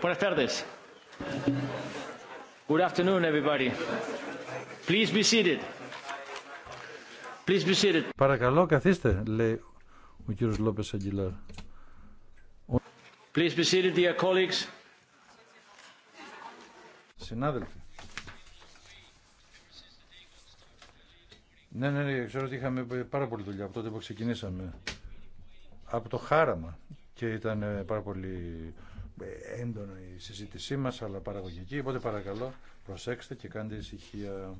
Buenas tardes. Good afternoon, everybody. Please be seated. Please be seated. Παρακαλώ, καθίστε, λέει ο κύριος Λόπες Αγγιλάρ. Please be seated, dear colleagues. Συνάδελφοι. Ναι, ναι, ναι, ξέρω ότι είχαμε πάρα πολύ δουλειά από τότε που ξεκινήσαμε. Από το χάραμα και ήταν πάρα πολύ έντονο η συζήτησή μας, αλλά παραγωγική, οπότε παρακαλώ προσέξτε και κάντε ησυχία.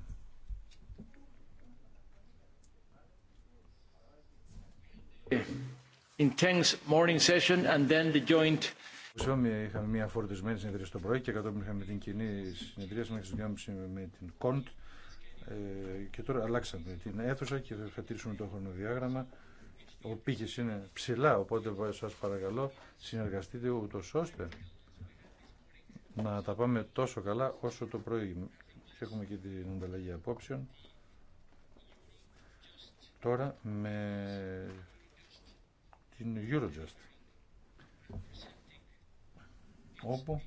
Intense morning session and then the joint... Είχαμε μια φορτισμένη συνεδρία στο πρωί και κατόπιν είχαμε την κοινή συνεδρία μέχρι τι 2.30 με την ΚΟΝΤ ε, και τώρα αλλάξαμε την αίθουσα και θα τηρήσουμε το χρονοδιάγραμμα ο πύχης είναι ψηλά, οπότε σας παρακαλώ συνεργαστείτε ούτω ώστε να τα πάμε τόσο καλά όσο το πρωί. Έχουμε και την ανταλλαγή απόψεων. Τώρα με την Eurojust όπου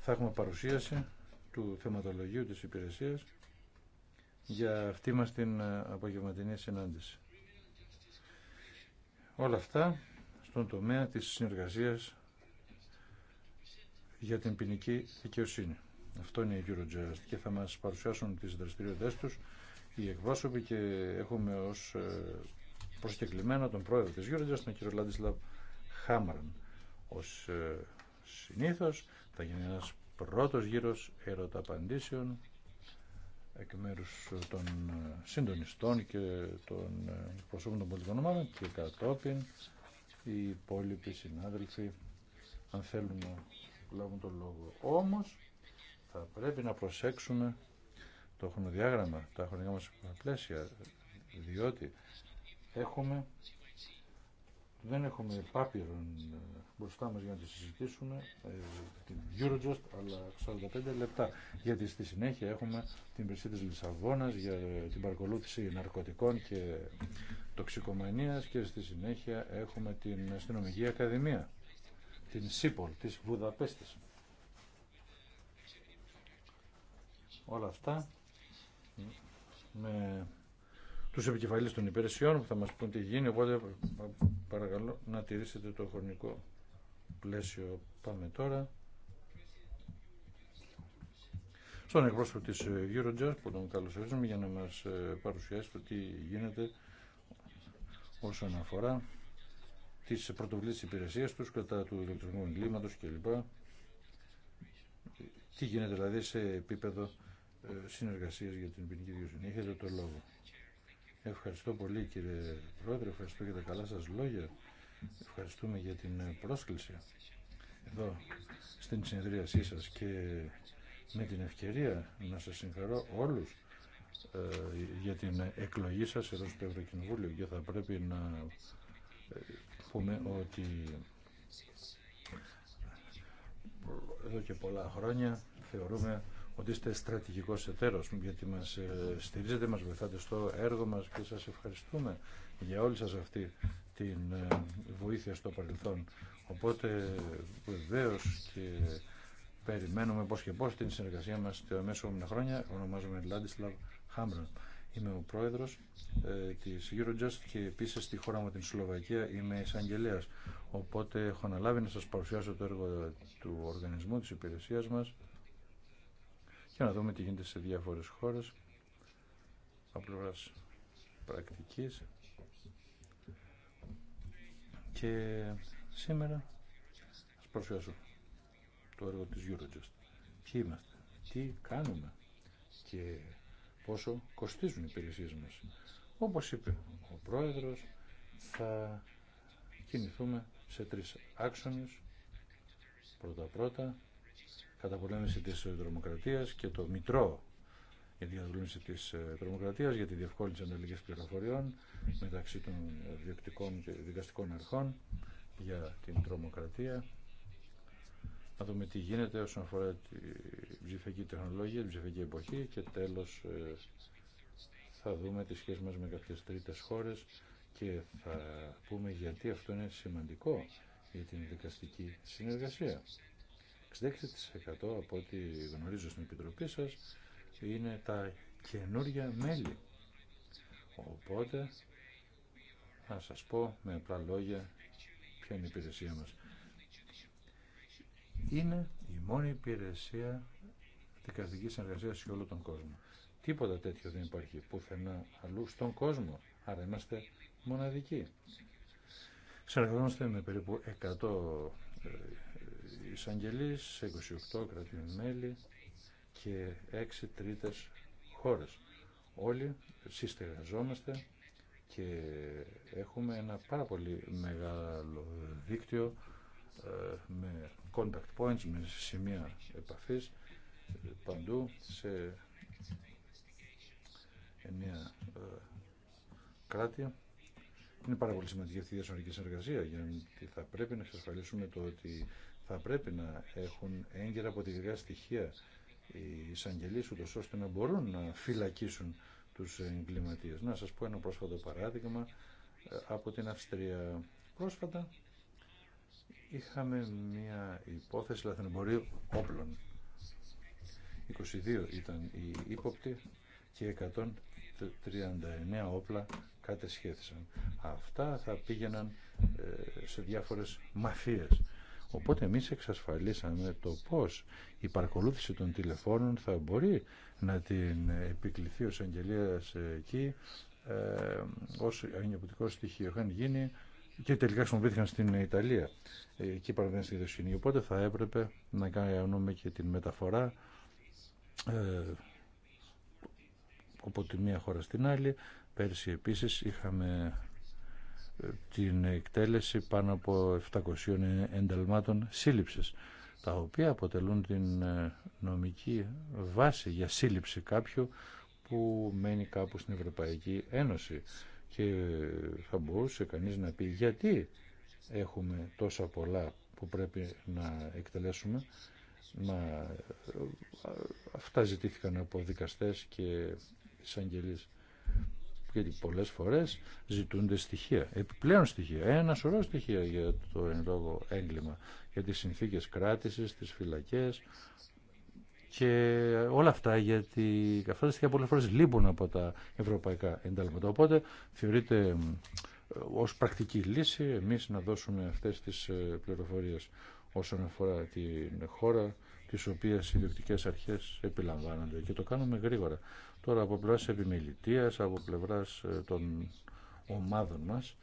θα έχουμε παρουσίαση του θεματολογίου της υπηρεσίας για αυτή μας την απογευματινή συνάντηση. Όλα αυτά στον τομέα της συνεργασίας για την ποινική δικαιοσύνη. Αυτό είναι η Eurojust και θα μας παρουσιάσουν τις δραστηριότητές τους οι εκπρόσωποι και έχουμε ως ε, προσκεκλημένο τον πρόεδρο της Eurojust, τον κύριο Λάντισλαβ Χάμαρν. Ως ε, συνήθως θα γίνει ένας πρώτος γύρος ερωταπαντήσεων εκ μέρους των ε, συντονιστών και των ε, προσώπων των πολιτικών ομάδων και κατόπιν οι υπόλοιποι συνάδελφοι αν θέλουν να λάβουν τον λόγο. Όμως θα πρέπει να προσέξουμε το χρονοδιάγραμμα, τα χρονικά μας πλαίσια, διότι έχουμε δεν έχουμε πάπυρον ε, μπροστά μας για να τη συζητήσουμε ε, την Eurojust, αλλά 45 λεπτά. Γιατί στη συνέχεια έχουμε την περισσή της Λισαβόνας για ε, την παρακολούθηση ναρκωτικών και τοξικομανίας και στη συνέχεια έχουμε την Αστυνομική Ακαδημία, την ΣΥΠΟΛ της Βουδαπέστης. Όλα αυτά με τους επικεφαλείς των υπηρεσιών που θα μας πούν τι γίνει, οπότε παρακαλώ να τηρήσετε το χρονικό πλαίσιο. Πάμε τώρα. Στον εκπρόσωπο της ε, Eurojust που τον καλωσορίζουμε για να μας ε, παρουσιάσει το τι γίνεται όσον αφορά τις πρωτοβουλίες της υπηρεσίας τους κατά του ηλεκτρονικού εγκλήματος κλπ. Τι γίνεται δηλαδή σε επίπεδο ε, συνεργασίας για την ποινική δικαιοσύνη. το λόγο. Ευχαριστώ πολύ κύριε Πρόεδρε, ευχαριστώ για τα καλά σας λόγια. Ευχαριστούμε για την πρόσκληση εδώ στην συνεδρίασή σας και με την ευκαιρία να σας συγχαρώ όλους ε, για την εκλογή σας εδώ στο Ευρωκοινοβούλιο και θα πρέπει να ε, πούμε ότι εδώ και πολλά χρόνια θεωρούμε ότι είστε στρατηγικός εταίρος γιατί μας ε, στηρίζετε, μας βοηθάτε στο έργο μας και σας ευχαριστούμε για όλη σας αυτή την ε, βοήθεια στο παρελθόν. Οπότε βεβαίω και περιμένουμε πώς και πώς την συνεργασία μας τα μέσα επόμενα χρόνια. Ονομάζομαι Λάντισλαβ Χάμπρον. Είμαι ο πρόεδρος ε, της Eurojust και επίσης στη χώρα μου την Σλοβακία είμαι εισαγγελέα. Οπότε έχω αναλάβει να σας παρουσιάσω το έργο του οργανισμού της υπηρεσίας μας για να δούμε τι γίνεται σε διάφορες χώρες από πλευράς πρακτικής και σήμερα σας προσφέρω το έργο της Eurojust. Ποιοι είμαστε, τι κάνουμε και πόσο κοστίζουν οι υπηρεσίες μας. Όπως είπε ο πρόεδρος, θα κινηθούμε σε τρεις άξονες. Πρώτα-πρώτα, Κατα πολέμηση της ε, τρομοκρατίας και το Μητρό για την της ε, τρομοκρατίας, για τη διευκόλυνση ανταλλαγής πληροφοριών μεταξύ των ε, διοκτικών και δικαστικών αρχών για την τρομοκρατία. Να δούμε τι γίνεται όσον αφορά την ψηφιακή τεχνολογία, την ψηφιακή εποχή και τέλος θα δούμε τις σχέσεις μας με κάποιες τρίτες χώρες και θα πούμε γιατί αυτό είναι σημαντικό για την δικαστική συνεργασία. 66% από ό,τι γνωρίζω στην Επιτροπή σας είναι τα καινούργια μέλη. Οπότε, να σας πω με απλά λόγια ποια είναι η υπηρεσία μας. Είναι η μόνη υπηρεσία δικαστικής εργασία σε όλο τον κόσμο. Τίποτα τέτοιο δεν υπάρχει πουθενά αλλού στον κόσμο. Άρα είμαστε μοναδικοί. Συνεργαζόμαστε με περίπου 100 εισαγγελείς σε 28 κρατούν μέλη και 6 τρίτες χώρες. Όλοι συστεγαζόμαστε και έχουμε ένα πάρα πολύ μεγάλο δίκτυο ε, με contact points, με σημεία επαφής παντού σε μια ε, κράτη. Είναι πάρα πολύ σημαντική αυτή η διασυνορική συνεργασία γιατί θα πρέπει να εξασφαλίσουμε το ότι θα πρέπει να έχουν έγκαιρα αποδεικτικά στοιχεία οι εισαγγελίε, ούτω ώστε να μπορούν να φυλακίσουν τους εγκληματίε. Να σας πω ένα πρόσφατο παράδειγμα ε, από την Αυστρία. Πρόσφατα είχαμε μια υπόθεση λαθρεμπορίου όπλων. 22 ήταν οι ύποπτοι και 139 όπλα κατεσχέθησαν. Αυτά θα πήγαιναν ε, σε διάφορες μαφίες Οπότε εμείς εξασφαλίσαμε το πώς η παρακολούθηση των τηλεφώνων θα μπορεί να την επικληθεί ο αγγελίας εκεί ε, ως αγνιωπητικό στοιχείο. Είχαν γίνει και τελικά χρησιμοποιήθηκαν στην Ιταλία. Ε, εκεί παραδείγμα στη δοσυνή. Οπότε θα έπρεπε να κάνουμε και την μεταφορά ε, από τη μία χώρα στην άλλη. Πέρσι επίσης είχαμε την εκτέλεση πάνω από 700 ενταλμάτων σύλληψης, τα οποία αποτελούν την ε, νομική βάση για σύλληψη κάποιου που μένει κάπου στην Ευρωπαϊκή Ένωση. Και ε, θα μπορούσε κανείς να πει γιατί έχουμε τόσα πολλά που πρέπει να εκτελέσουμε. Μα ε, αυτά ζητήθηκαν από δικαστές και εισαγγελίες γιατί πολλές φορές ζητούνται στοιχεία, επιπλέον στοιχεία, ένα σωρό στοιχεία για το εν λόγω έγκλημα, για τις συνθήκες κράτησης, τις φυλακές και όλα αυτά γιατί αυτά τα στοιχεία πολλές φορές λείπουν από τα ευρωπαϊκά εντάλματα. Οπότε θεωρείται ως πρακτική λύση εμείς να δώσουμε αυτές τις ε, πληροφορίες όσον αφορά την χώρα τις οποίε οι ιδιωτικέ αρχές επιλαμβάνονται και το κάνουμε γρήγορα. Τώρα από πλευράς επιμελητίας, από πλευρά ε, των ομάδων μας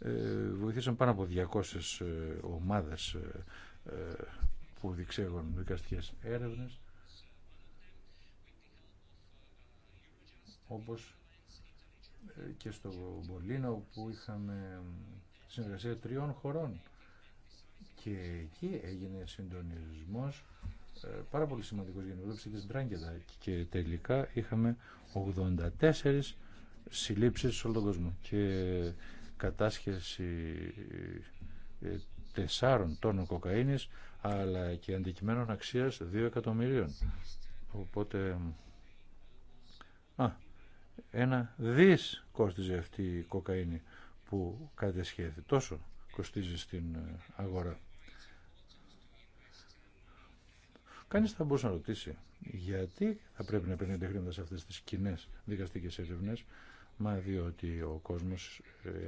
ε, βοηθήσαν πάνω από 200 ε, ομάδες που διεξέγουν δικαστικές έρευνες όπως και στο Μπολίνο που είχαμε συνεργασία τριών χωρών και εκεί έγινε συντονισμός ε, πάρα πολύ σημαντικός για την Ευρώπη της Ντράγκετα και τελικά είχαμε 84 συλλήψεις σε όλο τον κόσμο και κατάσχεση ε, τεσσάρων τόνων κοκαίνης αλλά και αντικειμένων αξίας 2 εκατομμυρίων οπότε α, ένα δις κόστιζε αυτή η κοκαίνη που κατεσχέθη τόσο κοστίζει στην ε, αγορά Κανεί θα μπορούσε να ρωτήσει γιατί θα πρέπει να επενδύονται χρήματα σε αυτές τις κοινέ δικαστικέ έρευνε, μα διότι ο κόσμο,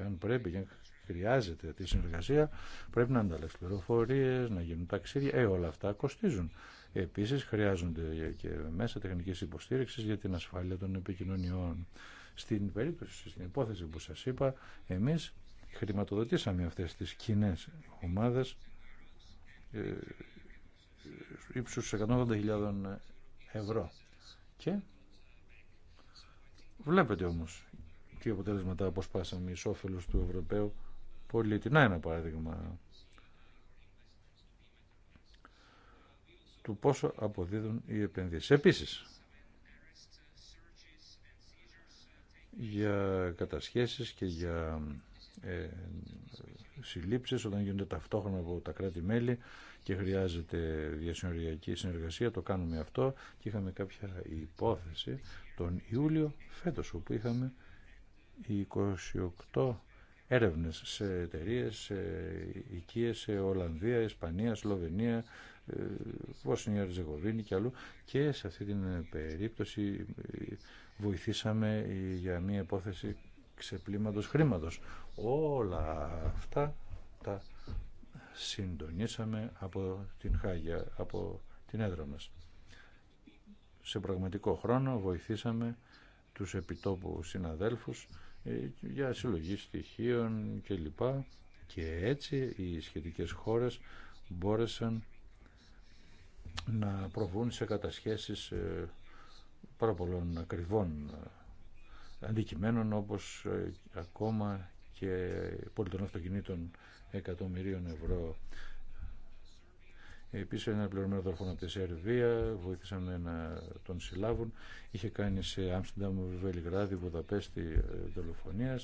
αν ε, πρέπει και αν χρειάζεται τη συνεργασία, πρέπει να ανταλλάξει πληροφορίε, να γίνουν ταξίδια, ε, όλα αυτά κοστίζουν. Επίση, χρειάζονται και μέσα τεχνική υποστήριξη για την ασφάλεια των επικοινωνιών. Στην περίπτωση, στην υπόθεση που σα είπα, εμεί χρηματοδοτήσαμε αυτέ τι κοινέ ομάδε. Ε, ύψους 180.000 ευρώ. Και βλέπετε όμως τι αποτέλεσματα αποσπάσαμε εις όφελος του Ευρωπαίου πολίτη. Να ένα παράδειγμα του πόσο αποδίδουν οι επενδύσεις. Επίσης, για κατασχέσεις και για ε, συλλήψεις όταν γίνονται ταυτόχρονα από τα κράτη-μέλη και χρειάζεται διασυνοριακή συνεργασία, το κάνουμε αυτό και είχαμε κάποια υπόθεση τον Ιούλιο φέτος όπου είχαμε 28 έρευνες σε εταιρείε, σε οικίες, σε Ολλανδία, Ισπανία, Σλοβενία, ε, Βοσνία, Ριζεγοβίνη και αλλού και σε αυτή την περίπτωση ε, βοηθήσαμε για μια υπόθεση ξεπλήματος χρήματος. Όλα αυτά τα συντονίσαμε από την Χάγια, από την έδρα μας. Σε πραγματικό χρόνο βοηθήσαμε τους επιτόπου συναδέλφους ε, για συλλογή στοιχείων κλπ. Και έτσι οι σχετικές χώρες μπόρεσαν να προβούν σε κατασχέσεις ε, πάρα πολλών ακριβών ε, αντικειμένων όπως ακόμα και πολιτών αυτοκινήτων εκατομμυρίων ευρώ. Επίσης ένα πληρωμένο δολοφόνο από τη Σερβία, βοήθησαμε να τον συλλάβουν. Είχε κάνει σε Άμστερνταμ, Βελιγράδι, Βουδαπέστη ε, δολοφονία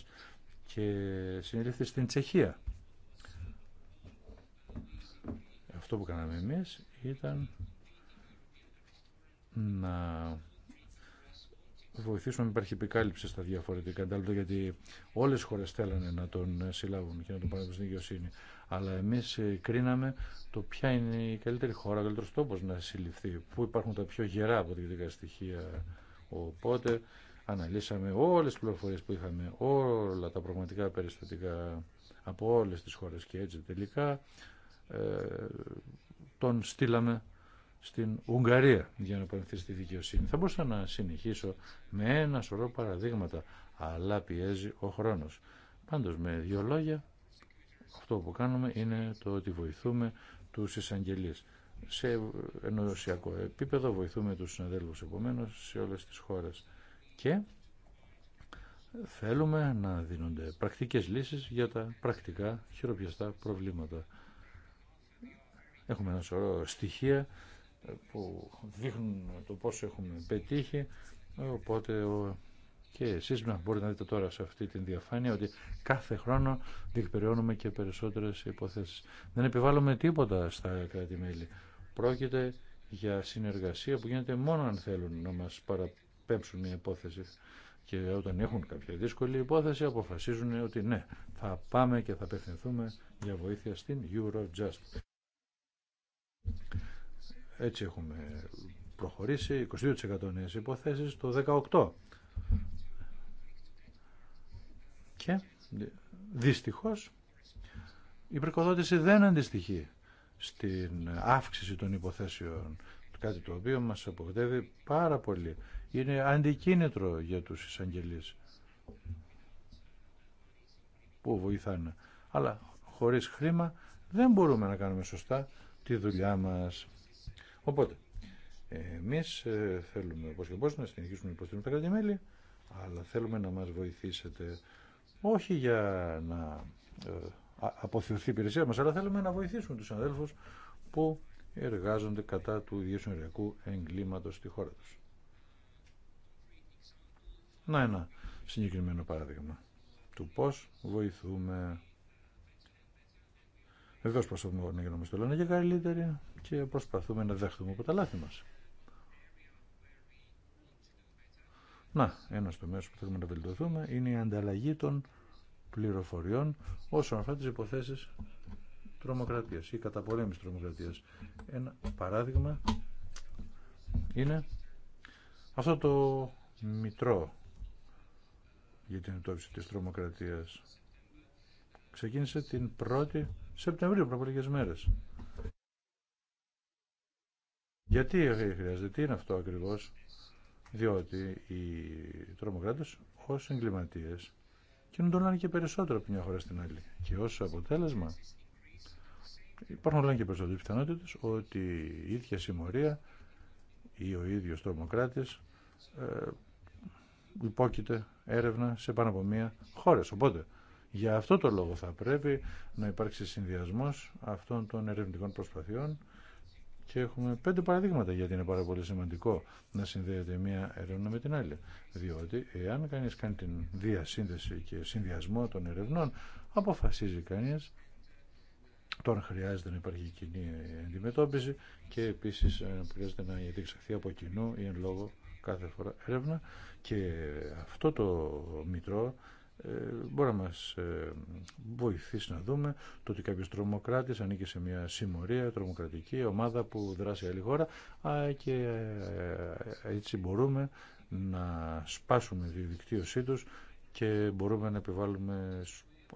και συνελήφθη στην Τσεχία. Αυτό που κάναμε εμείς ήταν να βοηθήσουμε να υπάρχει επικάλυψη στα διαφορετικά αντάλληλα, γιατί όλες οι χώρες θέλανε να τον συλλάβουν και να τον πάνε στην δικαιοσύνη. Αλλά εμείς ε, κρίναμε το ποια είναι η καλύτερη χώρα, ο καλύτερος τόπος να συλληφθεί, πού υπάρχουν τα πιο γερά αποδεικτικά στοιχεία. Οπότε αναλύσαμε όλες τις πληροφορίε που είχαμε, όλα τα πραγματικά περιστατικά από όλε τι χώρε και έτσι τελικά ε, τον στείλαμε στην Ουγγαρία για να παρενθέσει τη δικαιοσύνη. Θα μπορούσα να συνεχίσω με ένα σωρό παραδείγματα, αλλά πιέζει ο χρόνος. Πάντως με δύο λόγια, αυτό που κάνουμε είναι το ότι βοηθούμε τους εισαγγελείς. Σε ενωσιακό επίπεδο βοηθούμε τους συναδέλφους επομένως σε όλες τις χώρες. Και θέλουμε να δίνονται πρακτικές λύσεις για τα πρακτικά χειροπιαστά προβλήματα. Έχουμε ένα σωρό στοιχεία που δείχνουν το πόσο έχουμε πετύχει οπότε και εσείς μπορείτε να δείτε τώρα σε αυτή την διαφάνεια ότι κάθε χρόνο διεκπεριώνουμε και περισσότερες υποθέσεις. Δεν επιβάλλουμε τίποτα στα κράτη-μέλη. Πρόκειται για συνεργασία που γίνεται μόνο αν θέλουν να μας παραπέμψουν μια υπόθεση και όταν έχουν κάποια δύσκολη υπόθεση αποφασίζουν ότι ναι, θα πάμε και θα απευθυνθούμε για βοήθεια στην Eurojust. Έτσι έχουμε προχωρήσει, 22% νέες υποθέσεις το 18%. Και δυστυχώς η προκοδότηση δεν αντιστοιχεί στην αύξηση των υποθέσεων, κάτι το οποίο μας αποκτεύει πάρα πολύ. Είναι αντικίνητρο για τους εισαγγελείς που βοηθάνε. Αλλά χωρίς χρήμα δεν μπορούμε να κάνουμε σωστά τη δουλειά μας. Οπότε, εμεί ε, θέλουμε όπω και πώ να συνεχίσουμε να υποστηρίζουμε τα κρατη αλλά θέλουμε να μα βοηθήσετε όχι για να ε, αποθεωθεί η υπηρεσία μα, αλλά θέλουμε να βοηθήσουμε του αδέλφου που εργάζονται κατά του ιδιωτικού εγκλήματο στη χώρα του. Να ένα συγκεκριμένο παράδειγμα του πώς βοηθούμε Βεβαίω προσπαθούμε να γίνουμε στο λένε και καλύτεροι και προσπαθούμε να δέχτουμε από τα λάθη μα. Να, ένα τομέα που θέλουμε να βελτιωθούμε είναι η ανταλλαγή των πληροφοριών όσον αφορά τι υποθέσει τρομοκρατία ή καταπολέμηση τρομοκρατία. Ένα παράδειγμα είναι αυτό το μητρό για την εντόπιση της τρομοκρατίας. Ξεκίνησε την πρώτη Σεπτεμβρίου, πριν από λίγε μέρε. Γιατί χρειάζεται, τι είναι αυτό ακριβώ, διότι οι τρομοκράτε ω εγκληματίε κινούνται όλο και περισσότερο από μια χώρα στην άλλη. Και ω αποτέλεσμα υπάρχουν όλα και περισσότερε πιθανότητες ότι η ίδια συμμορία ή ο ίδιος τρομοκράτης ε, υπόκειται έρευνα σε πάνω από μία χώρα. Οπότε για αυτό το λόγο θα πρέπει να υπάρξει συνδυασμός αυτών των ερευνητικών προσπαθειών και έχουμε πέντε παραδείγματα γιατί είναι πάρα πολύ σημαντικό να συνδέεται μία έρευνα με την άλλη. Διότι εάν κανείς κάνει την διασύνδεση και συνδυασμό των ερευνών, αποφασίζει κανείς αν χρειάζεται να υπάρχει κοινή αντιμετώπιση και επίσης ε, χρειάζεται να διεξαχθεί από κοινού ή εν λόγω κάθε φορά έρευνα και αυτό το μητρό ε, μπορεί να μας ε, βοηθήσει να δούμε το ότι κάποιος τρομοκράτης ανήκει σε μια συμμορία τρομοκρατική ομάδα που δράσει άλλη χώρα και ε, έτσι μπορούμε να σπάσουμε τη δικτύωσή τους και μπορούμε να επιβάλλουμε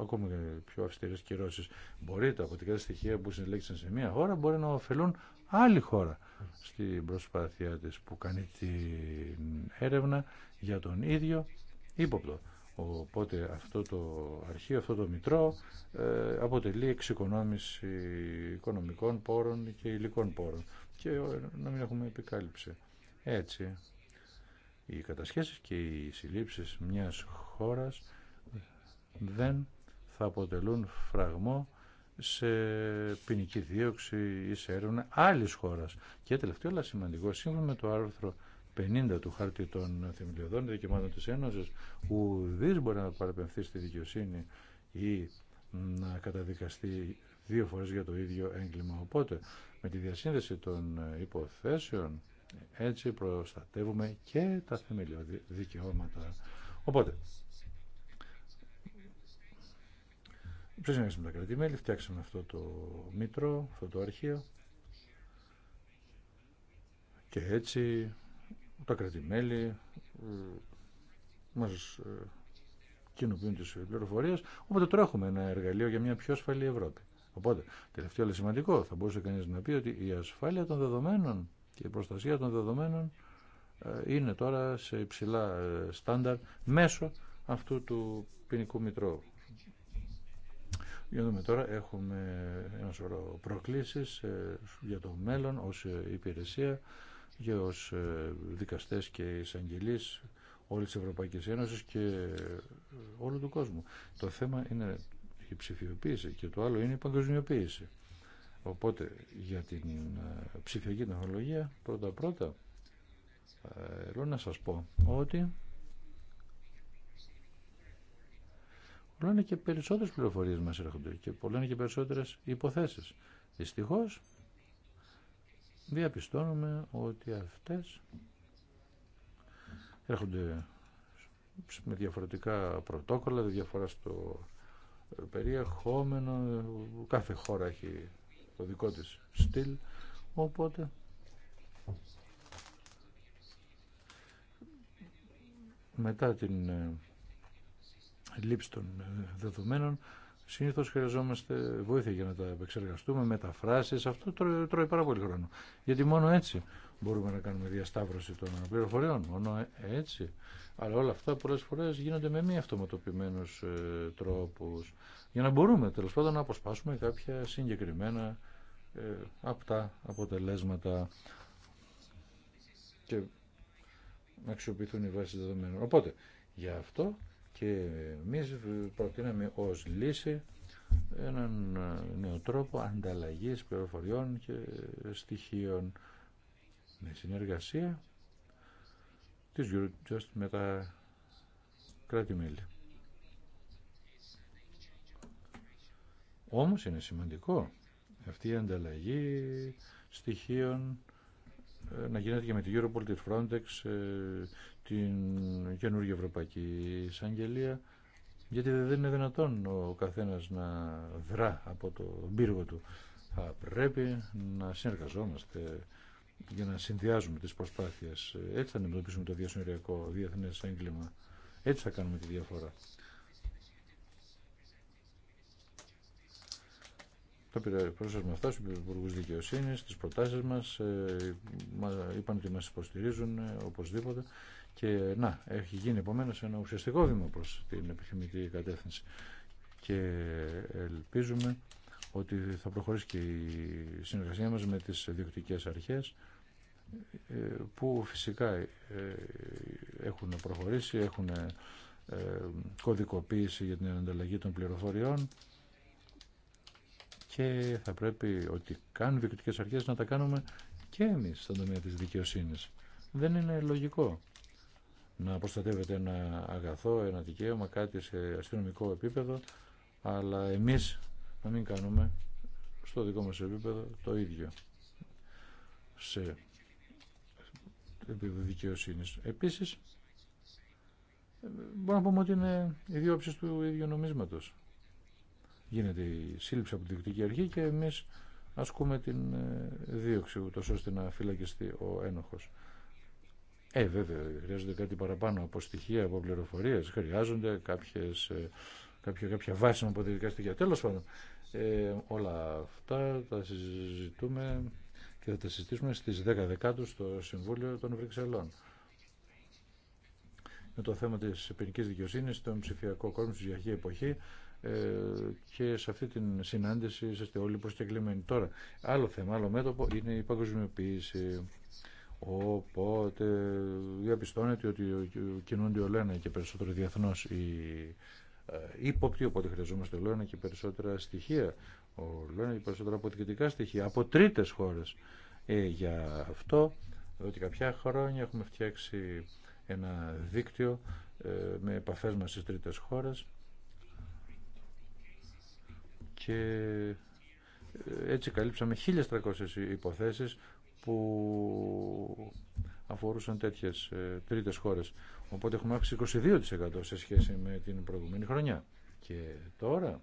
ακόμη πιο αυστηρές κυρώσεις. Μπορεί τα αποτικά στοιχεία που συνελέξαν σε μια χώρα μπορεί να ωφελούν άλλη χώρα στην προσπάθειά της που κάνει την έρευνα για τον ίδιο ύποπτο. Οπότε αυτό το αρχείο, αυτό το μητρό ε, αποτελεί εξοικονόμηση οικονομικών πόρων και υλικών πόρων και ε, να μην έχουμε επικάλυψη. Έτσι, οι κατασχέσεις και οι συλλήψεις μιας χώρας δεν θα αποτελούν φραγμό σε ποινική δίωξη ή σε έρευνα άλλης χώρας. Και τελευταίο, αλλά σημαντικό, σύμφωνα με το άρθρο 50 του χάρτη των θεμελιωδών δικαιωμάτων της Ένωσης ουδής μπορεί να παραπεμφθεί στη δικαιοσύνη ή να καταδικαστεί δύο φορές για το ίδιο έγκλημα. Οπότε με τη διασύνδεση των υποθέσεων έτσι προστατεύουμε και τα θεμελιώδη δικαιώματα. Οπότε, συνεχίσουμε τα κρατημέλη, φτιάξαμε αυτό το μήτρο, αυτό το αρχείο και έτσι τα κρατημέλη μας ε, κοινοποιούν τις πληροφορίες, οπότε τώρα έχουμε ένα εργαλείο για μια πιο ασφαλή Ευρώπη. Οπότε, τελευταίο αλλά σημαντικό, θα μπορούσε κανείς να πει ότι η ασφάλεια των δεδομένων και η προστασία των δεδομένων ε, είναι τώρα σε υψηλά ε, στάνταρ μέσω αυτού του ποινικού μητρώου. Για να δούμε τώρα, έχουμε ένα σωρό προκλήσεις για το μέλλον ως υπηρεσία και ως ε, δικαστές και εισαγγελείς όλης της Ευρωπαϊκής Ένωσης και ε, όλου του κόσμου. Το θέμα είναι η ψηφιοποίηση και το άλλο είναι η παγκοσμιοποίηση. Οπότε για την ε, ψηφιακή τεχνολογία πρώτα πρώτα θέλω να σας πω ότι όλα είναι και περισσότερες πληροφορίες μας έρχονται και πολλά και περισσότερες υποθέσεις. Δυστυχώς διαπιστώνουμε ότι αυτές έρχονται με διαφορετικά πρωτόκολλα, διαφορά στο περιεχόμενο, κάθε χώρα έχει το δικό της στυλ, οπότε μετά την ε, λήψη των ε, δεδομένων Συνήθω χρειαζόμαστε βοήθεια για να τα επεξεργαστούμε, μεταφράσει. Αυτό τρώει, πάρα πολύ χρόνο. Γιατί μόνο έτσι μπορούμε να κάνουμε διασταύρωση των πληροφοριών. Μόνο έτσι. Αλλά όλα αυτά πολλέ φορέ γίνονται με μη αυτοματοποιημένου ε, τρόπου. Για να μπορούμε τέλο πάντων να αποσπάσουμε κάποια συγκεκριμένα ε, απτά αποτελέσματα και να αξιοποιηθούν οι βάσει δεδομένων. Οπότε, γι' αυτό και εμεί προτείναμε ως λύση έναν νέο τρόπο ανταλλαγής πληροφοριών και στοιχείων με συνεργασία της Eurojust με τα κράτη-μέλη. Όμως είναι σημαντικό αυτή η ανταλλαγή στοιχείων ε, να γίνεται και με τη Europol, τη Frontex, ε, την καινούργια Ευρωπαϊκή Εισαγγελία, γιατί δεν είναι δυνατόν ο καθένας να δρά από το πύργο του. Θα πρέπει να συνεργαζόμαστε για να συνδυάζουμε τις προσπάθειες. Έτσι θα αντιμετωπίσουμε το διασυνοριακό διεθνές έγκλημα. Έτσι θα κάνουμε τη διαφορά. Το με αυτά στου υπουργού δικαιοσύνη, τι προτάσει ε, μα. Είπαν ότι μα υποστηρίζουν ε, οπωσδήποτε. Και να, έχει γίνει επομένω ένα ουσιαστικό βήμα προ την επιθυμητή κατεύθυνση. Και ελπίζουμε ότι θα προχωρήσει και η συνεργασία μας με τις διοικητικές αρχές ε, που φυσικά έχουν προχωρήσει, έχουν κωδικοποίηση για την ανταλλαγή των πληροφοριών και θα πρέπει ότι κάνουν διοικητικέ αρχές να τα κάνουμε και εμείς στον τομέα της δικαιοσύνης. Δεν είναι λογικό να προστατεύεται ένα αγαθό, ένα δικαίωμα, κάτι σε αστυνομικό επίπεδο, αλλά εμείς να μην κάνουμε στο δικό μας επίπεδο το ίδιο σε επίπεδο δικαιοσύνη Επίσης, μπορούμε να πούμε ότι είναι οι δύο του ίδιου νομίσματος γίνεται η σύλληψη από την διοικητική αρχή και εμείς ασκούμε την ε, δίωξη ούτω ώστε να φυλακιστεί ο ένοχος. Ε, βέβαια, χρειάζονται κάτι παραπάνω από στοιχεία, από πληροφορίε. Χρειάζονται κάποιες, ε, κάποια, κάποια βάση από δικά στοιχεία. Τέλο πάντων, ε, όλα αυτά τα συζητούμε και θα τα συζητήσουμε στι 10 Δεκάτου στο Συμβούλιο των Βρυξελών. Με το θέμα τη ποινική δικαιοσύνη τον ψηφιακό κόσμο, στη διαρχή εποχή, ε, και σε αυτή την συνάντηση είστε όλοι προσκεκλημένοι. Τώρα, άλλο θέμα, άλλο μέτωπο είναι η παγκοσμιοποίηση. Οπότε διαπιστώνεται ότι κινούνται όλο ένα και περισσότερο διεθνώ οι ε, ύποπτοι, οπότε χρειαζόμαστε όλο ένα και περισσότερα στοιχεία, όλο ένα και περισσότερα αποδεικτικά στοιχεία από τρίτε χώρε. Ε, για αυτό, ότι και κάποια χρόνια έχουμε φτιάξει ένα δίκτυο ε, με επαφές μας στις τρίτες χώρες και ε, έτσι καλύψαμε 1.300 υποθέσεις που αφορούσαν τέτοιες ε, τρίτες χώρες. Οπότε έχουμε αύξηση 22% σε σχέση με την προηγούμενη χρονιά. Και τώρα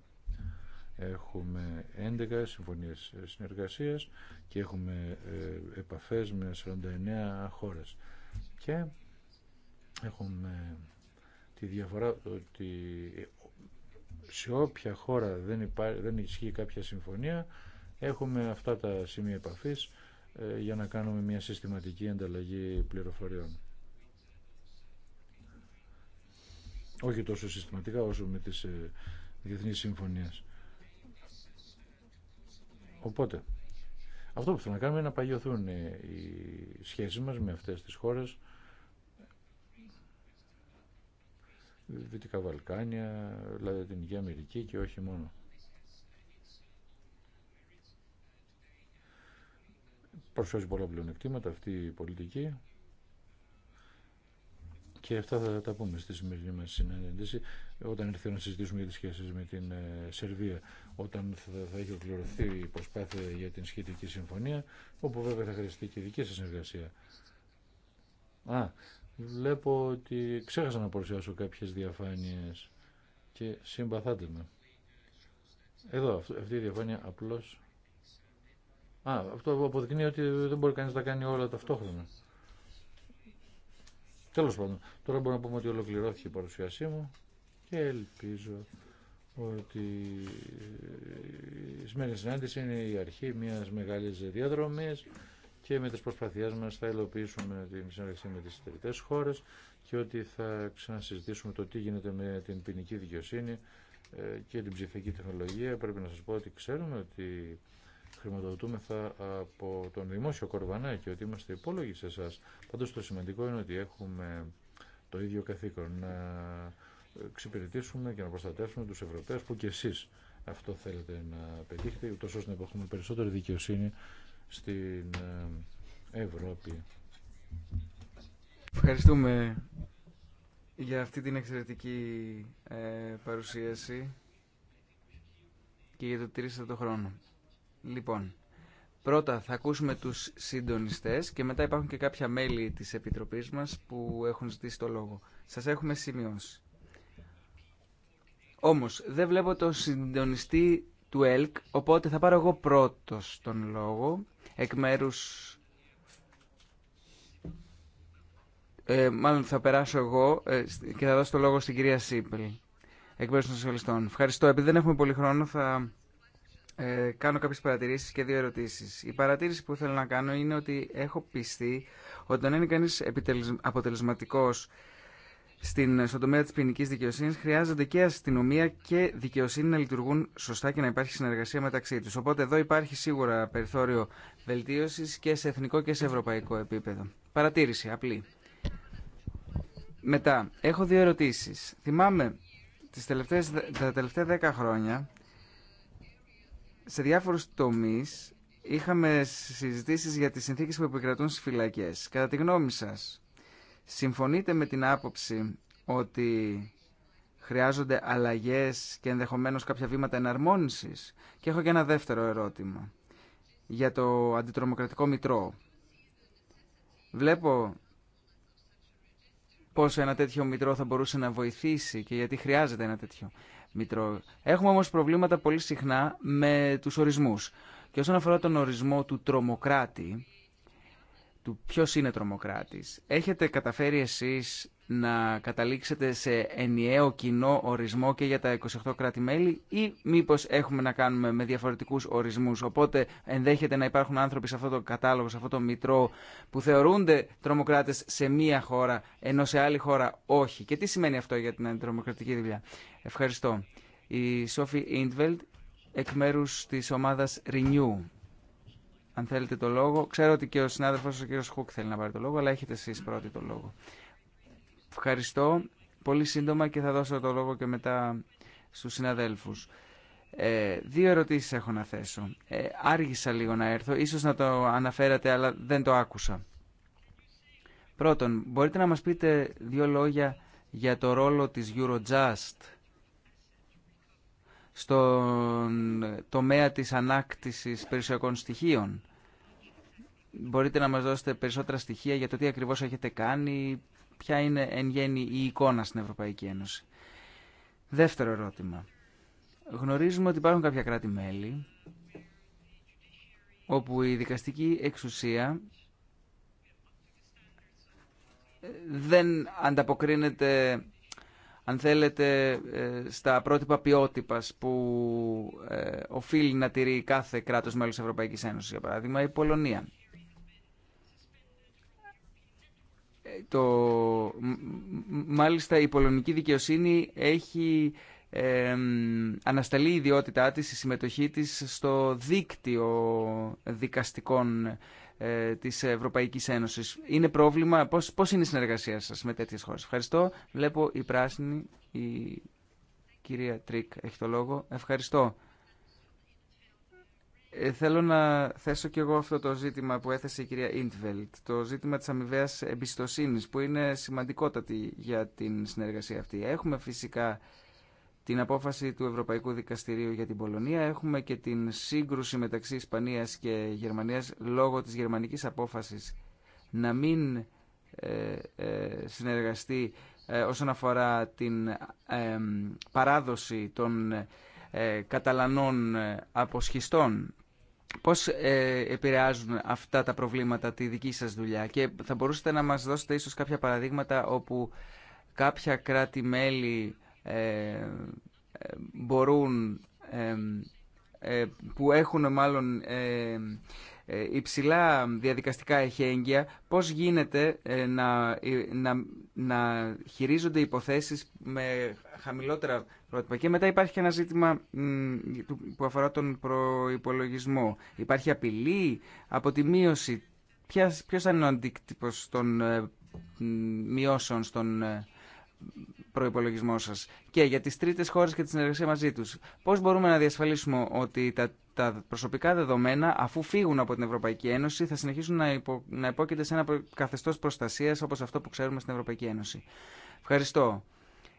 έχουμε 11 συμφωνίες ε, συνεργασίας και έχουμε επαφές με 49 χώρες. Και έχουμε τη διαφορά ότι σε όποια χώρα δεν, δεν ισχύει κάποια συμφωνία έχουμε αυτά τα σημεία επαφής ε, για να κάνουμε μια συστηματική ανταλλαγή πληροφοριών. Όχι τόσο συστηματικά όσο με τις ε, διεθνείς συμφωνίες. Οπότε, αυτό που θέλω να κάνουμε είναι να παγιωθούν ε, οι σχέσεις μας με αυτές τις χώρες Δυτικά Βαλκάνια, Λατινική δηλαδή Αμερική και όχι μόνο. Προσφέρει πολλά πλεονεκτήματα αυτή η πολιτική και αυτά θα τα πούμε στη σημερινή μας συνέντευξη όταν ήρθε να συζητήσουμε για τις σχέσεις με την ε, Σερβία όταν θα, έχει ολοκληρωθεί η προσπάθεια για την σχετική συμφωνία όπου βέβαια θα χρειαστεί και η δική σας συνεργασία. Α, Βλέπω ότι ξέχασα να παρουσιάσω κάποιες διαφάνειες και συμπαθάτε με. Εδώ, αυτή η διαφάνεια απλώς... Α, αυτό αποδεικνύει ότι δεν μπορεί κανείς να τα κάνει όλα ταυτόχρονα. Τέλος πάντων, τώρα μπορώ να πούμε ότι ολοκληρώθηκε η παρουσίασή μου και ελπίζω ότι η σημερινή συνάντηση είναι η αρχή μιας μεγάλης διαδρομής και με τις προσπαθειές μας θα υλοποιήσουμε την συνεργασία με τις τριτές χώρες και ότι θα ξανασυζητήσουμε το τι γίνεται με την ποινική δικαιοσύνη ε, και την ψηφιακή τεχνολογία. Πρέπει να σας πω ότι ξέρουμε ότι χρηματοδοτούμεθα από τον δημόσιο κορβανά και ότι είμαστε υπόλογοι σε εσά. Πάντως το σημαντικό είναι ότι έχουμε το ίδιο καθήκον να εξυπηρετήσουμε και να προστατεύσουμε τους Ευρωπαίους που και εσείς αυτό θέλετε να πετύχετε, ούτως ώστε να έχουμε περισσότερη δικαιοσύνη στην ε, Ευρώπη. Ευχαριστούμε για αυτή την εξαιρετική ε, παρουσίαση και για το τηρήσατε το χρόνο. Λοιπόν, πρώτα θα ακούσουμε τους συντονιστές και μετά υπάρχουν και κάποια μέλη της Επιτροπής μας που έχουν ζητήσει το λόγο. Σας έχουμε σημειώσει. Όμως, δεν βλέπω το συντονιστή του ΕΛΚ, οπότε θα πάρω εγώ πρώτος τον λόγο εκ μέρου. Ε, μάλλον θα περάσω εγώ ε, και θα δώσω το λόγο στην κυρία Σίπελ, εκ μέρου των Σοσιαλιστών. Ευχαριστώ. Επειδή δεν έχουμε πολύ χρόνο, θα ε, κάνω κάποιε παρατηρήσει και δύο ερωτήσει. Η παρατήρηση που θέλω να κάνω είναι ότι έχω πιστεί ότι δεν είναι κανεί αποτελεσματικό στην, στον τομέα τη ποινική δικαιοσύνη χρειάζονται και αστυνομία και δικαιοσύνη να λειτουργούν σωστά και να υπάρχει συνεργασία μεταξύ του. Οπότε εδώ υπάρχει σίγουρα περιθώριο βελτίωση και σε εθνικό και σε ευρωπαϊκό επίπεδο. Παρατήρηση, απλή. Μετά, έχω δύο ερωτήσει. Θυμάμαι τις τελευταίες, τα τελευταία δέκα χρόνια σε διάφορου τομεί είχαμε συζητήσει για τι συνθήκε που επικρατούν στι φυλακέ. Κατά τη γνώμη σα, Συμφωνείτε με την άποψη ότι χρειάζονται αλλαγές και ενδεχομένως κάποια βήματα εναρμόνισης. Και έχω και ένα δεύτερο ερώτημα για το αντιτρομοκρατικό μητρό. Βλέπω πόσο ένα τέτοιο μητρό θα μπορούσε να βοηθήσει και γιατί χρειάζεται ένα τέτοιο μητρό. Έχουμε όμως προβλήματα πολύ συχνά με τους ορισμούς. Και όσον αφορά τον ορισμό του τρομοκράτη, του ποιος είναι τρομοκράτης. Έχετε καταφέρει εσείς να καταλήξετε σε ενιαίο κοινό ορισμό και για τα 28 κράτη-μέλη ή μήπως έχουμε να κάνουμε με διαφορετικούς ορισμούς. Οπότε ενδέχεται να υπάρχουν άνθρωποι σε αυτό το κατάλογο, σε αυτό το μητρό που θεωρούνται τρομοκράτες σε μία χώρα ενώ σε άλλη χώρα όχι. Και τι σημαίνει αυτό για την αντιτρομοκρατική δουλειά. Ευχαριστώ. Η Σόφη Ιντβελτ εκ μέρους της ομάδας Renew αν θέλετε το λόγο. Ξέρω ότι και ο συνάδελφος ο κύριος Χουκ θέλει να πάρει το λόγο, αλλά έχετε εσείς πρώτοι το λόγο. Ευχαριστώ. Πολύ σύντομα και θα δώσω το λόγο και μετά στους συναδέλφους. Ε, δύο ερωτήσεις έχω να θέσω. Ε, άργησα λίγο να έρθω, ίσως να το αναφέρατε, αλλά δεν το άκουσα. Πρώτον, μπορείτε να μας πείτε δύο λόγια για το ρόλο της Eurojust στον τομέα της ανάκτησης περιουσιακών στοιχείων. Μπορείτε να μας δώσετε περισσότερα στοιχεία για το τι ακριβώς έχετε κάνει, ποια είναι εν γέννη η εικόνα στην Ευρωπαϊκή Ένωση. Δεύτερο ερώτημα. Γνωρίζουμε ότι υπάρχουν κάποια κράτη-μέλη όπου η δικαστική εξουσία δεν ανταποκρίνεται αν θέλετε, ε, στα πρότυπα ποιότητα που ε, οφείλει να τηρεί κάθε κράτος μέλος τη Ευρωπαϊκής Ένωσης, για παράδειγμα, η Πολωνία. Ε, το, μάλιστα η πολωνική δικαιοσύνη έχει ανασταλεί η ιδιότητά της, η συμμετοχή της στο δίκτυο δικαστικών ε, της Ευρωπαϊκής Ένωσης. Είναι πρόβλημα, πώς, είναι η συνεργασία σας με τέτοιε χώρε. Ευχαριστώ. Βλέπω η πράσινη, η κυρία Τρίκ έχει το λόγο. Ευχαριστώ. Ε, θέλω να θέσω και εγώ αυτό το ζήτημα που έθεσε η κυρία Ιντβελτ, το ζήτημα της αμοιβαία εμπιστοσύνης, που είναι σημαντικότατη για την συνεργασία αυτή. Έχουμε φυσικά την απόφαση του Ευρωπαϊκού Δικαστηρίου για την Πολωνία. Έχουμε και την σύγκρουση μεταξύ Ισπανίας και Γερμανίας λόγω της γερμανικής απόφασης να μην ε, ε, συνεργαστεί ε, όσον αφορά την ε, παράδοση των Καταλανών αποσχιστών. Πώς επηρεάζουν αυτά τα προβλήματα τη δική σας δουλειά και θα μπορούσατε να μας δώσετε ίσως κάποια παραδείγματα όπου κάποια κράτη-μέλη ε, μπορούν ε, ε, που έχουν μάλλον υψηλά διαδικαστικά εχέγγυα, πώς γίνεται να, να, να χειρίζονται υποθέσεις με χαμηλότερα πρότυπα. Και μετά υπάρχει και ένα ζήτημα που αφορά τον προϋπολογισμό. Υπάρχει απειλή από τη μείωση. Ποιος, θα είναι ο αντίκτυπος των μειώσεων στον προπολογισμό σα και για τι τρίτε χώρε και τη συνεργασία μαζί του. Πώ μπορούμε να διασφαλίσουμε ότι τα, τα προσωπικά δεδομένα, αφού φύγουν από την Ευρωπαϊκή Ένωση, θα συνεχίσουν να, υπο, να υπόκειται σε ένα καθεστώ προστασία όπω αυτό που ξέρουμε στην Ευρωπαϊκή Ένωση. Ευχαριστώ.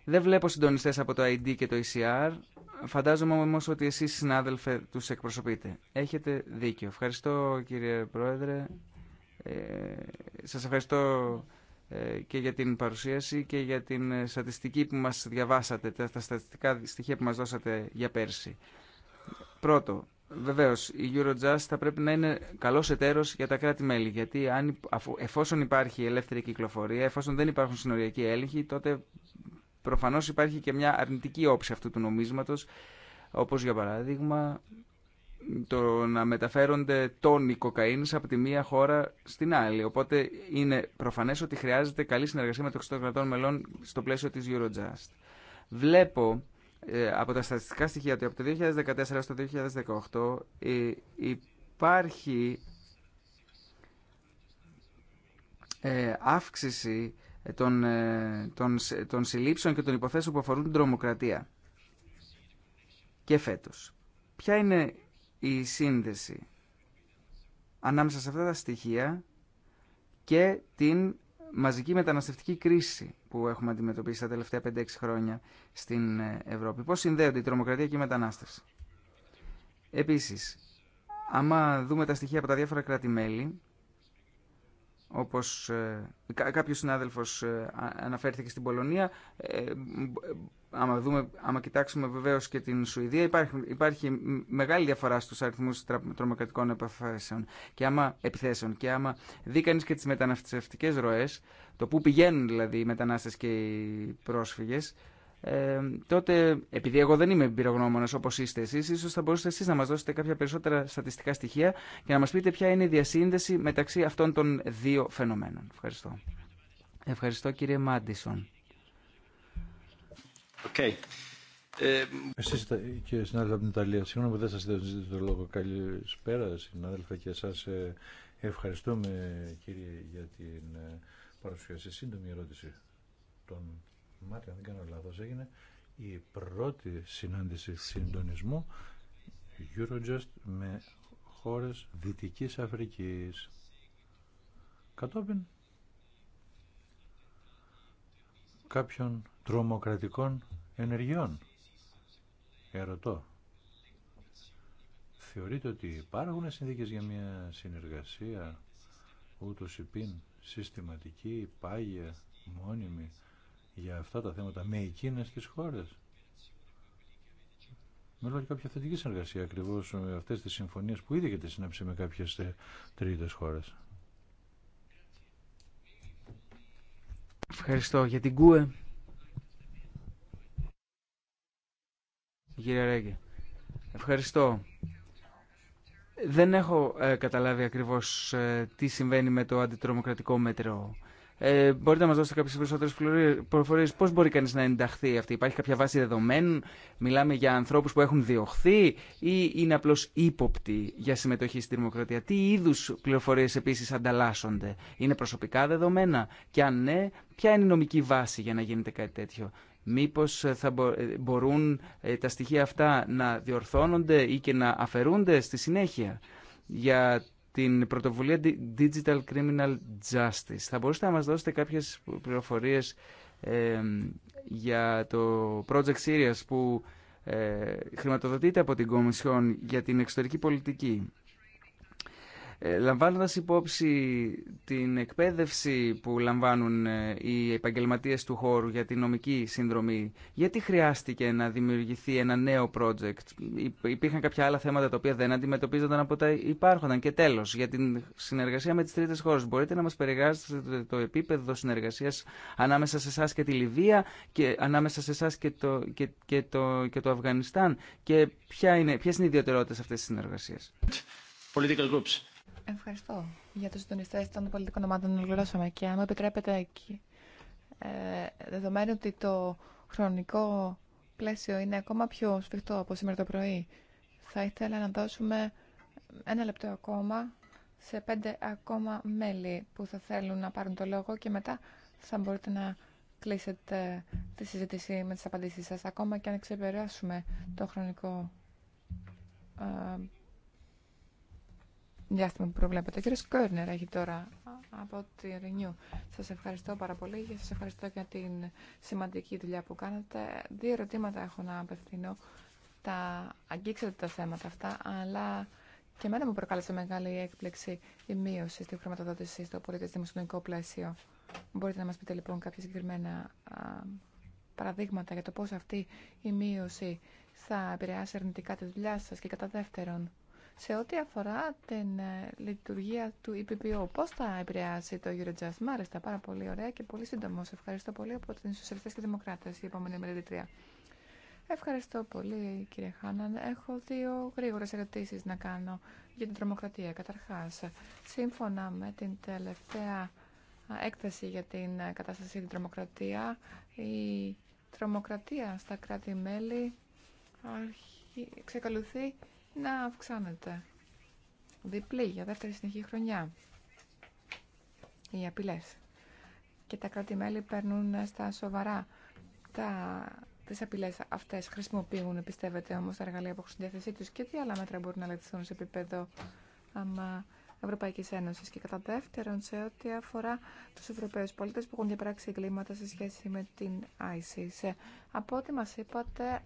Δεν βλέπω συντονιστέ από το ID και το ECR. Φαντάζομαι όμω ότι εσεί, συνάδελφε, του εκπροσωπείτε. Έχετε δίκιο. Ευχαριστώ, κύριε Πρόεδρε. Ε, σας ευχαριστώ ε, και για την παρουσίαση και για την ε, στατιστική που μας διαβάσατε, τα στατιστικά στοιχεία που μας δώσατε για πέρσι. Πρώτο, βεβαίως η Eurojust θα πρέπει να είναι καλός εταίρος για τα κράτη-μέλη, γιατί αν, εφόσον υπάρχει ελεύθερη κυκλοφορία, εφόσον δεν υπάρχουν συνοριακοί έλεγχοι, τότε προφανώς υπάρχει και μια αρνητική όψη αυτού του νομίσματος, όπως για παράδειγμα το να μεταφέρονται τόνοι κοκαίνης από τη μία χώρα στην άλλη. Οπότε είναι προφανές ότι χρειάζεται καλή συνεργασία μεταξύ των κρατών μελών στο πλαίσιο της Eurojust. Βλέπω ε, από τα στατιστικά στοιχεία ότι από το 2014 στο 2018 υπάρχει ε, αύξηση ε, των, των, συλλήψεων και των υποθέσεων που αφορούν την τρομοκρατία. Και φέτος. Ποια είναι η σύνδεση ανάμεσα σε αυτά τα στοιχεία και την μαζική μεταναστευτική κρίση που έχουμε αντιμετωπίσει τα τελευταία 5-6 χρόνια στην ε, Ευρώπη. Πώς συνδέονται η τρομοκρατία και η μετανάστευση. Επίσης, άμα δούμε τα στοιχεία από τα διάφορα κράτη-μέλη, όπως ε, κάποιος συνάδελφος ε, αναφέρθηκε στην Πολωνία, ε, άμα, δούμε, άμα κοιτάξουμε βεβαίω και την Σουηδία, υπάρχει, υπάρχει μεγάλη διαφορά στους αριθμούς τρομοκρατικών επιθέσεων. Και άμα, επιθέσεων. Και άμα δει κανείς και τις μεταναστευτικές ροές, το πού πηγαίνουν δηλαδή οι μετανάστες και οι πρόσφυγες, ε, τότε επειδή εγώ δεν είμαι εμπειρογνώμονας όπως είστε εσείς, ίσως θα μπορούσατε εσείς να μας δώσετε κάποια περισσότερα στατιστικά στοιχεία και να μας πείτε ποια είναι η διασύνδεση μεταξύ αυτών των δύο φαινομένων. Ευχαριστώ. Ευχαριστώ κύριε Μάντισον. Okay. Ε, Εσείς κύριε συνάδελφε από την Ιταλία, συγγνώμη που δεν σας δίνω το λόγο. Καλησπέρα συνάδελφε και εσάς ε, ευχαριστούμε κύριε για την ε, παρουσίαση. Σύντομη ερώτηση των Μάρτιο, αν δεν κάνω λάθος, έγινε η πρώτη συνάντηση συντονισμού Eurojust με χώρες Δυτικής Αφρικής. Κατόπιν κάποιων τρομοκρατικών ενεργειών. Ερωτώ. Θεωρείτε ότι υπάρχουν συνθήκες για μια συνεργασία ούτως υπήν συστηματική, πάγια, μόνιμη για αυτά τα θέματα με εκείνε τι χώρε. Με για κάποια θετική συνεργασία ακριβώς με αυτές τις συμφωνίες που ήδη έχετε συνάψει με κάποιες τρίτες χώρε. Ευχαριστώ για την ΚΟΕ. Κύριε ευχαριστώ. Δεν έχω ε, καταλάβει ακριβώς ε, τι συμβαίνει με το αντιτρομοκρατικό μέτρο ε, μπορείτε να μας δώσετε κάποιες περισσότερε πληροφορίες. Πώς μπορεί κανείς να ενταχθεί αυτή. Υπάρχει κάποια βάση δεδομένων. Μιλάμε για ανθρώπους που έχουν διωχθεί ή είναι απλώ ύποπτοι για συμμετοχή στη δημοκρατία. Τι είδους πληροφορίες επίση ανταλλάσσονται. Είναι προσωπικά δεδομένα. Και αν ναι, ποια είναι η νομική βάση για να γίνεται κάτι τέτοιο. Μήπω ε, θα ε, μπορούν ε, τα στοιχεία αυτά να διορθώνονται ή και να αφαιρούνται στη συνέχεια. Για την πρωτοβουλία Digital Criminal Justice. Θα μπορούσατε να μας δώσετε κάποιες πληροφορίες για το Project Sirius που ε, χρηματοδοτείται από την Κομισιόν για την εξωτερική πολιτική. Ε, λαμβάνοντας υπόψη την εκπαίδευση που λαμβάνουν ε, οι επαγγελματίες του χώρου για την νομική συνδρομή, γιατί χρειάστηκε να δημιουργηθεί ένα νέο project. Υπήρχαν κάποια άλλα θέματα τα οποία δεν αντιμετωπίζονταν από τα υπάρχονταν. Και τέλος, για την συνεργασία με τις τρίτες χώρες. Μπορείτε να μας περιγράψετε το επίπεδο συνεργασίας ανάμεσα σε εσά και τη Λιβύα και ανάμεσα σε εσά και το, και, και το Αφγανιστάν και ποια είναι, ποιες είναι οι ιδιαιτερότητες αυτές της συνεργασίας. Ευχαριστώ. Για τους συντονιστέ των πολιτικών ομάδων ολοκληρώσαμε και αν μου επιτρέπετε εκεί. Ε, δεδομένου ότι το χρονικό πλαίσιο είναι ακόμα πιο σφιχτό από σήμερα το πρωί, θα ήθελα να δώσουμε ένα λεπτό ακόμα σε πέντε ακόμα μέλη που θα θέλουν να πάρουν το λόγο και μετά θα μπορείτε να κλείσετε τη συζήτηση με τις απαντήσεις σας, ακόμα και αν ξεπεράσουμε το χρονικό ε, διάστημα που προβλέπετε. Ο κύριος Κέρνερ έχει τώρα από τη Ρενιού. Σας ευχαριστώ πάρα πολύ και σας ευχαριστώ για την σημαντική δουλειά που κάνετε. Δύο ερωτήματα έχω να απευθυνώ. Τα αγγίξατε τα θέματα αυτά, αλλά και εμένα μου προκάλεσε μεγάλη έκπληξη η μείωση στη χρηματοδότηση στο πολίτες δημοσιονομικό πλαίσιο. Μπορείτε να μας πείτε λοιπόν κάποια συγκεκριμένα παραδείγματα για το πώς αυτή η μείωση θα επηρεάσει αρνητικά τη δουλειά σας και κατά δεύτερον σε ό,τι αφορά την ε, λειτουργία του EPPO, πώ θα επηρεάσει το Eurojust. Μάλιστα, πάρα πολύ ωραία και πολύ σύντομο. Σε ευχαριστώ πολύ από την Σοσιαλιστέ και Δημοκράτε, η επόμενη μελετητρία. Ευχαριστώ πολύ κύριε Χάναν. Έχω δύο γρήγορες ερωτήσεις να κάνω για την τρομοκρατία. Καταρχάς, σύμφωνα με την τελευταία έκθεση για την ε, κατάσταση την τρομοκρατία, η τρομοκρατία στα κράτη-μέλη ξεκαλουθεί να αυξάνεται διπλή για δεύτερη συνεχή χρονιά οι απειλέ. και τα κράτη-μέλη παίρνουν στα σοβαρά τα, τις απειλές αυτές χρησιμοποιούν πιστεύετε όμω τα εργαλεία που έχουν στη διάθεσή τους και τι άλλα μέτρα μπορούν να λεφθούν σε επίπεδο άμα Ευρωπαϊκή Ένωση και κατά δεύτερον σε ό,τι αφορά του Ευρωπαίου πολιτε που έχουν διαπράξει εγκλήματα σε σχέση με την ISIS. Από ό,τι μας είπατε,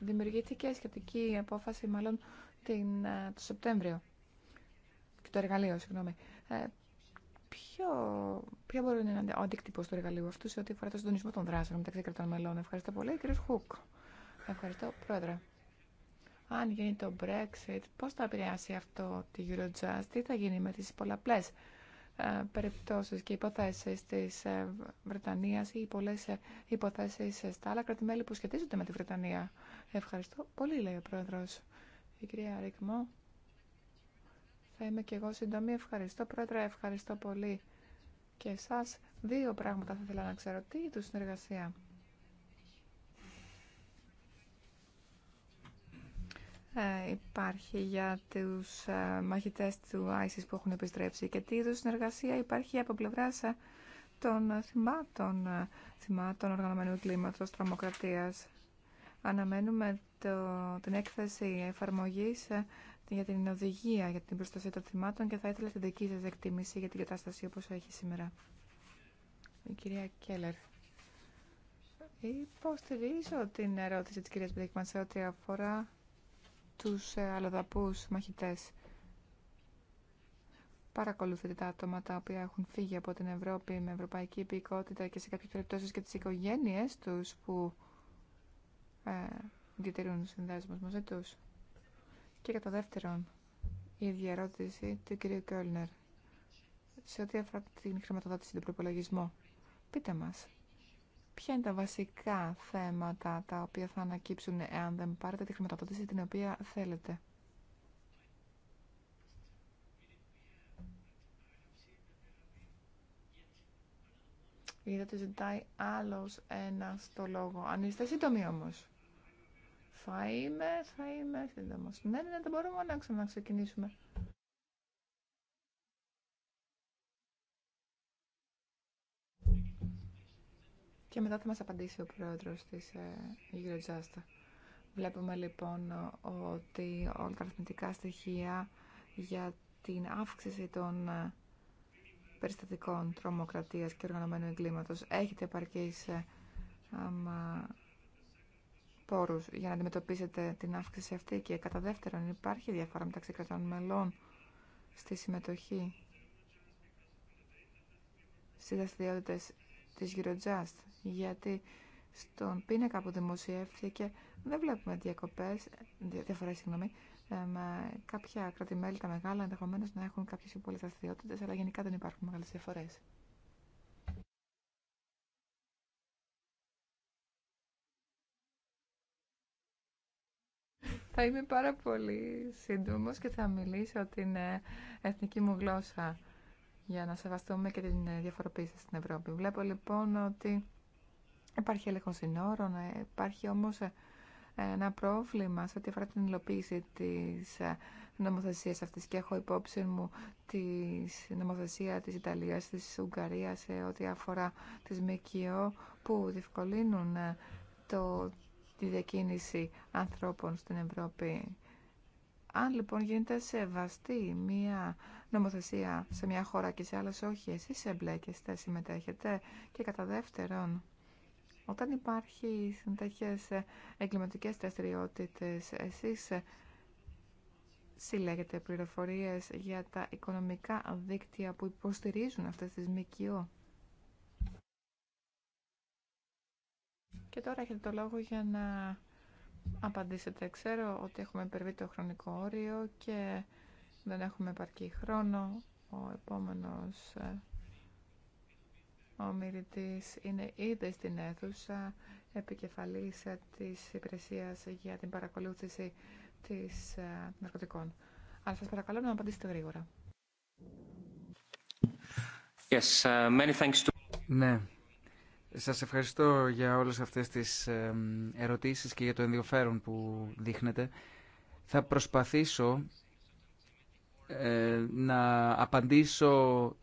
δημιουργήθηκε σχετική απόφαση μάλλον την, ε, το Σεπτέμβριο και το εργαλείο, συγγνώμη. Ε, ποιο, ποιο μπορεί να είναι ο αντίκτυπο του εργαλείου αυτού σε ό,τι αφορά το συντονισμό των δράσεων μεταξύ κρατών μελών. Ευχαριστώ πολύ, κύριε Χουκ. Ευχαριστώ, Πρόεδρε αν γίνει το Brexit, πώς θα επηρεάσει αυτό τη Eurojust, τι θα γίνει με τις πολλαπλές ε, περιπτώσεις και υποθέσεις της ε, Βρετανίας ή πολλές ε, υποθέσεις στα άλλα κρατημέλη που σχετίζονται με τη Βρετανία. Ευχαριστώ πολύ, λέει ο Πρόεδρος. Η κυρία Ρίκμο. Θα είμαι και εγώ σύντομη. Ευχαριστώ, Πρόεδρε. Ευχαριστώ πολύ και εσάς. Δύο πράγματα θα ήθελα να ξέρω. Τι είδους συνεργασία Ε, υπάρχει για τους ε, μαχητές του ISIS που έχουν επιστρέψει και τι είδους συνεργασία υπάρχει από πλευράς ε, των θυμάτων, θυμάτων οργανωμένου κλίματος, τρομοκρατίας. Αναμένουμε την έκθεση εφαρμογής για την οδηγία για την προστασία των θυμάτων και θα ήθελα την δική σας εκτίμηση για την κατάσταση όπως έχει σήμερα. Η κυρία Κέλλερ. Υποστηρίζω την ερώτηση της κυρίας Πεδίκμαν σε ό,τι αφορά τους ε, αλλοδαπούς μαχητές. Παρακολουθείτε τα άτομα τα οποία έχουν φύγει από την Ευρώπη με ευρωπαϊκή υπηκότητα και σε κάποιες περιπτώσεις και τις οικογένειες τους που ε, διατηρούν συνδέσμους μαζί τους. Και κατά δεύτερον, η ίδια ερώτηση του κ. Κέρνερ σε ό,τι αφορά την χρηματοδότηση του προπολογισμού. Πείτε μας, Ποια είναι τα βασικά θέματα τα οποία θα ανακύψουν εάν δεν πάρετε τη χρηματοδότηση την οποία θέλετε. Είδατε ζητάει άλλος ένα το λόγο. Αν είστε σύντομοι όμως. Θα είμαι, θα είμαι σύντομος. Ναι, ναι, ναι δεν μπορούμε να ξαναξεκινήσουμε. και μετά θα μας απαντήσει ο πρόεδρος της ε, Eurojust. Βλέπουμε λοιπόν ότι όλα τα αριθμητικά στοιχεία για την αύξηση των ε, περιστατικών τρομοκρατίας και οργανωμένου εγκλήματος έχετε επαρκείς ε, πόρους για να αντιμετωπίσετε την αύξηση αυτή και κατά δεύτερον υπάρχει διαφορά μεταξύ κρατών μελών στη συμμετοχή στις δραστηριότητε της Eurojust, γιατί στον πίνακα που δημοσιεύθηκε δεν βλέπουμε διακοπές, διαφορές, συγγνώμη, ε, με κάποια κρατημέλη τα μεγάλα ενδεχομένω να έχουν κάποιες υπόλοιπε αλλά γενικά δεν υπάρχουν μεγάλες διαφορές. Θα είμαι πάρα πολύ σύντομο και θα μιλήσω την ε, εθνική μου γλώσσα για να σεβαστούμε και την ε, διαφοροποίηση στην Ευρώπη. Βλέπω λοιπόν ότι υπάρχει έλεγχο συνόρων, ε, υπάρχει όμως ε, ένα πρόβλημα σε ό,τι αφορά την υλοποίηση της νομοθεσίας αυτής και έχω υπόψη μου τη νομοθεσία της Ιταλίας, της Ουγγαρίας σε ό,τι αφορά τις ΜΚΟ που διευκολύνουν το, τη διακίνηση ανθρώπων στην Ευρώπη. Αν λοιπόν γίνεται σεβαστή μία νομοθεσία σε μια χώρα και σε άλλες όχι. Εσείς εμπλέκεστε, συμμετέχετε και κατά δεύτερον, όταν υπάρχει τέτοιε εγκληματικές δραστηριότητε, εσείς συλλέγετε πληροφορίες για τα οικονομικά δίκτυα που υποστηρίζουν αυτές τις ΜΚΟ. Και τώρα έχετε το λόγο για να απαντήσετε. Ξέρω ότι έχουμε υπερβεί το χρονικό όριο και δεν έχουμε επαρκή χρόνο. Ο επόμενος ε, ομιλητής είναι ήδη στην αίθουσα επικεφαλής ε, της υπηρεσίας για την παρακολούθηση της ε, ναρκωτικών. Αλλά σας παρακαλώ να απαντήσετε γρήγορα. Yes, uh, many thanks to... Ναι. Σας ευχαριστώ για όλες αυτές τις ερωτήσεις και για το ενδιαφέρον που δείχνετε. Θα προσπαθήσω ε, να απαντήσω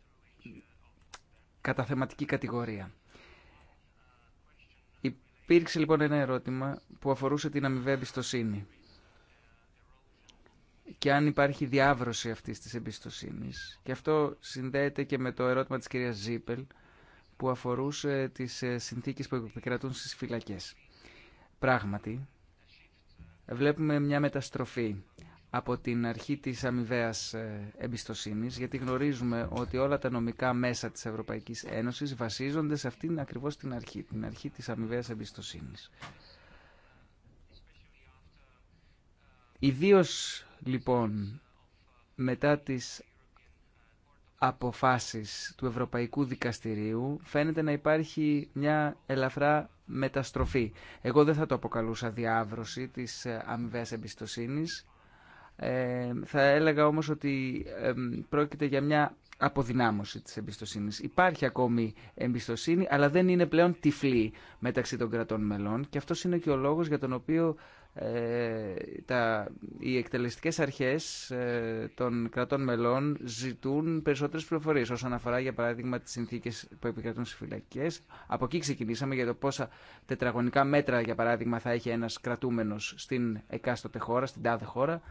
κατά θεματική κατηγορία. Υπήρξε λοιπόν ένα ερώτημα που αφορούσε την αμοιβή εμπιστοσύνη και αν υπάρχει διάβρωση αυτής της εμπιστοσύνης. Και αυτό συνδέεται και με το ερώτημα της κυρίας Ζίπελ που αφορούσε τις ε, συνθήκες που επικρατούν στις φυλακές. Πράγματι, βλέπουμε μια μεταστροφή από την αρχή της αμοιβαία ε, εμπιστοσύνης, γιατί γνωρίζουμε ότι όλα τα νομικά μέσα της Ευρωπαϊκής Ένωσης βασίζονται σε αυτήν ακριβώς την αρχή, την αρχή της αμοιβαία εμπιστοσύνης. Ιδίω λοιπόν μετά τις αποφάσεις του Ευρωπαϊκού Δικαστηρίου φαίνεται να υπάρχει μια ελαφρά μεταστροφή. Εγώ δεν θα το αποκαλούσα διάβρωση της ε, αμοιβαίας εμπιστοσύνης, ε, θα έλεγα όμως ότι ε, πρόκειται για μια αποδυνάμωση της εμπιστοσύνης. Υπάρχει ακόμη εμπιστοσύνη, αλλά δεν είναι πλέον τυφλή μεταξύ των κρατών μελών και αυτό είναι και ο λόγος για τον οποίο ε, τα, οι εκτελεστικές αρχές ε, των κρατών μελών ζητούν περισσότερες πληροφορίες όσον αφορά για παράδειγμα τις συνθήκες που επικρατούν στις φυλακές. Από εκεί ξεκινήσαμε για το πόσα τετραγωνικά μέτρα για παράδειγμα θα έχει ένας κρατούμενος στην εκάστοτε χώρα, στην τάδε χώρα.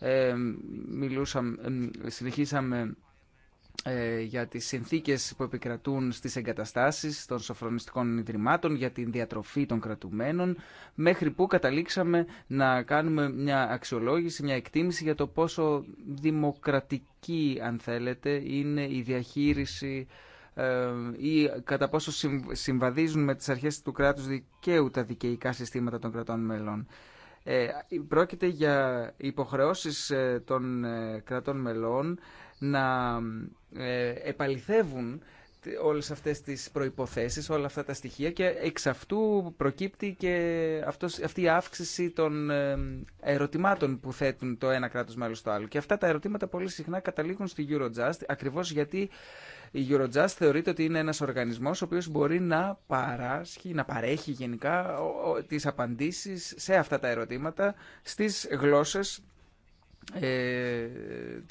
Ε, μιλούσαμε, ε, συνεχίσαμε ε, για τις συνθήκες που επικρατούν στις εγκαταστάσεις των σοφρονιστικών ιδρυμάτων, για την διατροφή των κρατουμένων, μέχρι που καταλήξαμε να κάνουμε μια αξιολόγηση, μια εκτίμηση για το πόσο δημοκρατική, αν θέλετε, είναι η διαχείριση ή κατά πόσο συμβαδίζουν με τις αρχές του κράτους δικαίου τα δικαιϊκά συστήματα των κρατών μελών. Ε, πρόκειται για υποχρεώσεις ε, των ε, κρατών μελών να επαληθεύουν όλες αυτές τις προϋποθέσεις, όλα αυτά τα στοιχεία και εξ αυτού προκύπτει και αυτός, αυτή η αύξηση των ερωτημάτων που θέτουν το ένα κράτος μέλος στο άλλο. Και αυτά τα ερωτήματα πολύ συχνά καταλήγουν στη Eurojust ακριβώς γιατί η Eurojust θεωρείται ότι είναι ένας οργανισμός ο οποίος μπορεί να παράσχει, να παρέχει γενικά τις απαντήσεις σε αυτά τα ερωτήματα στις γλώσσες ε,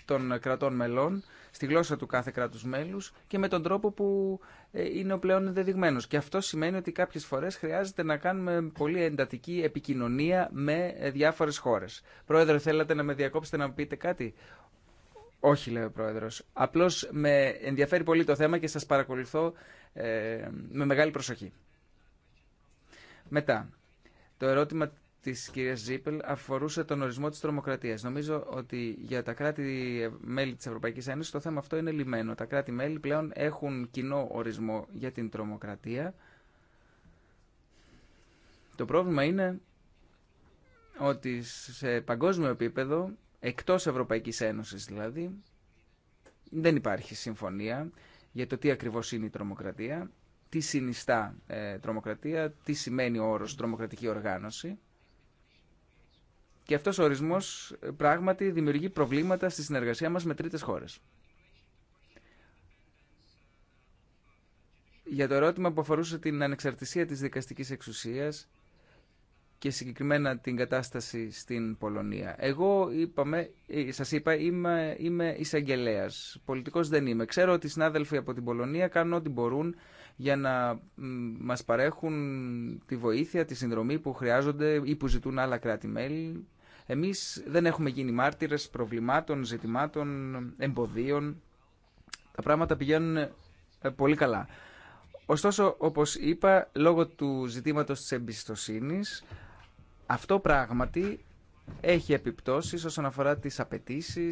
των κρατών μελών, στη γλώσσα του κάθε κράτους μέλους και με τον τρόπο που ε, είναι ο πλέον ενδεδειγμένος. Και αυτό σημαίνει ότι κάποιες φορές χρειάζεται να κάνουμε πολύ εντατική επικοινωνία με ε, διάφορες χώρες. Πρόεδρε, θέλατε να με διακόψετε να μου πείτε κάτι. Όχι, λέει ο πρόεδρο. Απλώ με ενδιαφέρει πολύ το θέμα και σα παρακολουθώ ε, με μεγάλη προσοχή. Μετά, το ερώτημα τη κυρία Ζίπελ αφορούσε τον ορισμό τη τρομοκρατία. Νομίζω ότι για τα κράτη-μέλη ε, τη Ευρωπαϊκή Ένωση το θέμα αυτό είναι λιμένο. Τα κράτη-μέλη πλέον έχουν κοινό ορισμό για την τρομοκρατία. Το πρόβλημα είναι ότι σε παγκόσμιο επίπεδο εκτός Ευρωπαϊκής Ένωσης δηλαδή, δεν υπάρχει συμφωνία για το τι ακριβώς είναι η τρομοκρατία, τι συνιστά ε, τρομοκρατία, τι σημαίνει ο όρος τρομοκρατική οργάνωση. Και αυτός ο ορισμός ε, πράγματι δημιουργεί προβλήματα στη συνεργασία μας με τρίτες χώρες. Για το ερώτημα που αφορούσε την ανεξαρτησία της δικαστικής εξουσίας, και συγκεκριμένα την κατάσταση στην Πολωνία. Εγώ είπαμε, ε, σας είπα είμαι, είμαι εισαγγελέα. πολιτικός δεν είμαι. Ξέρω ότι οι συνάδελφοι από την Πολωνία κάνουν ό,τι μπορούν για να μας παρέχουν τη βοήθεια, τη συνδρομή που χρειάζονται ή που ζητούν άλλα κράτη-μέλη. Εμείς δεν έχουμε γίνει μάρτυρες προβλημάτων, ζητημάτων, εμποδίων. Τα πράγματα πηγαίνουν ε, πολύ καλά. Ωστόσο, όπως είπα, λόγω του ζητήματος της εμπιστοσύνης, αυτό πράγματι έχει επιπτώσεις όσον αφορά τις απαιτήσει.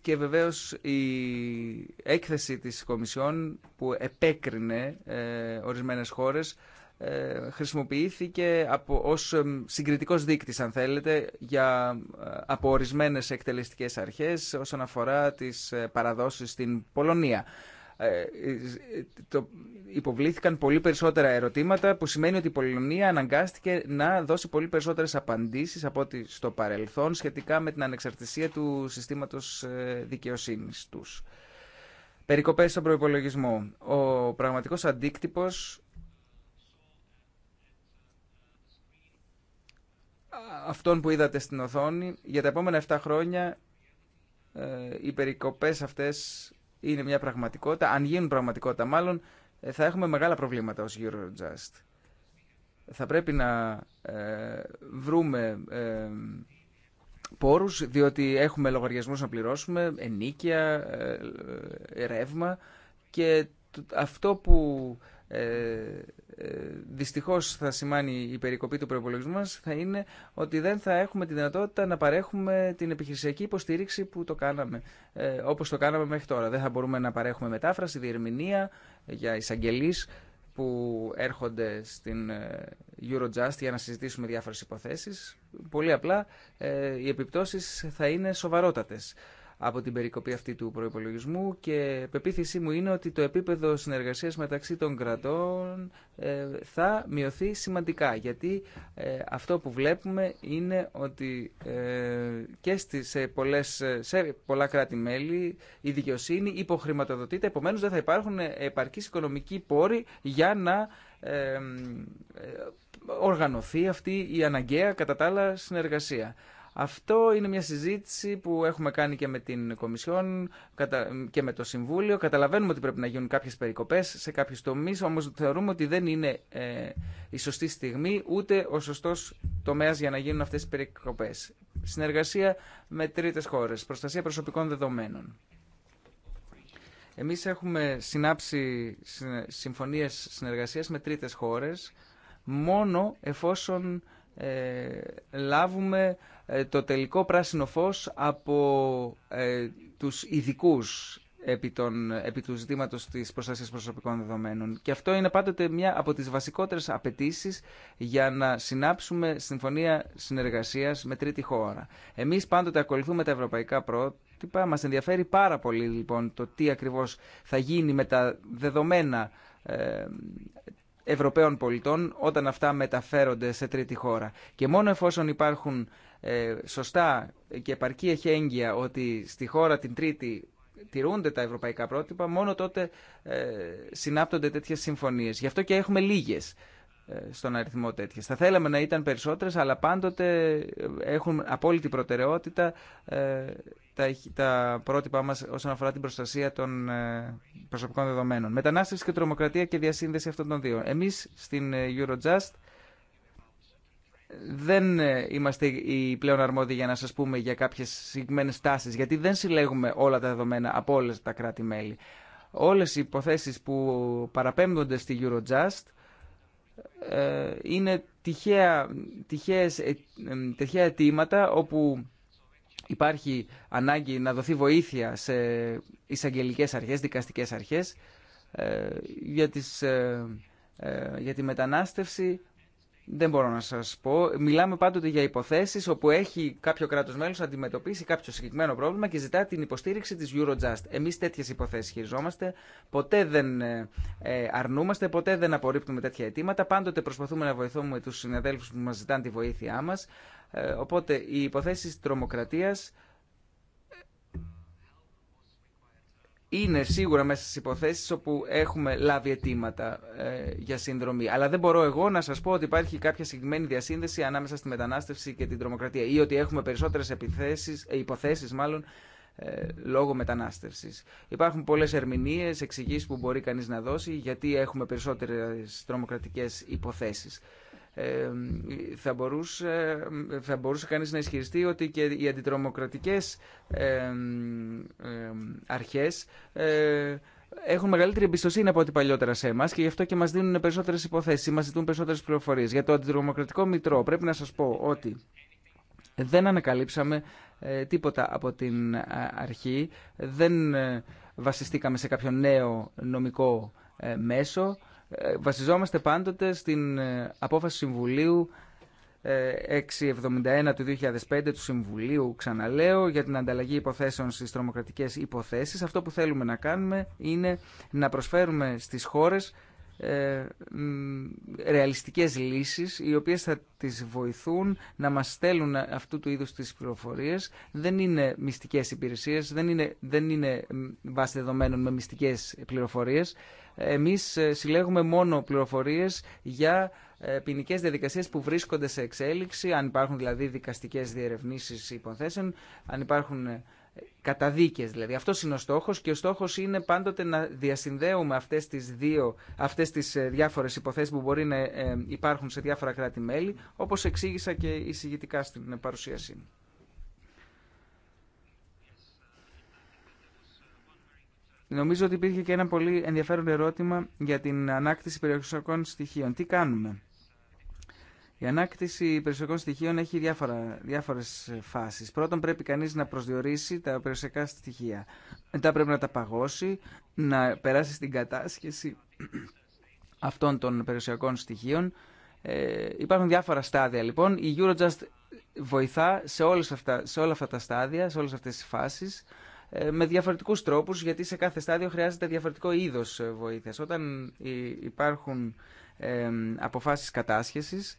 Και βεβαίως η έκθεση της Κομισιόν που επέκρινε ε, ορισμένες χώρες ε, χρησιμοποιήθηκε από, ως συγκριτικός δείκτης αν θέλετε για, ε, από ορισμένες εκτελεστικές αρχές όσον αφορά τις ε, παραδόσεις στην Πολωνία. Ε, ε, το, υποβλήθηκαν πολύ περισσότερα ερωτήματα που σημαίνει ότι η πολυνομία αναγκάστηκε να δώσει πολύ περισσότερες απαντήσεις από ό,τι στο παρελθόν σχετικά με την ανεξαρτησία του συστήματος ε, δικαιοσύνης τους. Περικοπές στον προϋπολογισμό. Ο πραγματικός αντίκτυπος αυτόν που είδατε στην οθόνη για τα επόμενα 7 χρόνια οι περικοπές αυτές είναι μια πραγματικότητα, αν γίνουν πραγματικότητα μάλλον, ε, θα έχουμε μεγάλα προβλήματα ως Eurojust. Θα πρέπει να ε, βρούμε ε, πόρους, διότι έχουμε λογαριασμούς να πληρώσουμε, ενίκεια, ε, ε, ρεύμα και αυτό που ε, ε, Δυστυχώ θα σημάνει η περικοπή του προπολογισμού μα θα είναι ότι δεν θα έχουμε τη δυνατότητα να παρέχουμε την επιχειρησιακή υποστήριξη που το κάναμε, ε, όπως το κάναμε μέχρι τώρα. Δεν θα μπορούμε να παρέχουμε μετάφραση, διερμηνία για εισαγγελεί που έρχονται στην Eurojust για να συζητήσουμε διάφορες υποθέσεις. Πολύ απλά οι επιπτώσεις θα είναι σοβαρότατες από την περικοπή αυτή του προϋπολογισμού και πεποίθησή μου είναι ότι το επίπεδο συνεργασίας μεταξύ των κρατών ε, θα μειωθεί σημαντικά γιατί ε, αυτό που βλέπουμε είναι ότι ε, και στις πολλές, σε πολλά κράτη-μέλη η δικαιοσύνη υποχρηματοδοτείται επομένως δεν θα υπάρχουν επαρκείς οικονομικοί πόροι για να οργανωθεί αυτή η αναγκαία κατά τα άλλα συνεργασία. Αυτό είναι μια συζήτηση που έχουμε κάνει και με την Κομισιόν και με το Συμβούλιο. Καταλαβαίνουμε ότι πρέπει να γίνουν κάποιε περικοπέ σε κάποιου τομεί, όμω θεωρούμε ότι δεν είναι ε, η σωστή στιγμή ούτε ο σωστό τομέα για να γίνουν αυτέ οι περικοπέ. Συνεργασία με τρίτε χώρε, προστασία προσωπικών δεδομένων. Εμεί έχουμε συνάψει συμφωνίε συνεργασία με τρίτες χώρες μόνο εφόσον ε, λάβουμε ε, το τελικό πράσινο φως από ε, τους ειδικού επί, επί του ζητήματο της προστασίας προσωπικών δεδομένων. Και αυτό είναι πάντοτε μια από τις βασικότερες απαιτήσει για να συνάψουμε συμφωνία συνεργασίας με τρίτη χώρα. Εμείς πάντοτε ακολουθούμε τα ευρωπαϊκά πρότυπα. Μας ενδιαφέρει πάρα πολύ λοιπόν το τι ακριβώς θα γίνει με τα δεδομένα Ευρωπαίων πολιτών όταν αυτά μεταφέρονται σε τρίτη χώρα. Και μόνο εφόσον υπάρχουν ε, σωστά και επαρκή εχέγγυα ότι στη χώρα την τρίτη τηρούνται τα ευρωπαϊκά πρότυπα, μόνο τότε ε, συνάπτονται τέτοιες συμφωνίες. Γι' αυτό και έχουμε λίγες ε, στον αριθμό τέτοιες. Θα θέλαμε να ήταν περισσότερες, αλλά πάντοτε έχουν απόλυτη προτεραιότητα τα, τα πρότυπά μα όσον αφορά την προστασία των ε, προσωπικών δεδομένων. Μετανάστευση και τρομοκρατία και διασύνδεση αυτών των δύο. Εμείς στην ε, Eurojust δεν ε, είμαστε οι πλέον αρμόδιοι για να σας πούμε για κάποιες συγκεκριμένες τάσεις, γιατί δεν συλλέγουμε όλα τα δεδομένα από όλες τα κράτη-μέλη. Όλες οι υποθέσεις που παραπέμπτονται στη Eurojust είναι τυχαία αιτήματα όπου υπάρχει ανάγκη να δοθεί βοήθεια σε εισαγγελικές αρχές, δικαστικές αρχές ε, για, τις, ε, ε, για τη μετανάστευση δεν μπορώ να σας πω. Μιλάμε πάντοτε για υποθέσεις όπου έχει κάποιο κράτος μέλος αντιμετωπίσει κάποιο συγκεκριμένο πρόβλημα και ζητά την υποστήριξη της Eurojust. Εμείς τέτοιες υποθέσεις χειριζόμαστε, ποτέ δεν αρνούμαστε, ποτέ δεν απορρίπτουμε τέτοια αιτήματα, πάντοτε προσπαθούμε να βοηθούμε τους συναδέλφους που μας ζητάνε τη βοήθειά μας, ε, οπότε οι υποθέσει τρομοκρατία είναι σίγουρα μέσα στι υποθέσεις όπου έχουμε λάβει αιτήματα ε, για συνδρομή. Αλλά δεν μπορώ εγώ να σας πω ότι υπάρχει κάποια συγκεκριμένη διασύνδεση ανάμεσα στη μετανάστευση και την τρομοκρατία ή ότι έχουμε περισσότερες επιθέσεις, ε, υποθέσεις μάλλον λόγω μετανάστευση. Υπάρχουν πολλέ ερμηνείε εξηγήσεις που μπορεί κανεί να δώσει γιατί έχουμε περισσότερε τρομοκρατικέ υποθέσει θα, μπορούσε, θα μπορούσε κανείς να ισχυριστεί ότι και οι αντιτρομοκρατικές αρχές ε, έχουν μεγαλύτερη εμπιστοσύνη από ό,τι παλιότερα σε εμά και γι' αυτό και μα δίνουν περισσότερε υποθέσει, μα ζητούν περισσότερε πληροφορίε. Για το αντιτρομοκρατικό μητρό, πρέπει να σα πω ότι δεν ανακαλύψαμε ε, τίποτα από την ε, αρχή, δεν βασιστήκαμε σε κάποιο νέο νομικό μέσο. Ε, βασιζόμαστε πάντοτε στην ε, απόφαση Συμβουλίου 671 ε, του 2005 του Συμβουλίου, ξαναλέω, για την ανταλλαγή υποθέσεων στις τρομοκρατικές υποθέσεις. Αυτό που θέλουμε να κάνουμε είναι να προσφέρουμε στις χώρες ε, ρεαλιστικές λύσεις οι οποίες θα τις βοηθούν να μας στέλνουν αυτού του είδους τις πληροφορίες δεν είναι μυστικές υπηρεσίες δεν είναι, δεν είναι βάση δεδομένων με μυστικές πληροφορίες εμείς ε, συλλέγουμε μόνο πληροφορίες για ε, ποινικέ διαδικασίες που βρίσκονται σε εξέλιξη, αν υπάρχουν δηλαδή δικαστικές διερευνήσεις υποθέσεων, αν υπάρχουν ε, καταδίκες δηλαδή. Αυτό είναι ο στόχος και ο στόχος είναι πάντοτε να διασυνδέουμε αυτές τις, δύο, αυτές τις διάφορες υποθέσεις που μπορεί να υπάρχουν σε διάφορα κράτη-μέλη, όπως εξήγησα και εισηγητικά στην παρουσίασή μου. Νομίζω ότι υπήρχε και ένα πολύ ενδιαφέρον ερώτημα για την ανάκτηση περιουσιακών στοιχείων. Τι κάνουμε. Η ανάκτηση περιουσιακών στοιχείων έχει διάφορα, διάφορες φάσεις. Πρώτον πρέπει κανείς να προσδιορίσει τα περιουσιακά στοιχεία. Μετά πρέπει να τα παγώσει, να περάσει στην κατάσχεση αυτών των περιουσιακών στοιχείων. Ε, υπάρχουν διάφορα στάδια λοιπόν. Η Eurojust βοηθά σε, αυτά, σε όλα αυτά τα στάδια, σε όλες αυτές τις φάσεις. Ε, με διαφορετικούς τρόπους γιατί σε κάθε στάδιο χρειάζεται διαφορετικό είδος ε, βοήθειας. Όταν υπάρχουν αποφάσεις κατάσχεσης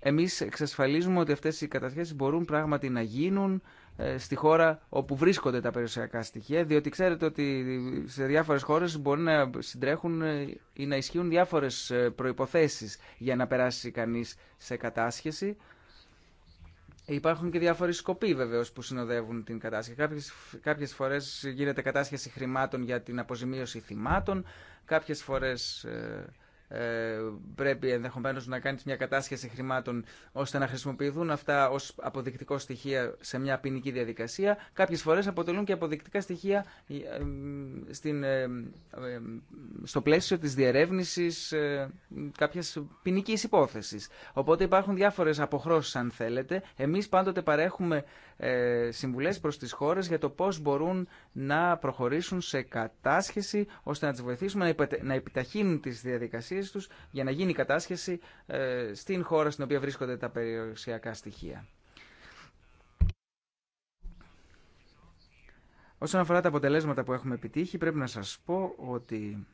εμείς εξασφαλίζουμε ότι αυτές οι κατασχέσεις μπορούν πράγματι να γίνουν ε, στη χώρα όπου βρίσκονται τα περιουσιακά στοιχεία, διότι ξέρετε ότι σε διάφορες χώρες μπορεί να συντρέχουν ή να ισχύουν διάφορες προϋποθέσεις για να περάσει κανείς σε κατάσχεση. Υπάρχουν και διάφοροι σκοποί βεβαίω που συνοδεύουν την κατάσχεση. Κάποιες, κάποιες φορές γίνεται κατάσχεση χρημάτων για την αποζημίωση θυμάτων, κάποιες φορές ε, ε, πρέπει ενδεχομένως να κάνεις μια κατάσχεση χρημάτων ώστε να χρησιμοποιηθούν αυτά ως αποδεικτικό στοιχεία σε μια ποινική διαδικασία. Κάποιες φορές αποτελούν και αποδεικτικά στοιχεία ε, ε, στην, στο πλαίσιο της διερεύνησης κάποιας ποινική υπόθεσης. Οπότε υπάρχουν διάφορες αποχρώσεις αν θέλετε. Εμείς πάντοτε παρέχουμε ε, συμβουλές προς τις χώρες για το πώς μπορούν να προχωρήσουν σε κατάσχεση ώστε να τις βοηθήσουμε να επιταχύνουν τις διαδικασίες τους για να γίνει η κατάσχεση ε, στην χώρα στην οποία βρίσκονται τα περιοσιακά στοιχεία. Όσον αφορά τα αποτελέσματα που έχουμε επιτύχει, πρέπει να σας πω ότι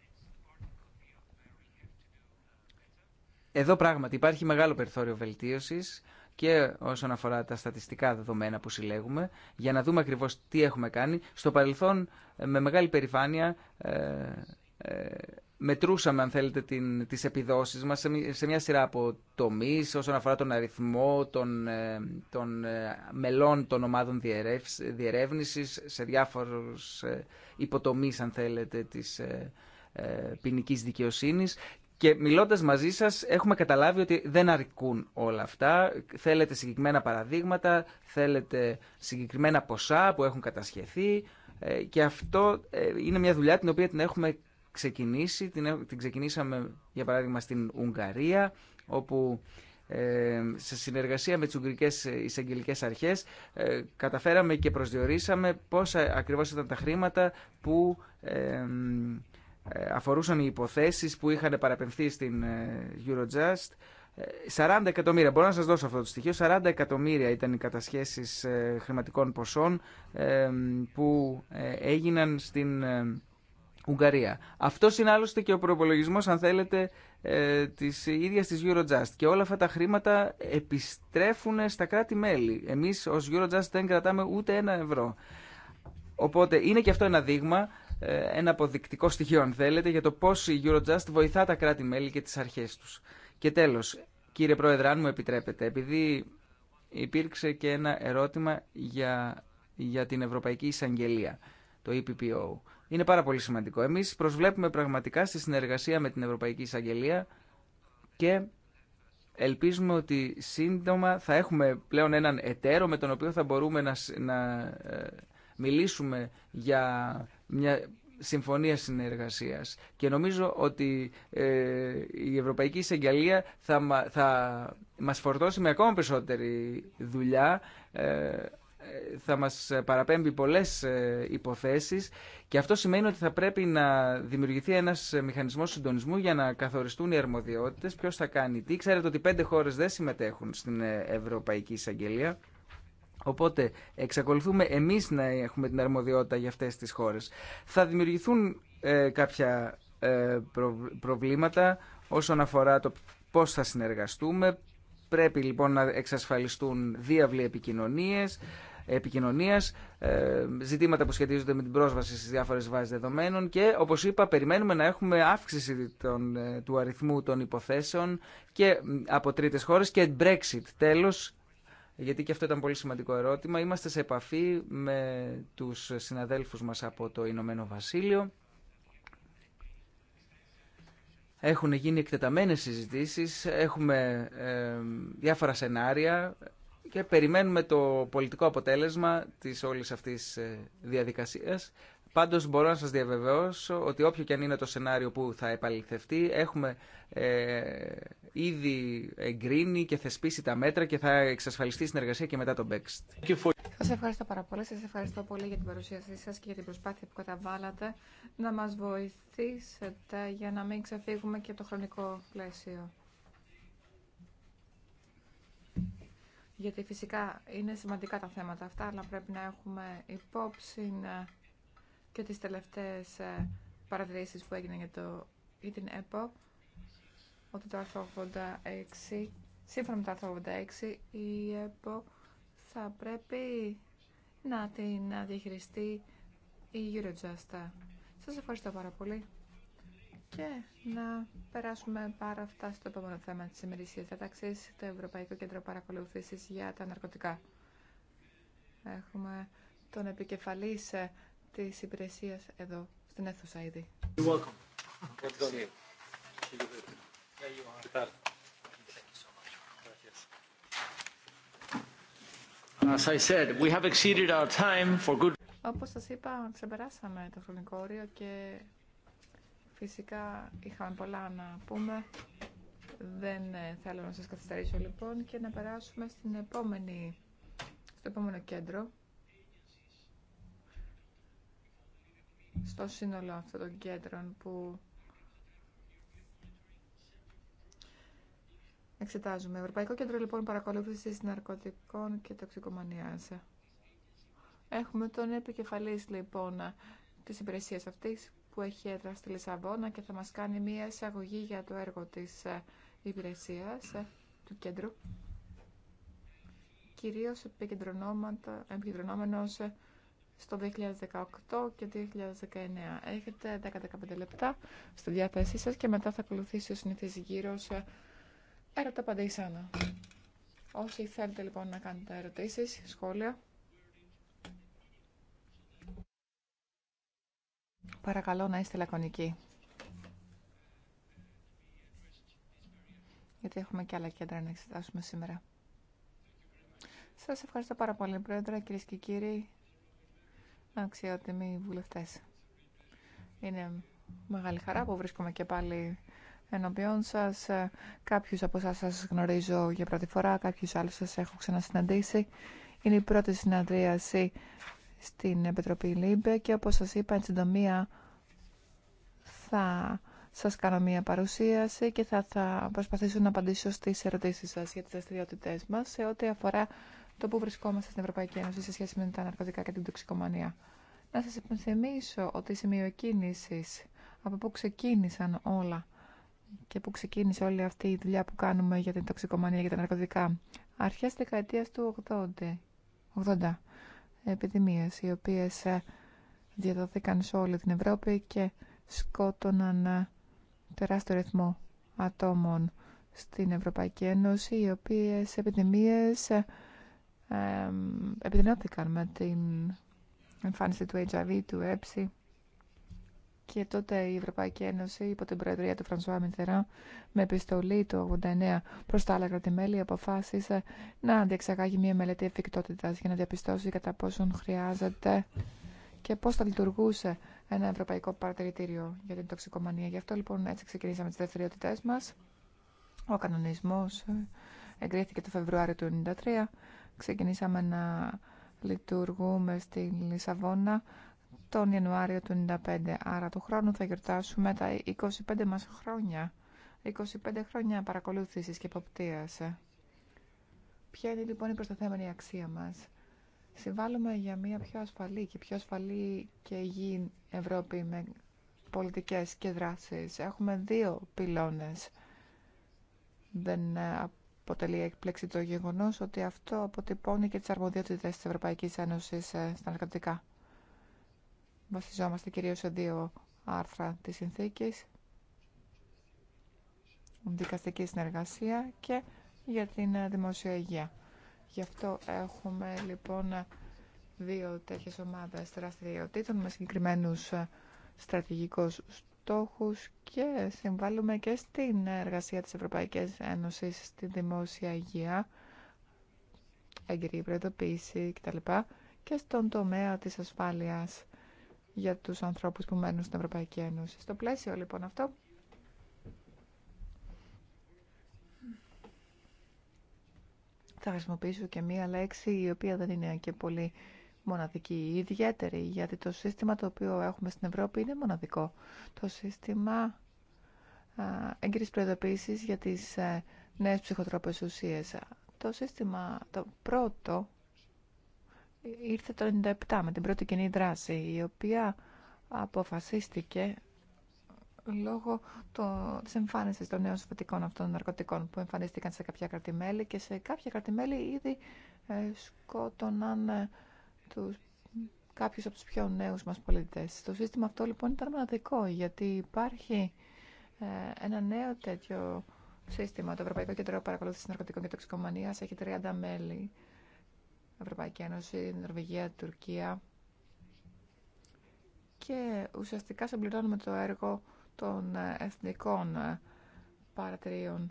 εδώ πράγματι υπάρχει μεγάλο περιθώριο βελτίωσης, και όσον αφορά τα στατιστικά δεδομένα που συλλέγουμε, για να δούμε ακριβώς τι έχουμε κάνει. Στο παρελθόν, ε, με μεγάλη περηφάνεια, ε, ε, μετρούσαμε, αν θέλετε, την, τις επιδόσεις μας σε, μια σειρά από τομείς όσον αφορά τον αριθμό των, των μελών των ομάδων διερεύνησης σε διάφορους υποτομείς, αν θέλετε, της ποινική δικαιοσύνης και μιλώντας μαζί σας έχουμε καταλάβει ότι δεν αρκούν όλα αυτά. Θέλετε συγκεκριμένα παραδείγματα, θέλετε συγκεκριμένα ποσά που έχουν κατασχεθεί ε, και αυτό ε, είναι μια δουλειά την οποία την έχουμε ξεκινήσει. Την ξεκινήσαμε για παράδειγμα στην Ουγγαρία όπου ε, σε συνεργασία με τις Ουγγρικές εισαγγελικέ Αρχές καταφέραμε και προσδιορίσαμε πόσα ακριβώς ήταν τα χρήματα που ε, αφορούσαν οι υποθέσεις που είχαν παραπεμφθεί στην ε, Eurojust. 40 ε, εκατομμύρια, μπορώ να σας δώσω αυτό το στοιχείο, 40 εκατομμύρια ήταν οι κατασχέσεις χρηματικών ποσών που έγιναν στην Ουγγαρία. Αυτό είναι άλλωστε και ο προπολογισμό, αν θέλετε, της τη ίδια τη Eurojust. Και όλα αυτά τα χρήματα επιστρέφουν στα κράτη-μέλη. Εμεί ω Eurojust δεν κρατάμε ούτε ένα ευρώ. Οπότε είναι και αυτό ένα δείγμα ε, ένα αποδεικτικό στοιχείο, αν θέλετε, για το πώς η Eurojust βοηθά τα κράτη-μέλη και τις αρχές τους. Και τέλος, κύριε Πρόεδρε, αν μου επιτρέπετε, επειδή υπήρξε και ένα ερώτημα για, για την Ευρωπαϊκή Εισαγγελία, το EPPO. Είναι πάρα πολύ σημαντικό. Εμείς προσβλέπουμε πραγματικά στη συνεργασία με την Ευρωπαϊκή Εισαγγελία και ελπίζουμε ότι σύντομα θα έχουμε πλέον έναν εταίρο με τον οποίο θα μπορούμε να, να ε, μιλήσουμε για μια συμφωνία συνεργασίας και νομίζω ότι ε, η Ευρωπαϊκή Εισαγγελία θα, θα μας φορτώσει με ακόμα περισσότερη δουλειά ε, θα μας παραπέμπει πολλές ε, υποθέσεις και αυτό σημαίνει ότι θα πρέπει να δημιουργηθεί ένας μηχανισμός συντονισμού για να καθοριστούν οι αρμοδιότητες, ποιος θα κάνει τι. Ξέρετε ότι πέντε χώρες δεν συμμετέχουν στην ε, Ευρωπαϊκή Εισαγγελία. Οπότε εξακολουθούμε εμείς να έχουμε την αρμοδιότητα για αυτές τις χώρες. Θα δημιουργηθούν ε, κάποια ε, προβλήματα όσον αφορά το πώς θα συνεργαστούμε. Πρέπει λοιπόν να εξασφαλιστούν διάβλη επικοινωνίες, επικοινωνίας, ε, ζητήματα που σχετίζονται με την πρόσβαση στις διάφορες βάσεις δεδομένων και όπως είπα περιμένουμε να έχουμε αύξηση ε, του αριθμού των υποθέσεων και από τρίτες χώρες και Brexit τέλος γιατί και αυτό ήταν πολύ σημαντικό ερώτημα. Είμαστε σε επαφή με τους συναδέλφους μας από το Ηνωμένο Βασίλειο. Έχουν γίνει εκτεταμένες συζητήσεις, έχουμε ε, διάφορα σενάρια και περιμένουμε το πολιτικό αποτέλεσμα της όλης αυτής ε, διαδικασίας. Πάντως μπορώ να σας διαβεβαιώσω ότι όποιο και αν είναι το σενάριο που θα επαληθευτεί, έχουμε ε, ήδη εγκρίνει και θεσπίσει τα μέτρα και θα εξασφαλιστεί η συνεργασία και μετά το Brexit. Σας ευχαριστώ πάρα πολύ. Σας ευχαριστώ πολύ για την παρουσίασή σας και για την προσπάθεια που καταβάλατε να μας βοηθήσετε για να μην ξεφύγουμε και από το χρονικό πλαίσιο. Γιατί φυσικά είναι σημαντικά τα θέματα αυτά, αλλά πρέπει να έχουμε υπόψη να... Ε, και τις τελευταίες ε, παρατηρήσεις που έγιναν για, το, για την ΕΠΟ ότι το άρθρο 86, σύμφωνα με το άρθρο 86, η ΕΠΟ θα πρέπει να την διαχειριστεί η Eurojust. Σας ευχαριστώ πάρα πολύ και να περάσουμε πάρα αυτά στο επόμενο θέμα της ημερησίας διαταξής, το Ευρωπαϊκό Κέντρο Παρακολουθήσεις για τα Ναρκωτικά. Έχουμε τον επικεφαλής ε, Τη υπηρεσία εδώ, στην αίθουσα ήδη. Όπω σα time Όπως σας είπα, ξεπεράσαμε το χρονικό όριο και φυσικά είχαμε πολλά να πούμε. Δεν ε, θέλω να σας καθυστερήσω λοιπόν και να περάσουμε στην επόμενη, στο επόμενο κέντρο. στο σύνολο αυτών των κέντρων που εξετάζουμε. Ευρωπαϊκό Κέντρο λοιπόν παρακολούθησης ναρκωτικών και τοξικομανίας. Έχουμε τον επικεφαλή λοιπόν της Υπηρεσία αυτής που έχει έδρα στη Λισαβόνα και θα μας κάνει μία εισαγωγή για το έργο της ε, υπηρεσία, ε, του κέντρου. Κυρίως επικεντρωνόμενος ε, στο 2018 και 2019. Έχετε 10-15 λεπτά στη διάθεσή σας και μετά θα ακολουθήσει ο συνήθις γύρος ε, έρωτα Σάνα. Όσοι θέλετε λοιπόν να κάνετε ερωτήσεις, σχόλια. Παρακαλώ να είστε λακωνικοί. Γιατί έχουμε και άλλα κέντρα να εξετάσουμε σήμερα. Σας ευχαριστώ πάρα πολύ, Πρόεδρε, κυρίες και κύριοι αξιότιμοι βουλευτέ Είναι μεγάλη χαρά που βρίσκομαι και πάλι ενώπιόν σας. Κάποιου από εσά σας γνωρίζω για πρώτη φορά, κάποιου άλλου σα έχω ξανασυναντήσει. Είναι η πρώτη συναντρίαση στην Επιτροπή ΛΥΜΠΕ και όπως σας είπα, εν συντομία θα σας κάνω μία παρουσίαση και θα, θα προσπαθήσω να απαντήσω στις ερωτήσεις σας για τις δραστηριότητε μα σε ό,τι αφορά το που βρισκόμαστε στην Ευρωπαϊκή Ένωση σε σχέση με τα ναρκωτικά και την τοξικομανία. Να σας υπενθυμίσω ότι οι πού ξεκίνησε όλη αυτή η δουλειά που κάνουμε για την τοξικομανία και τα ναρκωτικά. Αρχές δεκαετίας του 80, 80 επιδημίες οι οποίες ε, διαδοθήκαν σε όλη την Ευρώπη και σκότωναν ε, τεράστιο ρυθμό ατόμων στην Ευρωπαϊκή Ένωση, οι οποίες επιδημίες ε, επιδεινώθηκαν με την εμφάνιση του HIV, του ΕΠΣΗ και τότε η Ευρωπαϊκή Ένωση υπό την Προεδρία του Φρανσουά Μιτερά με επιστολή του 89 προς τα άλλα κρατημέλη αποφάσισε να αντιεξαγάγει μια μελέτη εφικτότητας για να διαπιστώσει κατά πόσον χρειάζεται και πώς θα λειτουργούσε ένα ευρωπαϊκό παρατηρητήριο για την τοξικομανία. Γι' αυτό λοιπόν έτσι ξεκινήσαμε τις δευτεριότητές μας. Ο κανονισμός εγκρίθηκε το Φεβρουάριο του 1993 ξεκινήσαμε να λειτουργούμε στη Λισαβόνα τον Ιανουάριο του 1995. Άρα του χρόνου θα γιορτάσουμε τα 25 μας χρόνια. 25 χρόνια παρακολούθησης και εποπτείας. Ποια είναι λοιπόν η προσταθέμενη αξία μας. Συμβάλλουμε για μια πιο ασφαλή και πιο ασφαλή και υγιή Ευρώπη με πολιτικές και δράσεις. Έχουμε δύο πυλώνες. Δεν αποτελεί έκπληξη το γεγονό ότι αυτό αποτυπώνει και τι αρμοδιότητε τη Ευρωπαϊκή Ένωση ε, στα ναρκωτικά. Βασιζόμαστε κυρίω σε δύο άρθρα τη συνθήκη, δικαστική συνεργασία και για την ε, δημόσια υγεία. Γι' αυτό έχουμε λοιπόν δύο τέτοιε ομάδε δραστηριοτήτων με συγκεκριμένου ε, στρατηγικού στόχους και συμβάλλουμε και στην εργασία της Ευρωπαϊκής Ένωσης στη δημόσια υγεία, έγκυρη προειδοποίηση κτλ. και στον τομέα της ασφάλειας για τους ανθρώπους που μένουν στην Ευρωπαϊκή Ένωση. Στο πλαίσιο λοιπόν αυτό, θα χρησιμοποιήσω και μία λέξη η οποία δεν είναι και πολύ μοναδική, ιδιαίτερη, γιατί το σύστημα το οποίο έχουμε στην Ευρώπη είναι μοναδικό. Το σύστημα έγκυρης προειδοποίησης για τις ε, νέες ψυχοτρόπες ουσίες. Το σύστημα το πρώτο ήρθε το 1997 με την πρώτη κοινή δράση, η οποία αποφασίστηκε λόγω το, της εμφάνισης των νέων συμφετικών αυτών ναρκωτικών που εμφανίστηκαν σε κάποια κρατημέλη και σε κάποια κρατημέλη ήδη ε, σκότωναν ε, τους, κάποιους από τους πιο νέους μας πολίτες. Το σύστημα αυτό λοιπόν ήταν μοναδικό γιατί υπάρχει ε, ένα νέο τέτοιο σύστημα. Το Ευρωπαϊκό Κέντρο Παρακολούθησης Ναρκωτικών και Τοξικομανίας έχει 30 μέλη. Ευρωπαϊκή Ένωση, Νορβηγία, Τουρκία. Και ουσιαστικά συμπληρώνουμε το έργο των ε, εθνικών ε, παρατηρίων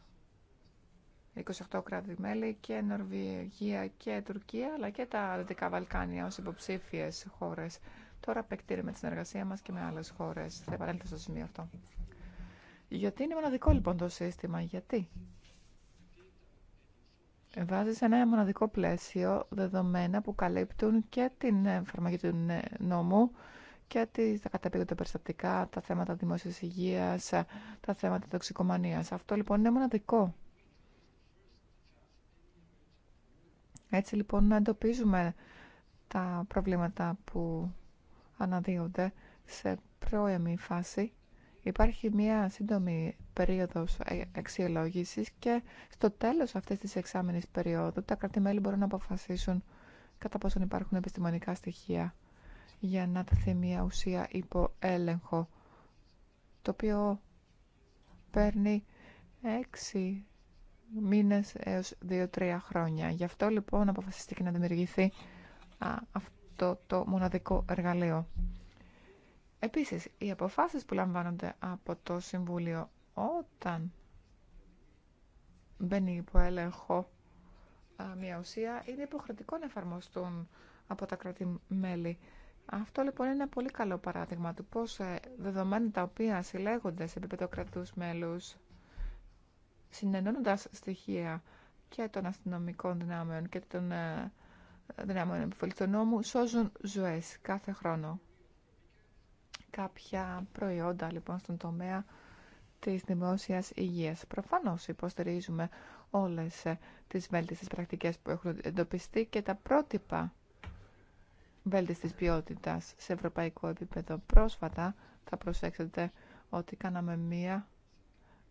28 κράτη-μέλη και Νορβηγία και Τουρκία, αλλά και τα Δυτικά Βαλκάνια ως υποψήφιες χώρες. Τώρα επεκτείνουμε τη συνεργασία μας και με άλλες χώρες. Θα επανέλθω στο σημείο αυτό. Γιατί είναι μοναδικό λοιπόν το σύστημα, γιατί. Βάζεις ένα μοναδικό πλαίσιο δεδομένα που καλύπτουν και την εφαρμογή του νόμου και τις, τα περιστατικά, τα θέματα δημόσιας υγείας, τα θέματα τοξικομανίας. Αυτό λοιπόν είναι μοναδικό Έτσι λοιπόν να εντοπίζουμε τα προβλήματα που αναδύονται σε πρώιμη φάση. Υπάρχει μία σύντομη περίοδος ε, αξιολόγησης και στο τέλος αυτής της εξάμενης περίοδου τα κρατημέλη μπορούν να αποφασίσουν κατά πόσον υπάρχουν επιστημονικά στοιχεία για να τεθεί μία ουσία υπό έλεγχο, το οποίο παίρνει έξι μήνες έως 2-3 χρόνια. Γι' αυτό λοιπόν αποφασίστηκε να δημιουργηθεί αυτό το μοναδικό εργαλείο. Επίσης, οι αποφάσεις που λαμβάνονται από το Συμβούλιο όταν μπαίνει υπό έλεγχο μια ουσία είναι υποχρεωτικό να εφαρμοστούν από τα κράτη-μέλη. Αυτό λοιπόν είναι ένα πολύ καλό παράδειγμα του πώς ε, δεδομένα τα οποία συλλέγονται σε επίπεδο κρατούς μέλους συνενώνοντας στοιχεία και των αστυνομικών δυνάμεων και των ε, δυνάμεων επιβολή νόμου, σώζουν ζωές κάθε χρόνο. Κάποια προϊόντα λοιπόν στον τομέα της δημόσιας υγείας. Προφανώς υποστηρίζουμε όλες ε, τις βέλτιστες πρακτικές που έχουν εντοπιστεί και τα πρότυπα βέλτιστης ποιότητας σε ευρωπαϊκό επίπεδο. Πρόσφατα θα προσέξετε ότι κάναμε μία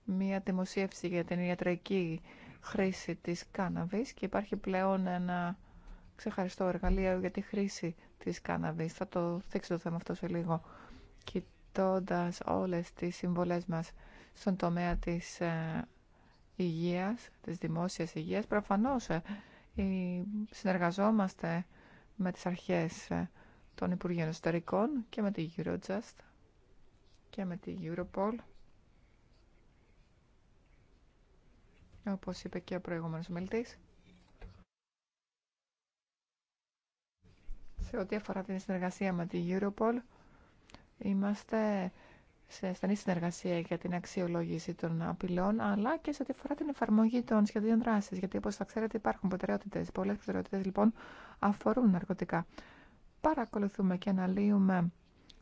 μία δημοσίευση για την ιατρική χρήση της κάναβης και υπάρχει πλέον ένα ξεχαριστό εργαλείο για τη χρήση της κάναβης. Θα το θίξω το θέμα αυτό σε λίγο. κοιτώντα όλες τις συμβολές μας στον τομέα της ε, υγείας, της δημόσιας υγείας, προφανώς ε, συνεργαζόμαστε με τις αρχές ε, των Υπουργείων Εσωτερικών και με τη Eurojust και με τη Europol όπως είπε και ο προηγούμενος μελτής. Σε ό,τι αφορά την συνεργασία με την Europol, είμαστε σε στενή συνεργασία για την αξιολόγηση των απειλών, αλλά και σε ό,τι αφορά την εφαρμογή των σχεδίων δράση. Γιατί, όπω θα ξέρετε, υπάρχουν προτεραιότητε. Πολλέ προτεραιότητε, λοιπόν, αφορούν ναρκωτικά. Παρακολουθούμε και αναλύουμε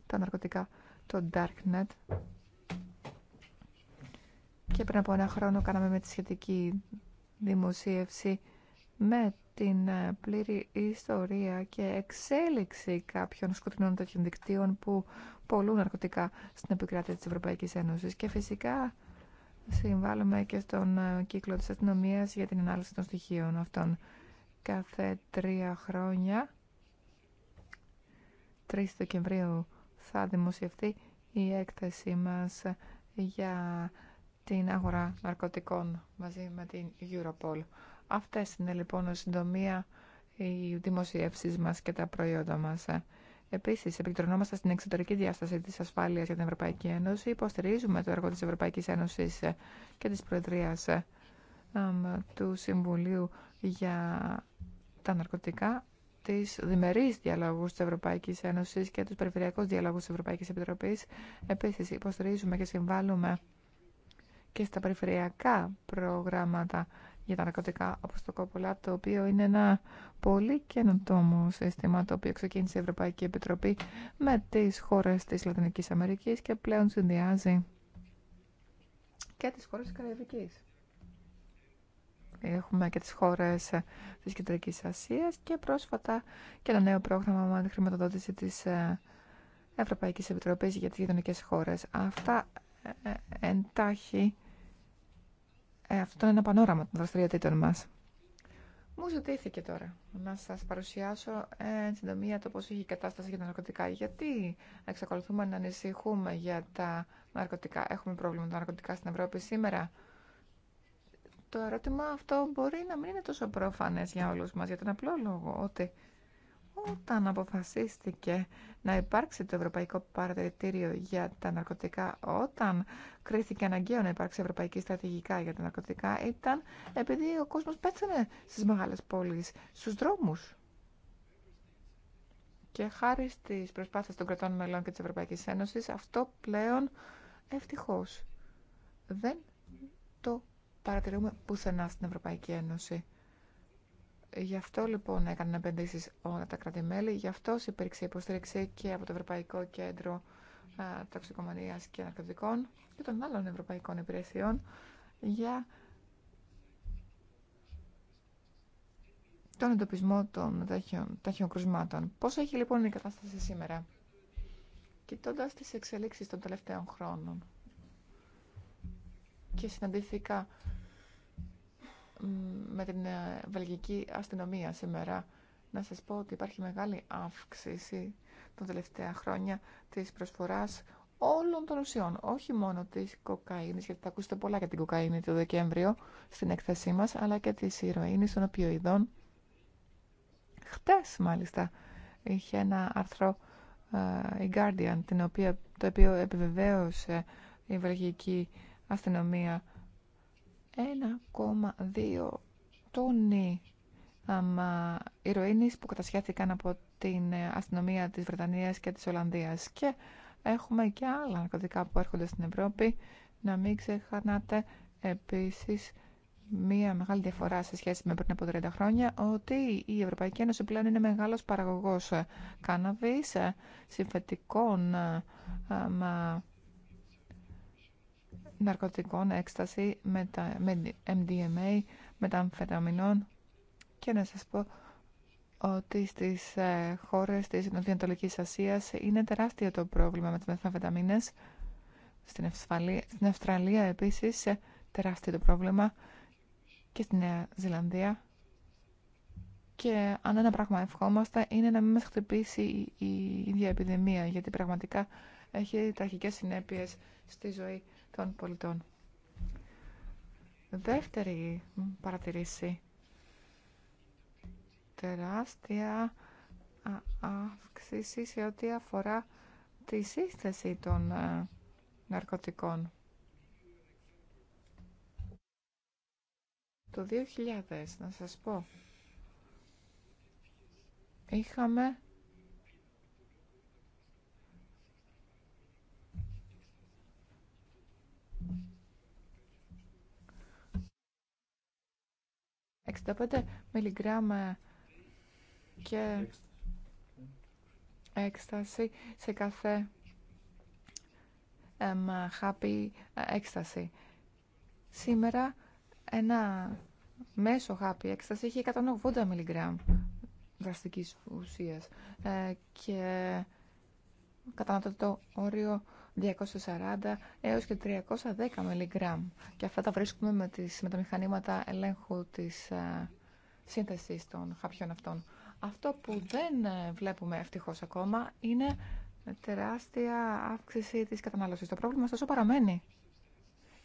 τα ναρκωτικά, το Darknet, και πριν από ένα χρόνο κάναμε με τη σχετική δημοσίευση με την ε, πλήρη ιστορία και εξέλιξη κάποιων σκοτεινών τέτοιων δικτύων που πολλούν ναρκωτικά στην επικράτεια της Ευρωπαϊκής Ένωσης. Και φυσικά συμβάλλουμε και στον ε, κύκλο της αστυνομία για την ανάλυση των στοιχείων αυτών. Κάθε τρία χρόνια, 3 Δεκεμβρίου, θα δημοσιευτεί η έκθεσή μας για την αγορά ναρκωτικών μαζί με την Europol. Αυτές είναι λοιπόν ως συντομία οι δημοσιεύσεις μας και τα προϊόντα μας. Επίση, επικεντρωνόμαστε στην εξωτερική διάσταση τη ασφάλεια για την Ευρωπαϊκή Ένωση. Υποστηρίζουμε το έργο τη Ευρωπαϊκή Ένωση και τη Προεδρία του Συμβουλίου για τα Ναρκωτικά, τι διμερεί διαλόγου τη Ευρωπαϊκή Ένωση και του περιφερειακού διαλόγου τη Ευρωπαϊκή Επιτροπή. Επίση, υποστηρίζουμε και συμβάλλουμε και στα περιφερειακά προγράμματα για τα ναρκωτικά όπως το Κόπολα, το οποίο είναι ένα πολύ καινοτόμο σύστημα το οποίο ξεκίνησε η Ευρωπαϊκή Επιτροπή με τις χώρες της Λατινικής Αμερικής και πλέον συνδυάζει και τις χώρες της Καραϊβικής. Έχουμε και τις χώρες της Κεντρικής Ασίας και πρόσφατα και ένα νέο πρόγραμμα με τη χρηματοδότηση της ε, Ευρωπαϊκής Επιτροπής για τις γειτονικές χώρες. Αυτά ε, ε, εντάχει ε, αυτό είναι ένα πανόραμα των δραστηριοτήτων μας. Μου ζητήθηκε τώρα να σας παρουσιάσω ε, εν συντομία το πώς έχει η κατάσταση για τα ναρκωτικά. Γιατί εξακολουθούμε να ανησυχούμε για τα ναρκωτικά. Έχουμε πρόβλημα με τα ναρκωτικά στην Ευρώπη σήμερα. Το ερώτημα αυτό μπορεί να μην είναι τόσο πρόφανες για όλους μας, για τον απλό λόγο ότι όταν αποφασίστηκε να υπάρξει το Ευρωπαϊκό Παρατηρητήριο για τα Ναρκωτικά, όταν κρίθηκε αναγκαίο να υπάρξει Ευρωπαϊκή Στρατηγικά για τα Ναρκωτικά, ήταν επειδή ο κόσμος πέτσανε στις μεγάλες πόλεις, στους δρόμους. Και χάρη στις προσπάθειες των κρατών μελών και της Ευρωπαϊκής Ένωσης, αυτό πλέον ευτυχώς δεν το παρατηρούμε πουθενά στην Ευρωπαϊκή Ένωση. Γι' αυτό λοιπόν έκαναν επενδύσει όλα τα κράτη-μέλη, γι' αυτό υπήρξε υποστήριξη και από το Ευρωπαϊκό Κέντρο Τοξικομανία και Ανακριτικών και των άλλων ευρωπαϊκών υπηρεσιών για τον εντοπισμό των τέτοιων κρουσμάτων. Πώ έχει λοιπόν η κατάσταση σήμερα, κοιτώντα τι εξελίξει των τελευταίων χρόνων και συναντήθηκα με την ε, βελγική αστυνομία σήμερα. Να σας πω ότι υπάρχει μεγάλη αύξηση τα τελευταία χρόνια της προσφοράς όλων των ουσιών, όχι μόνο της κοκαίνης, γιατί θα ακούσετε πολλά για την κοκαίνη το Δεκέμβριο στην έκθεσή μας, αλλά και της ηρωίνης των οπιοειδών. Χτες, μάλιστα, είχε ένα άρθρο ε, η Guardian, την οποία, το οποίο επιβεβαίωσε η βελγική αστυνομία 1,2 τόνοι αμα, ηρωίνης που κατασχέθηκαν από την ε, αστυνομία της Βρετανίας και της Ολλανδίας. Και έχουμε και άλλα ναρκωτικά που έρχονται στην Ευρώπη. Να μην ξεχνάτε επίσης μία μεγάλη διαφορά σε σχέση με πριν από 30 χρόνια ότι η Ευρωπαϊκή Ένωση πλέον είναι μεγάλος παραγωγός κάναβης, ε, ε, συμφετικών ναρκωτικών, έκσταση, μετα, με MDMA, μεταμφεταμινών και να σας πω ότι στις ε, χώρες της Νοτιοανατολικής Ασίας είναι τεράστιο το πρόβλημα με τις μεταμφεταμίνες. Στην, Ευσφαλή, στην Αυστραλία επίσης ε, τεράστιο το πρόβλημα και στη Νέα Ζηλανδία. Και αν ένα πράγμα ευχόμαστε είναι να μην μας χτυπήσει η, η ίδια επιδημία, γιατί πραγματικά έχει τραγικές συνέπειες στη ζωή των πολιτών. Δεύτερη παρατηρήση. Τεράστια αύξηση σε ό,τι αφορά τη σύσθεση των ε, ναρκωτικών. Το 2000, να σας πω, είχαμε 65 μιλιγκράμμα και έκσταση σε κάθε εμ, χάπι έκσταση. Σήμερα ένα μέσο χάπι έκσταση έχει 180 μιλιγκράμμ δραστικής ουσίας ε, και κατά το όριο 240 έως και 310 μιλιγκράμμ. Και αυτά τα βρίσκουμε με, τις, τα μηχανήματα ελέγχου της α, ε, σύνθεσης των χαπιών αυτών. Αυτό που δεν ε, βλέπουμε ευτυχώς ακόμα είναι τεράστια αύξηση της κατανάλωσης. Το πρόβλημα ωστόσο παραμένει.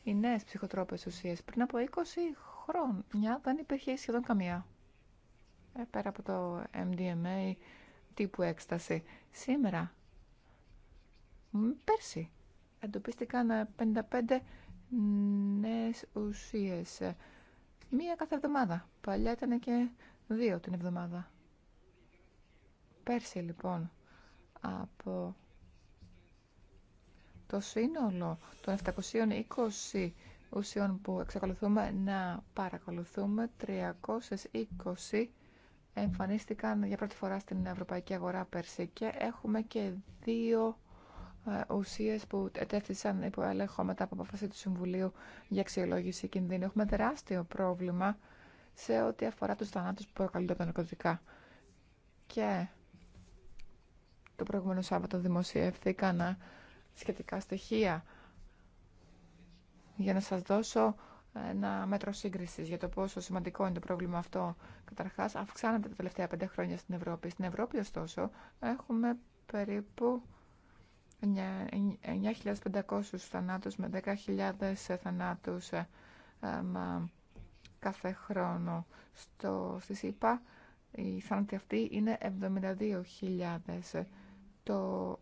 Οι νέες ψυχοτρόπες ουσίες πριν από 20 χρόνια δεν υπήρχε σχεδόν καμία. Ε, πέρα από το MDMA τύπου έκσταση. Σήμερα Πέρσι εντοπίστηκαν 55 ε, νέες ουσίες. Μία κάθε εβδομάδα. Παλιά ήταν και δύο την εβδομάδα. Πέρσι λοιπόν από το σύνολο των 720 ουσιών που εξακολουθούμε να παρακολουθούμε, 320 εμφανίστηκαν για πρώτη φορά στην ευρωπαϊκή αγορά πέρσι και έχουμε και δύο ε, Ουσίε που ετέθησαν υπό έλεγχο μετά από απόφαση του Συμβουλίου για αξιολόγηση κινδύνου. Έχουμε τεράστιο πρόβλημα σε ό,τι αφορά του θανάτου που προκαλούνται από τα ναρκωτικά. Και το προηγούμενο Σάββατο δημοσιεύθηκαν ε, σχετικά στοιχεία για να σας δώσω ένα μέτρο σύγκριση για το πόσο σημαντικό είναι το πρόβλημα αυτό. Καταρχά, αυξάνεται τα τελευταία πέντε χρόνια στην Ευρώπη. Στην Ευρώπη, ωστόσο, έχουμε περίπου 9.500 θανάτους με 10.000 θανάτους ε, κάθε χρόνο στο, στη ΣΥΠΑ. Οι θάνατοι αυτοί είναι 72.000. Το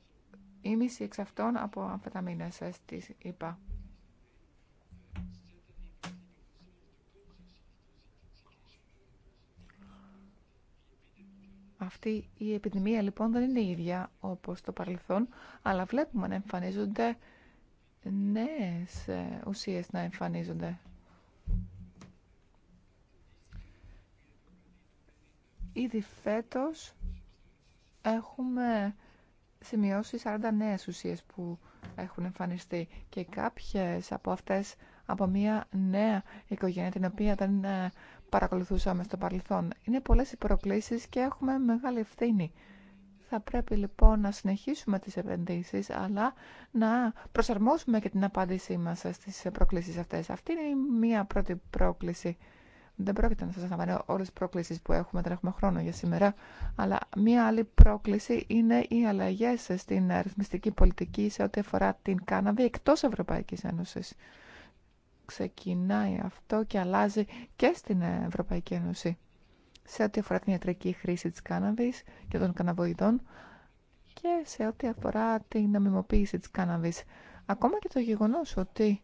ίμιση εξ αυτών από αμφεταμίνες ε, στη ΣΥΠΑ. Αυτή η επιδημία λοιπόν δεν είναι η ίδια όπως το παρελθόν, αλλά βλέπουμε να εμφανίζονται νέες ε, ουσίες να εμφανίζονται. Ήδη φέτος έχουμε σημειώσει 40 νέες ουσίες που έχουν εμφανιστεί και κάποιες από αυτές από μια νέα οικογένεια την οποία δεν ε, παρακολουθούσαμε στο παρελθόν. Είναι πολλές οι προκλήσεις και έχουμε μεγάλη ευθύνη. Θα πρέπει λοιπόν να συνεχίσουμε τις επενδύσεις, αλλά να προσαρμόσουμε και την απάντησή μας στις προκλήσεις αυτές. Αυτή είναι μία πρώτη πρόκληση. Δεν πρόκειται να σας αναφέρω όλες τις προκλήσεις που έχουμε, δεν έχουμε χρόνο για σήμερα, αλλά μία άλλη πρόκληση είναι οι αλλαγές στην αριθμιστική πολιτική σε ό,τι αφορά την κάναβη εκτός Ευρωπαϊκής Ένωσης ξεκινάει αυτό και αλλάζει και στην Ευρωπαϊκή Ένωση σε ό,τι αφορά την ιατρική χρήση της κάναβης και των καναβοειδών και σε ό,τι αφορά την νομιμοποίηση της κάναβης. Ακόμα και το γεγονός ότι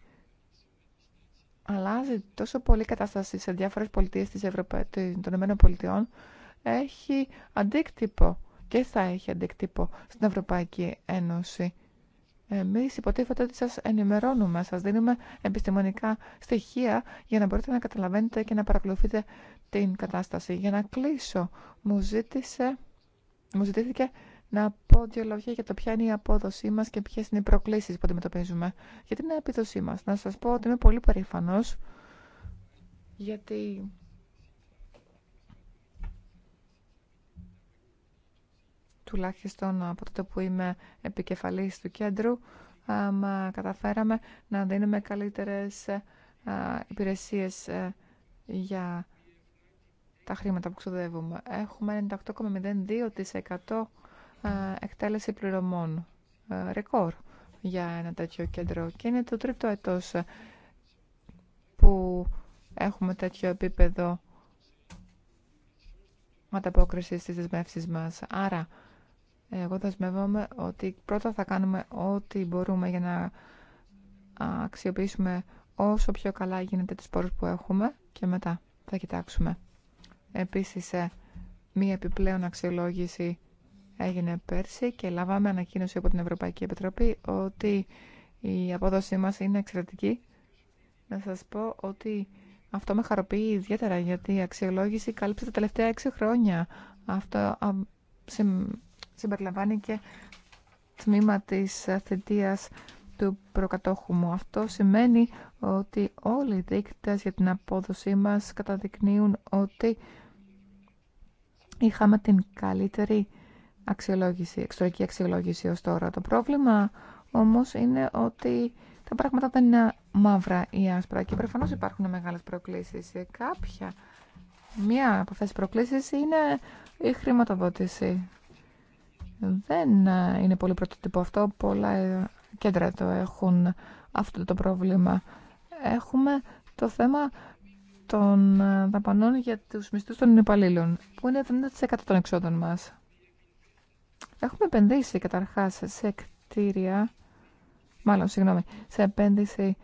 αλλάζει τόσο πολύ κατάσταση σε διάφορες πολιτείες της Ευρωπα... των ΗΠΑ έχει αντίκτυπο και θα έχει αντίκτυπο στην Ευρωπαϊκή Ένωση εμείς υποτίθεται ότι σας ενημερώνουμε, σας δίνουμε επιστημονικά στοιχεία για να μπορείτε να καταλαβαίνετε και να παρακολουθείτε την κατάσταση. Για να κλείσω, μου, ζήτησε, ζητήθηκε να πω δύο λόγια για το ποια είναι η απόδοσή μας και ποιες είναι οι προκλήσεις που αντιμετωπίζουμε. Για την επίδοσή μας. Να σας πω ότι είμαι πολύ περήφανος γιατί τουλάχιστον από τότε που είμαι επικεφαλής του κέντρου, καταφέραμε να δίνουμε καλύτερες υπηρεσίες ε, για τα χρήματα που ξοδεύουμε. Έχουμε 98,02% εκτέλεση πληρωμών. Ρεκόρ για ένα τέτοιο κέντρο. Και είναι το τρίτο ετός ε, που έχουμε τέτοιο επίπεδο ανταπόκριση στις δεσμεύσεις μας. Άρα, εγώ δεσμεύομαι ότι πρώτα θα κάνουμε ό,τι μπορούμε για να αξιοποιήσουμε όσο πιο καλά γίνεται τους πόρους που έχουμε και μετά θα κοιτάξουμε. Επίσης, ε, μία επιπλέον αξιολόγηση έγινε πέρσι και λάβαμε ανακοίνωση από την Ευρωπαϊκή Επιτροπή ότι η απόδοσή μας είναι εξαιρετική. Να σας πω ότι αυτό με χαροποιεί ιδιαίτερα γιατί η αξιολόγηση κάλυψε τα τελευταία έξι χρόνια. Αυτό συμπεριλαμβάνει και τμήμα της ε, θητείας του προκατόχου μου. Αυτό σημαίνει ότι όλοι οι δείκτες για την απόδοσή μας καταδεικνύουν ότι είχαμε την καλύτερη αξιολόγηση, εξωτερική αξιολόγηση ως τώρα. Το πρόβλημα όμως είναι ότι τα πράγματα δεν είναι μαύρα ή άσπρα και προφανώς υπάρχουν μεγάλες προκλήσεις. Ε, κάποια, μία από αυτές τις προκλήσεις είναι η χρηματοδότηση δεν ε, είναι πολύ πρωτοτυπό αυτό. Πολλά ε, κέντρα το έχουν αυτό το πρόβλημα. Έχουμε το θέμα των ε, δαπανών για τους μισθούς των υπαλλήλων, που είναι 70% των εξόδων μας. Έχουμε επενδύσει καταρχάς σε κτίρια, μάλλον συγγνώμη, σε επένδυση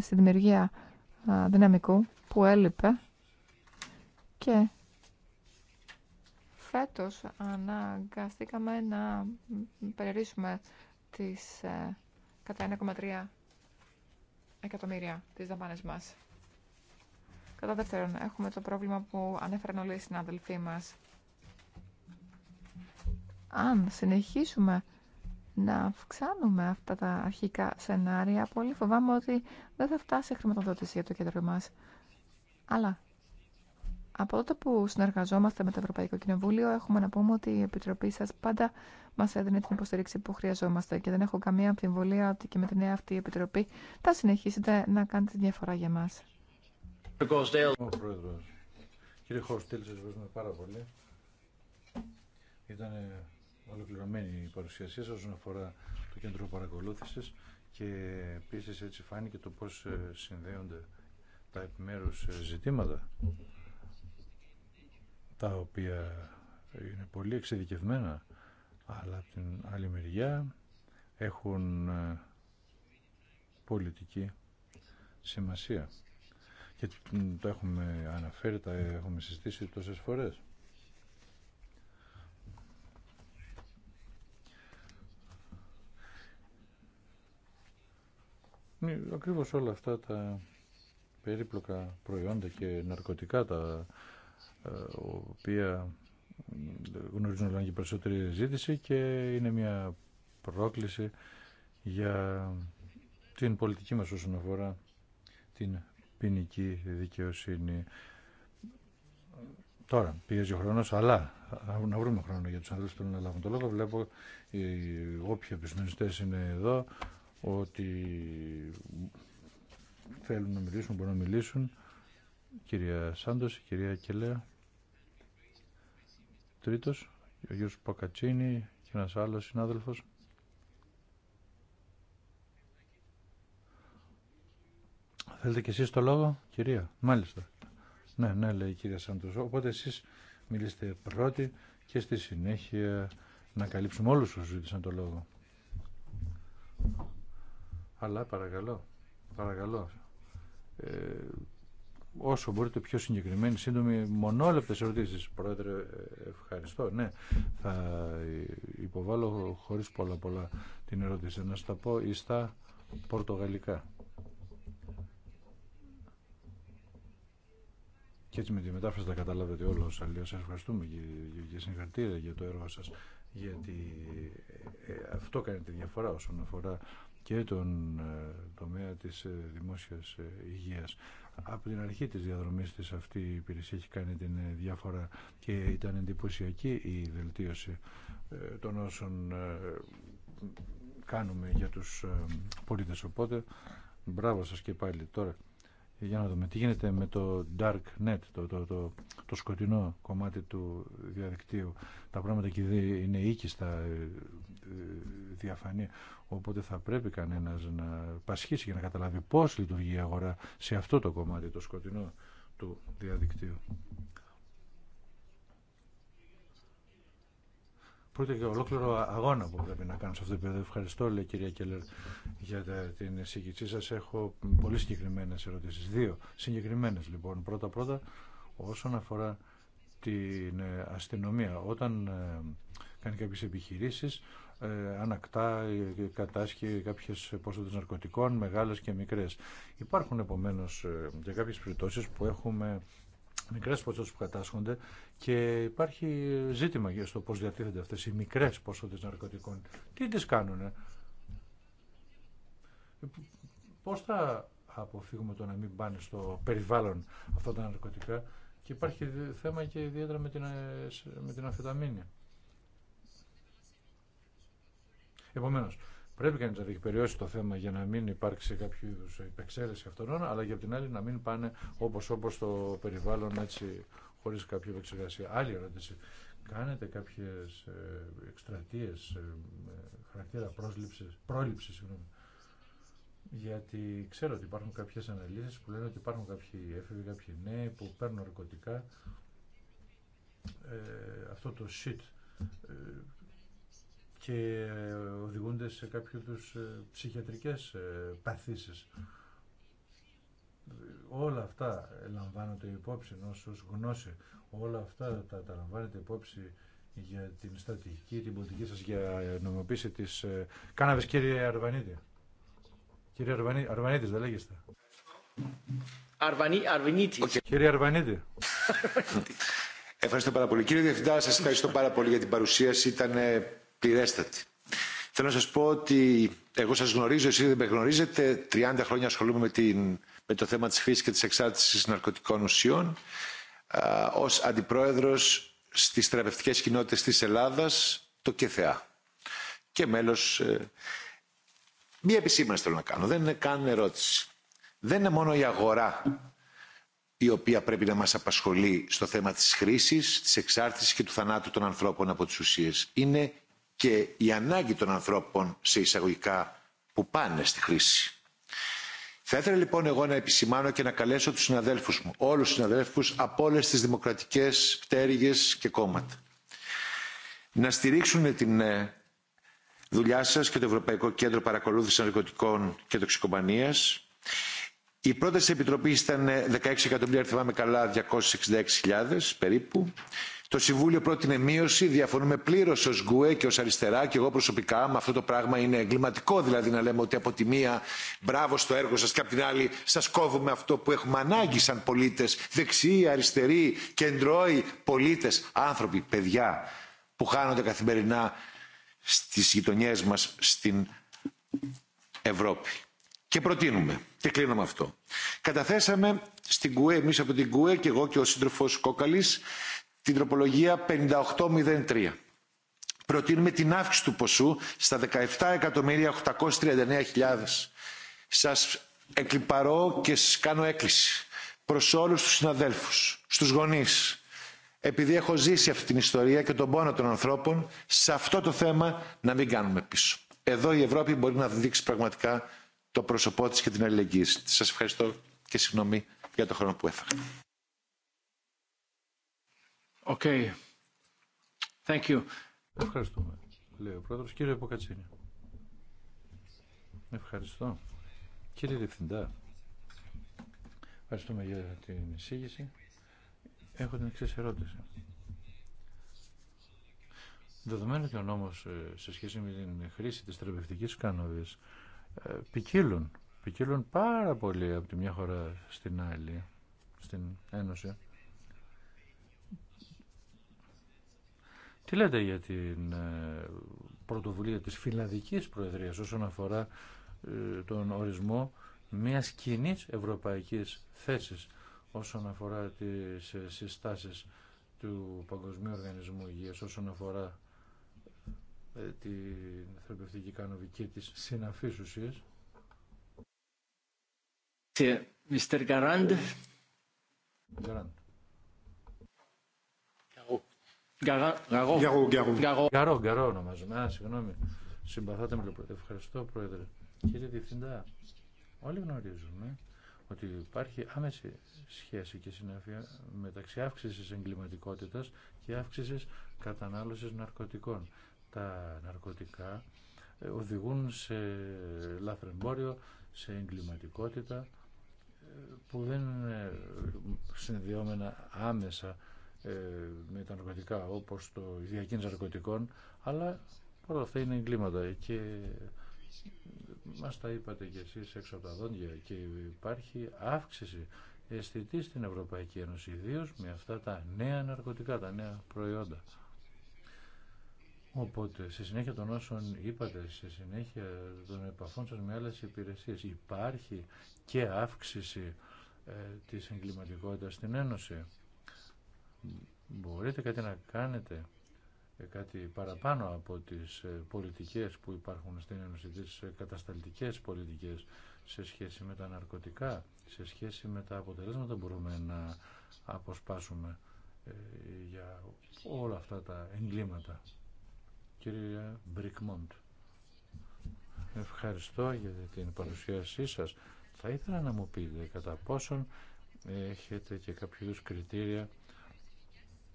στη δημιουργία δυναμικού που έλειπε και φέτος αναγκαστήκαμε να περιορίσουμε τις, ε, κατά 1,3 εκατομμύρια τις δαπάνες μας. Κατά δεύτερον, έχουμε το πρόβλημα που ανέφεραν όλοι οι συνάδελφοί μας. Αν συνεχίσουμε να αυξάνουμε αυτά τα αρχικά σενάρια, πολύ φοβάμαι ότι δεν θα φτάσει η χρηματοδότηση για το κέντρο μας. Αλλά από τότε που συνεργαζόμαστε με το Ευρωπαϊκό Κοινοβούλιο, έχουμε να πούμε ότι η Επιτροπή σα πάντα μα έδινε την υποστήριξη που χρειαζόμαστε και δεν έχω καμία αμφιβολία ότι και με την νέα αυτή Επιτροπή θα συνεχίσετε να κάνετε διαφορά για μα. κύριε Χορστέλ, σα ευχαριστούμε πάρα πολύ. Ήταν ολοκληρωμένη η παρουσίασή σα όσον αφορά το κέντρο παρακολούθηση και επίση έτσι φάνηκε το πώ ε, συνδέονται τα επιμερου ε, ζητήματα τα οποία είναι πολύ εξειδικευμένα, αλλά από την άλλη μεριά έχουν ε, πολιτική σημασία. Και το έχουμε αναφέρει, τα έχουμε συζητήσει τόσες φορές. Ναι, ακριβώς όλα αυτά τα περίπλοκα προϊόντα και ναρκωτικά τα ε, οποία γνωρίζουν όλο και περισσότερη ζήτηση και είναι μια πρόκληση για την πολιτική μας όσον αφορά την ποινική δικαιοσύνη. Τώρα πήγε ο χρόνος, αλλά να βρούμε χρόνο για τους ανθρώπους που να λάβουν το λόγο. Βλέπω οι, όποιοι επισμενιστές είναι εδώ ότι θέλουν να μιλήσουν, μπορούν να μιλήσουν. Κυρία Σάντος, κυρία Κελέα τρίτος, ο Γιώργος Πακατσίνη και ένας άλλος συνάδελφος. Θέλετε και εσείς το λόγο, κυρία. Μάλιστα. Ναι, ναι, λέει η κυρία Σάντος. Οπότε εσείς μιλήστε πρώτοι και στη συνέχεια να καλύψουμε όλους όσους ζήτησαν το λόγο. Αλλά παρακαλώ, παρακαλώ. Ε, όσο μπορείτε πιο συγκεκριμένοι, σύντομοι, μονόλεπτες ερωτήσεις. Πρόεδρε, ευχαριστώ. Ναι, θα υποβάλω χωρίς πολλά πολλά την ερώτηση. Να στα πω ή στα πορτογαλικά. Και έτσι με τη μετάφραση θα καταλάβετε όλο όσα αλλιώς. Σας ευχαριστούμε και συγχαρητήρια για το έργο σας. Γιατί ε, ε, αυτό κάνει τη διαφορά όσον αφορά και τον ε, τομέα της δημόσιας υγείας από την αρχή της διαδρομής της αυτή η υπηρεσία έχει κάνει την ε, διάφορα και ήταν εντυπωσιακή η βελτίωση ε, των όσων ε, κάνουμε για τους πολίτες. Οπότε, μπράβο σας και πάλι τώρα. Για να δούμε τι γίνεται με το dark net, το, το, το, το σκοτεινό κομμάτι του διαδικτύου. Τα πράγματα εκεί είναι οίκιστα, ε, διαφανή. Οπότε θα πρέπει κανένας να πασχίσει και να καταλάβει πώς λειτουργεί η αγορά σε αυτό το κομμάτι το σκοτεινό του διαδικτύου. Πρώτα και ολόκληρο αγώνα που πρέπει να κάνω σε αυτό το επίπεδο. Ευχαριστώ, λέει κυρία Κέλλερ, για την συγκριτή σα. Έχω πολύ συγκεκριμένε ερωτήσει. Δύο συγκεκριμένε, λοιπόν. Πρώτα-πρώτα, όσον αφορά την ε, αστυνομία. Όταν ε, κάνει κάποιε επιχειρήσει, ε, ανακτά, κατάσχει κάποιες ποσότητες ναρκωτικών, μεγάλες και μικρές. Υπάρχουν επομένως ε, για κάποιες περιπτώσεις που έχουμε μικρές ποσότητες που κατάσχονται και υπάρχει ζήτημα για στο πώς διατίθενται αυτές οι μικρές ποσότητες ναρκωτικών. Τι τις κάνουνε. Πώς θα αποφύγουμε το να μην πάνε στο περιβάλλον αυτά τα ναρκωτικά και υπάρχει θέμα και ιδιαίτερα με την, ε, με Επομένω, πρέπει κανεί να διεκπεριώσει το θέμα για να μην υπάρξει κάποιο είδου υπεξαίρεση αυτών, αλλά για την άλλη να μην πάνε όπω όπω το περιβάλλον έτσι χωρί κάποια επεξεργασία. Άλλη ερώτηση. Κάνετε κάποιε εκστρατείε ε, ε, χαρακτήρα πρόληψη, συγγνώμη. Γιατί ξέρω ότι υπάρχουν κάποιε αναλύσει που λένε ότι υπάρχουν κάποιοι έφηβοι, κάποιοι νέοι που παίρνουν ναρκωτικά. Ε, αυτό το shit ε, και ε, οδηγούνται σε κάποιο τους ε, ψυχιατρικές ε, παθήσεις. Όλα αυτά λαμβάνονται υπόψη ως γνώση. Όλα αυτά τα, τα λαμβάνετε υπόψη για την στρατηγική, την πολιτική σας για νομιμοποίηση της κάναβης κύριε Αρβανίτη. Κύριε Αρβανίτης δεν λέγεστε. Αρβανί... Κύριε Αρβανίτη. Ευχαριστώ πάρα πολύ. Κύριε Διευθυντά, σας ευχαριστώ πάρα πολύ για την παρουσίαση. Ήταν πληρέστατη. Θέλω να σας πω ότι εγώ σας γνωρίζω, εσείς δεν με γνωρίζετε. 30 χρόνια ασχολούμαι με, την, με το θέμα της φύσης και της εξάρτησης ναρκωτικών ουσιών. Α, ως αντιπρόεδρος στις θεραπευτικές κοινότητες της Ελλάδας, το ΚΕΘΕΑ. Και μέλος... Ε, μία επισήμανση θέλω να κάνω, δεν είναι καν ερώτηση. Δεν είναι μόνο η αγορά η οποία πρέπει να μας απασχολεί στο θέμα της χρήσης, της εξάρτησης και του θανάτου των ανθρώπων από τις ουσίες. Είναι και η ανάγκη των ανθρώπων σε εισαγωγικά που πάνε στη χρήση. Θα ήθελα λοιπόν εγώ να επισημάνω και να καλέσω τους συναδέλφους μου, όλους τους συναδέλφους από όλες τις δημοκρατικές πτέρυγες και κόμματα. Να στηρίξουν την ε, δουλειά σας και το Ευρωπαϊκό Κέντρο Παρακολούθησης Ναρκωτικών και Τοξικομανίας. Η πρόταση της Επιτροπής ήταν 16 ε, εκατομμύρια, θυμάμαι καλά, 266.000 περίπου. Το Συμβούλιο πρότεινε μείωση. Διαφωνούμε πλήρω ω Γκουέ και ω αριστερά και εγώ προσωπικά με αυτό το πράγμα. Είναι εγκληματικό δηλαδή να λέμε ότι από τη μία μπράβο στο έργο σα και από την άλλη σα κόβουμε αυτό που έχουμε ανάγκη σαν πολίτε. Δεξιοί, αριστεροί, κεντρώοι πολίτε, άνθρωποι, παιδιά που χάνονται καθημερινά στι γειτονιέ μα στην Ευρώπη. Και προτείνουμε, και κλείνω με αυτό. Καταθέσαμε στην ΚΟΕ, εμεί από την ΚΟΕ και εγώ και ο σύντροφο Κόκαλη, την τροπολογία 5803. Προτείνουμε την αύξηση του ποσού στα 17.839.000. Σας εκλυπαρώ και σας κάνω έκκληση προς όλους τους συναδέλφους, στους γονείς, επειδή έχω ζήσει αυτή την ιστορία και τον πόνο των ανθρώπων, σε αυτό το θέμα να μην κάνουμε πίσω. Εδώ η Ευρώπη μπορεί να δείξει πραγματικά το πρόσωπό της και την αλληλεγγύη Σας ευχαριστώ και συγγνώμη για το χρόνο που έφαγα. Ευχαριστούμε, λέει ο πρόεδρος. Κύριε Ποκατσίνη. Ευχαριστώ. Κύριε Διευθυντά, ευχαριστούμε για την εισήγηση. Έχω την εξή ερώτηση. Δεδομένου ότι ο νόμος ε, σε σχέση με την χρήση της τραπευτικής κάνοβης ε, ποικίλουν, ποικίλουν πάρα πολύ από τη μια χώρα στην άλλη, στην Ένωση. Τι λέτε για την ε, πρωτοβουλία της Φιλανδικής Προεδρίας όσον αφορά ε, τον ορισμό μιας κοινή ευρωπαϊκής θέσης όσον αφορά τις ε, συστάσεις του Παγκοσμίου Οργανισμού Υγείας, όσον αφορά την θεραπευτική κανοβική της συναφής ουσίας. Mr. Garand. Γαρό. Γαρό, γαρό. Γαρό, ονομάζομαι. Α, συγγνώμη. Συμπαθάτε με το πρόεδρε. Ευχαριστώ, Πρόεδρε. Κύριε Διευθυντά, όλοι γνωρίζουμε ότι υπάρχει άμεση σχέση και συνέφεια μεταξύ αύξησης εγκληματικότητας και αύξησης κατανάλωσης ναρκωτικών. Τα ναρκωτικά ε, οδηγούν σε λάθρεμπόριο, σε εγκληματικότητα ε, που δεν είναι συνδυόμενα άμεσα ε, με τα ναρκωτικά όπως το διακίνηση ναρκωτικών αλλά όλα αυτά είναι εγκλήματα και μας τα είπατε κι εσείς έξω από τα δόντια και υπάρχει αύξηση αισθητή στην Ευρωπαϊκή Ένωση ιδίω με αυτά τα νέα ναρκωτικά, τα νέα προϊόντα. Οπότε, σε συνέχεια των όσων είπατε, σε συνέχεια των επαφών σας με άλλες υπηρεσίες, υπάρχει και αύξηση ε, της εγκληματικότητας στην Ένωση. Μπορείτε κάτι να κάνετε κάτι παραπάνω από τις ε, πολιτικές που υπάρχουν στην Ένωση, τις ε, κατασταλτικές πολιτικές σε σχέση με τα ναρκωτικά, σε σχέση με τα αποτελέσματα μπορούμε να αποσπάσουμε ε, για όλα αυτά τα εγκλήματα. Κύριε Μπρικμόντ, ευχαριστώ για την παρουσίασή σας. Θα ήθελα να μου πείτε κατά πόσον έχετε και κάποιους κριτήρια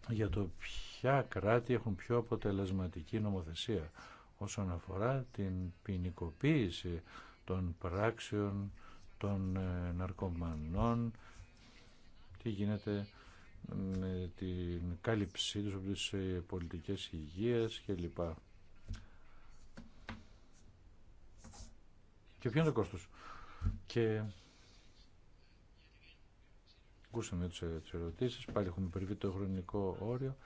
για το ποια κράτη έχουν πιο αποτελεσματική νομοθεσία όσον αφορά την ποινικοποίηση των πράξεων των ε, ναρκωμανών, τι γίνεται με την κάλυψή τους από τις ε, πολιτικές υγείας κλπ. Και ποιο είναι το κόστος. Και Ακούσαμε ε, τις ερωτήσεις, πάλι έχουμε περιβεί το χρονικό όριο.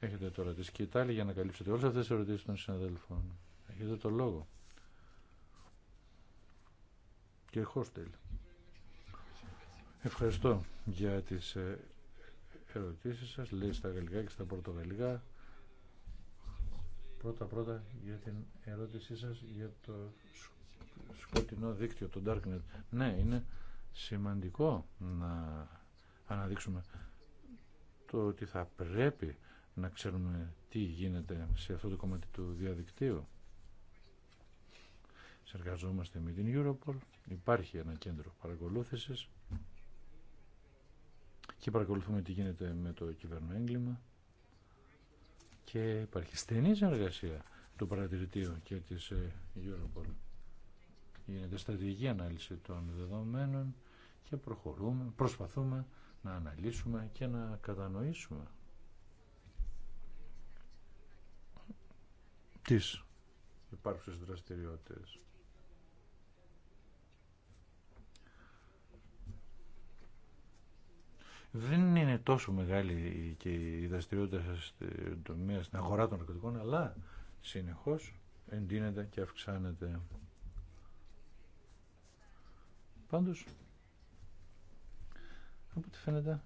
Έχετε τώρα τη σκητάλη για να καλύψετε όλες αυτές τις ερωτήσεις των συναδέλφων. Έχετε το λόγο. Και Χόστελ. Ευχαριστώ για τις ε, ερωτήσεις σας. Λέει στα γαλλικά και στα πορτογαλικά. Πρώτα-πρώτα για την ερώτησή σας για το σκοτεινό δίκτυο, το Darknet. Ναι, είναι σημαντικό να αναδείξουμε το ότι θα πρέπει να ξέρουμε τι γίνεται σε αυτό το κομμάτι του διαδικτύου. Συνεργαζόμαστε με την Europol, υπάρχει ένα κέντρο παρακολούθησης και παρακολουθούμε τι γίνεται με το έγκλημα και υπάρχει στενή συνεργασία του παρατηρητήου και της ε, Europol. Γίνεται στρατηγική ανάλυση των δεδομένων και προχωρούμε, προσπαθούμε να αναλύσουμε και να κατανοήσουμε τις υπάρχουσες δραστηριότητες. Δεν είναι τόσο μεγάλη και η δραστηριότητα σας στην αγορά των ναρκωτικών, αλλά συνεχώς εντείνεται και αυξάνεται. Πάντως, από ό,τι φαίνεται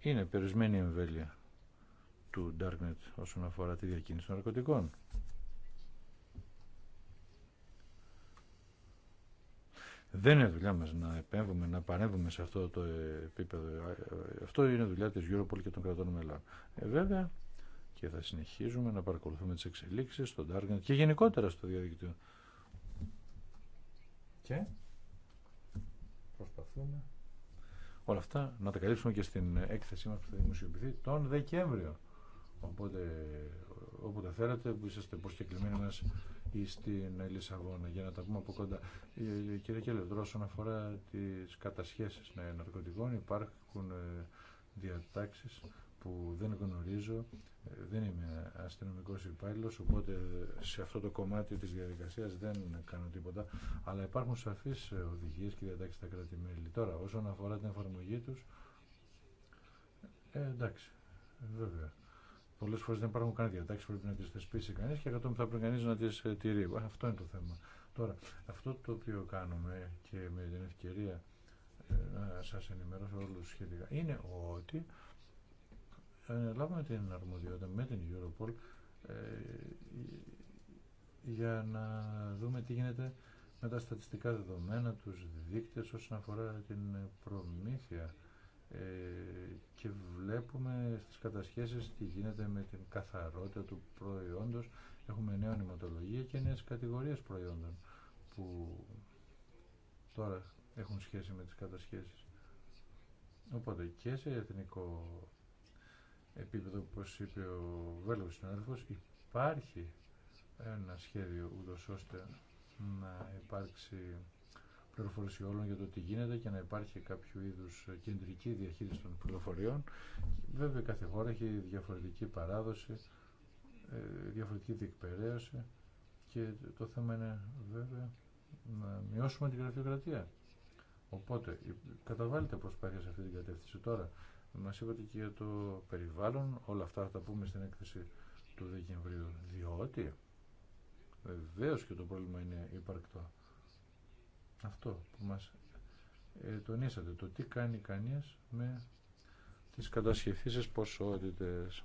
είναι περιορισμένη η εμβέλεια του Darknet όσον αφορά τη διακίνηση των ναρκωτικών. Δεν είναι δουλειά μας να επέμβουμε, να παρέμβουμε σε αυτό το επίπεδο. Ε, ε, αυτό είναι δουλειά της Europol και των κρατών μελών. Ε, βέβαια και θα συνεχίζουμε να παρακολουθούμε τις εξελίξεις στο Darknet και γενικότερα στο διαδικτύο. Και όλα αυτά να τα καλύψουμε και στην έκθεσή μας που θα δημοσιοποιηθεί τον Δεκέμβριο. Οπότε όπου τα θέλετε που είσαστε προσκεκλημένοι μας ή στην Ελισσαβόνα για να τα πούμε από κοντά. Ε, κύριε Κελεδρό, όσον αφορά τις κατασχέσεις ναρκωτικών υπάρχουν ε, διατάξεις που δεν γνωρίζω, ε, δεν είμαι αστυνομικός υπάλληλο, οπότε σε αυτό το κομμάτι της διαδικασίας δεν κάνω τίποτα, αλλά υπάρχουν σαφείς οδηγίες και διατάξεις στα κράτη-μέλη. Τώρα, όσον αφορά την εφαρμογή τους, ε, εντάξει, βέβαια. Πολλέ φορέ δεν υπάρχουν καν διατάξει πρέπει να τις θεσπίσει κανεί και κατόπιν θα πρέπει κανεί να τις ε, τηρεί. Αυτό είναι το θέμα. Τώρα, αυτό το οποίο κάνουμε και με την ευκαιρία ε, να σας ενημερώσω όλους σχετικά, είναι ότι αναλάβουμε την αρμοδιότητα με την Europol ε, για να δούμε τι γίνεται με τα στατιστικά δεδομένα, τους δείκτες όσον αφορά την προμήθεια ε, και βλέπουμε στις κατασχέσεις τι γίνεται με την καθαρότητα του προϊόντος. Έχουμε νέα νηματολογία και νέες κατηγορίες προϊόντων που τώρα έχουν σχέση με τις κατασχέσεις. Οπότε και σε εθνικό επίπεδο, όπως είπε ο Βέλγος συνάδελφος, υπάρχει ένα σχέδιο ούτως ώστε να υπάρξει πληροφόρηση όλων για το τι γίνεται και να υπάρχει κάποιο είδους κεντρική διαχείριση των πληροφοριών. Βέβαια κάθε χώρα έχει διαφορετική παράδοση, ε, διαφορετική διεκπαιρέωση και το θέμα είναι βέβαια να μειώσουμε την γραφειοκρατία. Οπότε καταβάλλεται προσπάθεια σε αυτή την κατεύθυνση τώρα μας είπατε και για το περιβάλλον, όλα αυτά θα τα πούμε στην έκθεση του Δεκεμβρίου, διότι βεβαίω και το πρόβλημα είναι υπαρκτό. Αυτό που μας ε, τονίσατε, το τι κάνει κανείς με τις κατασχεθήσεις ποσότητες.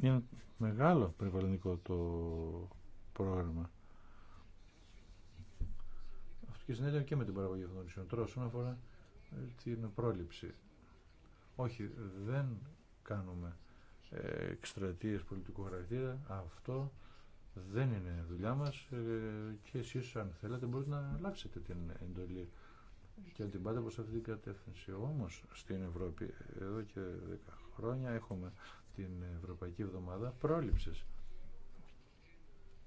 Είναι μεγάλο περιβαλλοντικό το πρόγραμμα. Αυτό και συνέβη και με την παραγωγή των νησιών. Τώρα, όσον αφορά την πρόληψη. Όχι, δεν κάνουμε ε, εκστρατείε πολιτικού χαρακτήρα. Αυτό δεν είναι δουλειά μας ε, και εσεί αν θέλετε μπορείτε να αλλάξετε την εντολή και να την πάτε προ αυτή την κατεύθυνση. όμω στην Ευρώπη εδώ και δέκα χρόνια έχουμε την Ευρωπαϊκή Εβδομάδα Πρόληψης.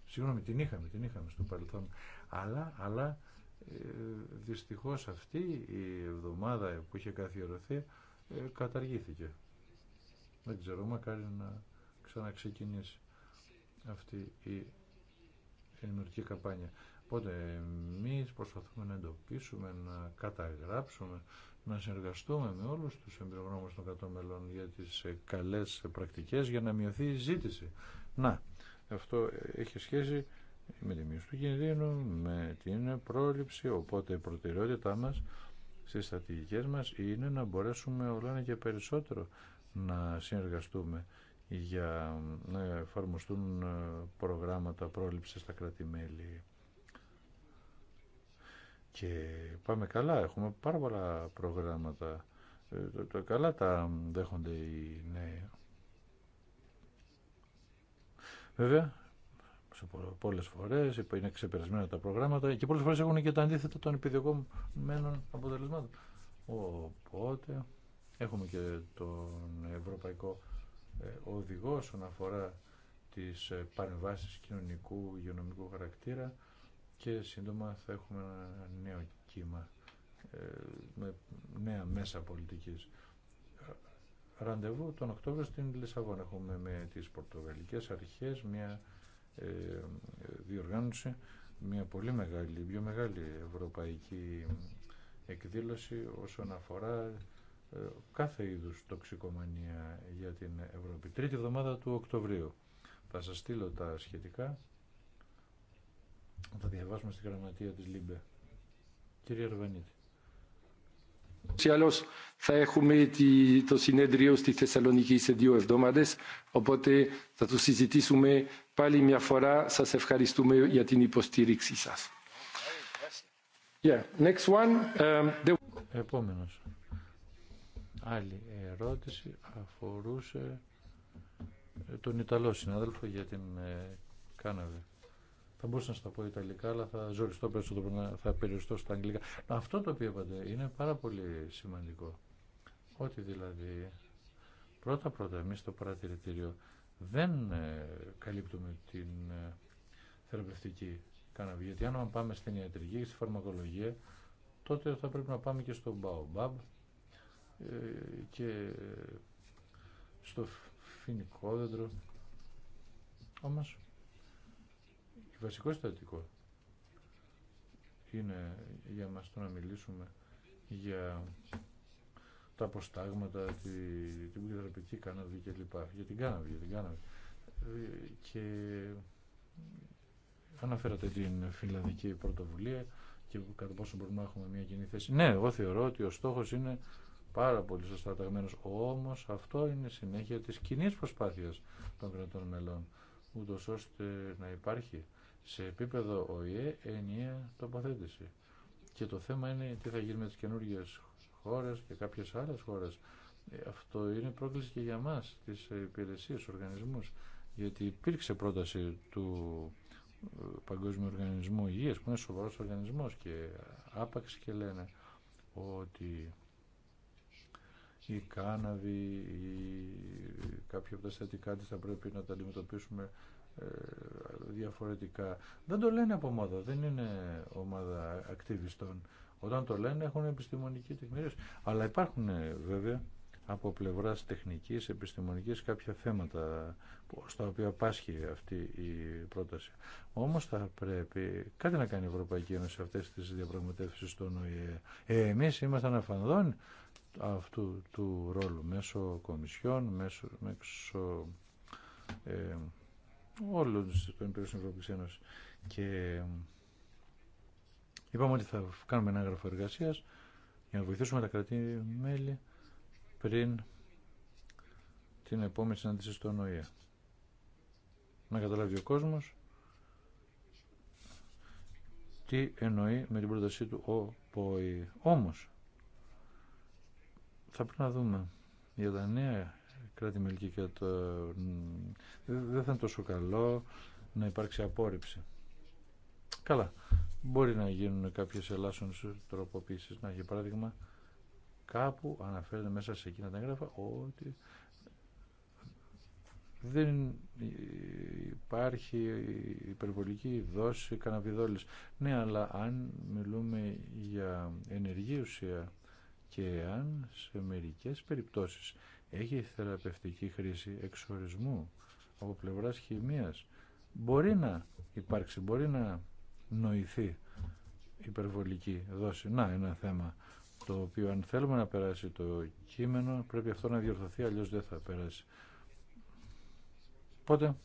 Συγγνώμη, την είχαμε, την είχαμε στο παρελθόν. Αλλά, αλλά ε, δυστυχώς αυτή η εβδομάδα που είχε καθιερωθεί ε, καταργήθηκε. Δεν ξέρω, μακάρι να ξαναξεκινήσει αυτή η ενημερωτική καμπάνια. Οπότε εμεί προσπαθούμε να εντοπίσουμε, να καταγράψουμε, να συνεργαστούμε με όλους τους εμπειρογνώμους των κρατών για τις ε, καλές πρακτικές για να μειωθεί η ζήτηση. Να, αυτό έχει σχέση με τη μείωση του κινδύνου, με την πρόληψη, οπότε η προτεραιότητά μας στις στρατηγικές μας είναι να μπορέσουμε όλα και περισσότερο να συνεργαστούμε για να εφαρμοστούν ε, προγράμματα πρόληψης στα κρατη Και πάμε καλά, έχουμε πάρα πολλά προγράμματα. Ε, καλά τα δέχονται οι νέοι. Βέβαια, πολλές φορέ είναι ξεπερασμένα τα προγράμματα και πολλέ φορέ έχουν και τα αντίθετα των επιδιωκόμενων αποτελεσμάτων. Οπότε έχουμε και τον Ευρωπαϊκό ε, Οδηγό όσον αφορά τις ε, παρεμβάσει κοινωνικού υγειονομικού χαρακτήρα και σύντομα θα έχουμε ένα νέο κύμα ε, με νέα μέσα πολιτικής. Ραντεβού τον Οκτώβριο στην Λισαβόνα έχουμε με τις Πορτογαλικές αρχές μια ε, διοργάνωσε μια πολύ μεγάλη, πιο μεγάλη ευρωπαϊκή εκδήλωση όσον αφορά ε, κάθε είδους τοξικομανία για την Ευρώπη. Τρίτη εβδομάδα του Οκτωβρίου. Θα σας στείλω τα σχετικά. Θα διαβάσουμε στη γραμματεία της ΛΥΜΠΕ. Κύριε Αρβανίτη. Άλλος, θα έχουμε το συνέδριο στη Θεσσαλονίκη σε δύο εβδομάδες, οπότε θα το συζητήσουμε Πάλι μια φορά σας ευχαριστούμε για την υποστήριξή σας. Yeah. Next one. Um, Επόμενος. Άλλη ερώτηση αφορούσε τον Ιταλό συνάδελφο για την ε, Κάναβη. Θα μπορούσα να στα πω Ιταλικά, αλλά θα ζοριστώ περισσότερο, θα περιοριστώ στα Αγγλικά. Αυτό το οποίο είπατε είναι πάρα πολύ σημαντικό. Ότι δηλαδή πρώτα-πρώτα εμεί στο παρατηρητήριο δεν ε, καλύπτουμε την ε, θεραπευτική κάναβη. Γιατί αν πάμε στην ιατρική και στη φαρμακολογία, τότε θα πρέπει να πάμε και στο Baobab ε, και στο φοινικό δέντρο. Όμως, η βασικό συστατικό είναι για μας το να μιλήσουμε για τα αποστάγματα, τη, την πικροτροπική κάναβη κλπ. Για την κάναβη, για την κάναβη. Ε, και αναφέρατε την φιλανδική πρωτοβουλία και κατά πόσο μπορούμε να έχουμε μια κοινή θέση. Ναι, εγώ θεωρώ ότι ο στόχο είναι πάρα πολύ σωστά ταγμένο. Όμω αυτό είναι συνέχεια τη κοινή προσπάθεια των κρατών μελών, ούτω ώστε να υπάρχει σε επίπεδο ΟΗΕ ενιαία τοποθέτηση. Και το θέμα είναι τι θα γίνει με τις καινούργιες χώρες και κάποιες άλλες χώρες. Ε, αυτό είναι πρόκληση και για μας, τις υπηρεσίες, οργανισμούς, γιατί υπήρξε πρόταση του ε, Παγκόσμιου Οργανισμού Υγείας, που είναι σοβαρός οργανισμός και άπαξ και λένε ότι η κάναβη ή κάποια από τα στατικά της θα πρέπει να τα αντιμετωπίσουμε ε, διαφορετικά. Δεν το λένε από ομάδα, δεν είναι ομάδα ακτιβιστών. Όταν το λένε έχουν επιστημονική τεχνική, Αλλά υπάρχουν ε, βέβαια από πλευρά τεχνική επιστημονική κάποια θέματα στα οποία πάσχει αυτή η πρόταση. Όμως θα πρέπει κάτι να κάνει η Ευρωπαϊκή Ένωση αυτέ αυτές διαπραγματεύσει διαπραγματεύσεις στον ΟΗΕ. Ε, εμείς ήμασταν αφανδόν αυτού του ρόλου μέσω κομισιών, μέσω, ε, όλων των υπηρεσιών Και Είπαμε ότι θα κάνουμε ένα έγγραφο εργασία για να βοηθήσουμε τα κρατή-μέλη πριν την επόμενη συνάντηση στο ΟΗΕ. Να καταλάβει ο κόσμο, τι εννοεί με την πρότασή του ο ΠΟΗ. Όμω, θα πρέπει να δούμε για τα νέα κράτη-μέλη και το... Δεν θα είναι τόσο καλό να υπάρξει απόρριψη. Καλά. Μπορεί να γίνουν κάποιες ελάσσονες τροποποίησεις. Να, για παράδειγμα, κάπου αναφέρεται μέσα σε εκείνα τα έγγραφα ότι δεν υπάρχει υπερβολική δόση καναβιδόλης. Ναι, αλλά αν μιλούμε για ενεργή ουσία και αν σε μερικές περιπτώσεις έχει θεραπευτική χρήση εξορισμού από πλευράς χημίας, μπορεί να υπάρξει, μπορεί να νοηθεί υπερβολική δόση. Να, ένα θέμα το οποίο αν θέλουμε να περάσει το κείμενο πρέπει αυτό να διορθωθεί, αλλιώς δεν θα περάσει. Οπότε,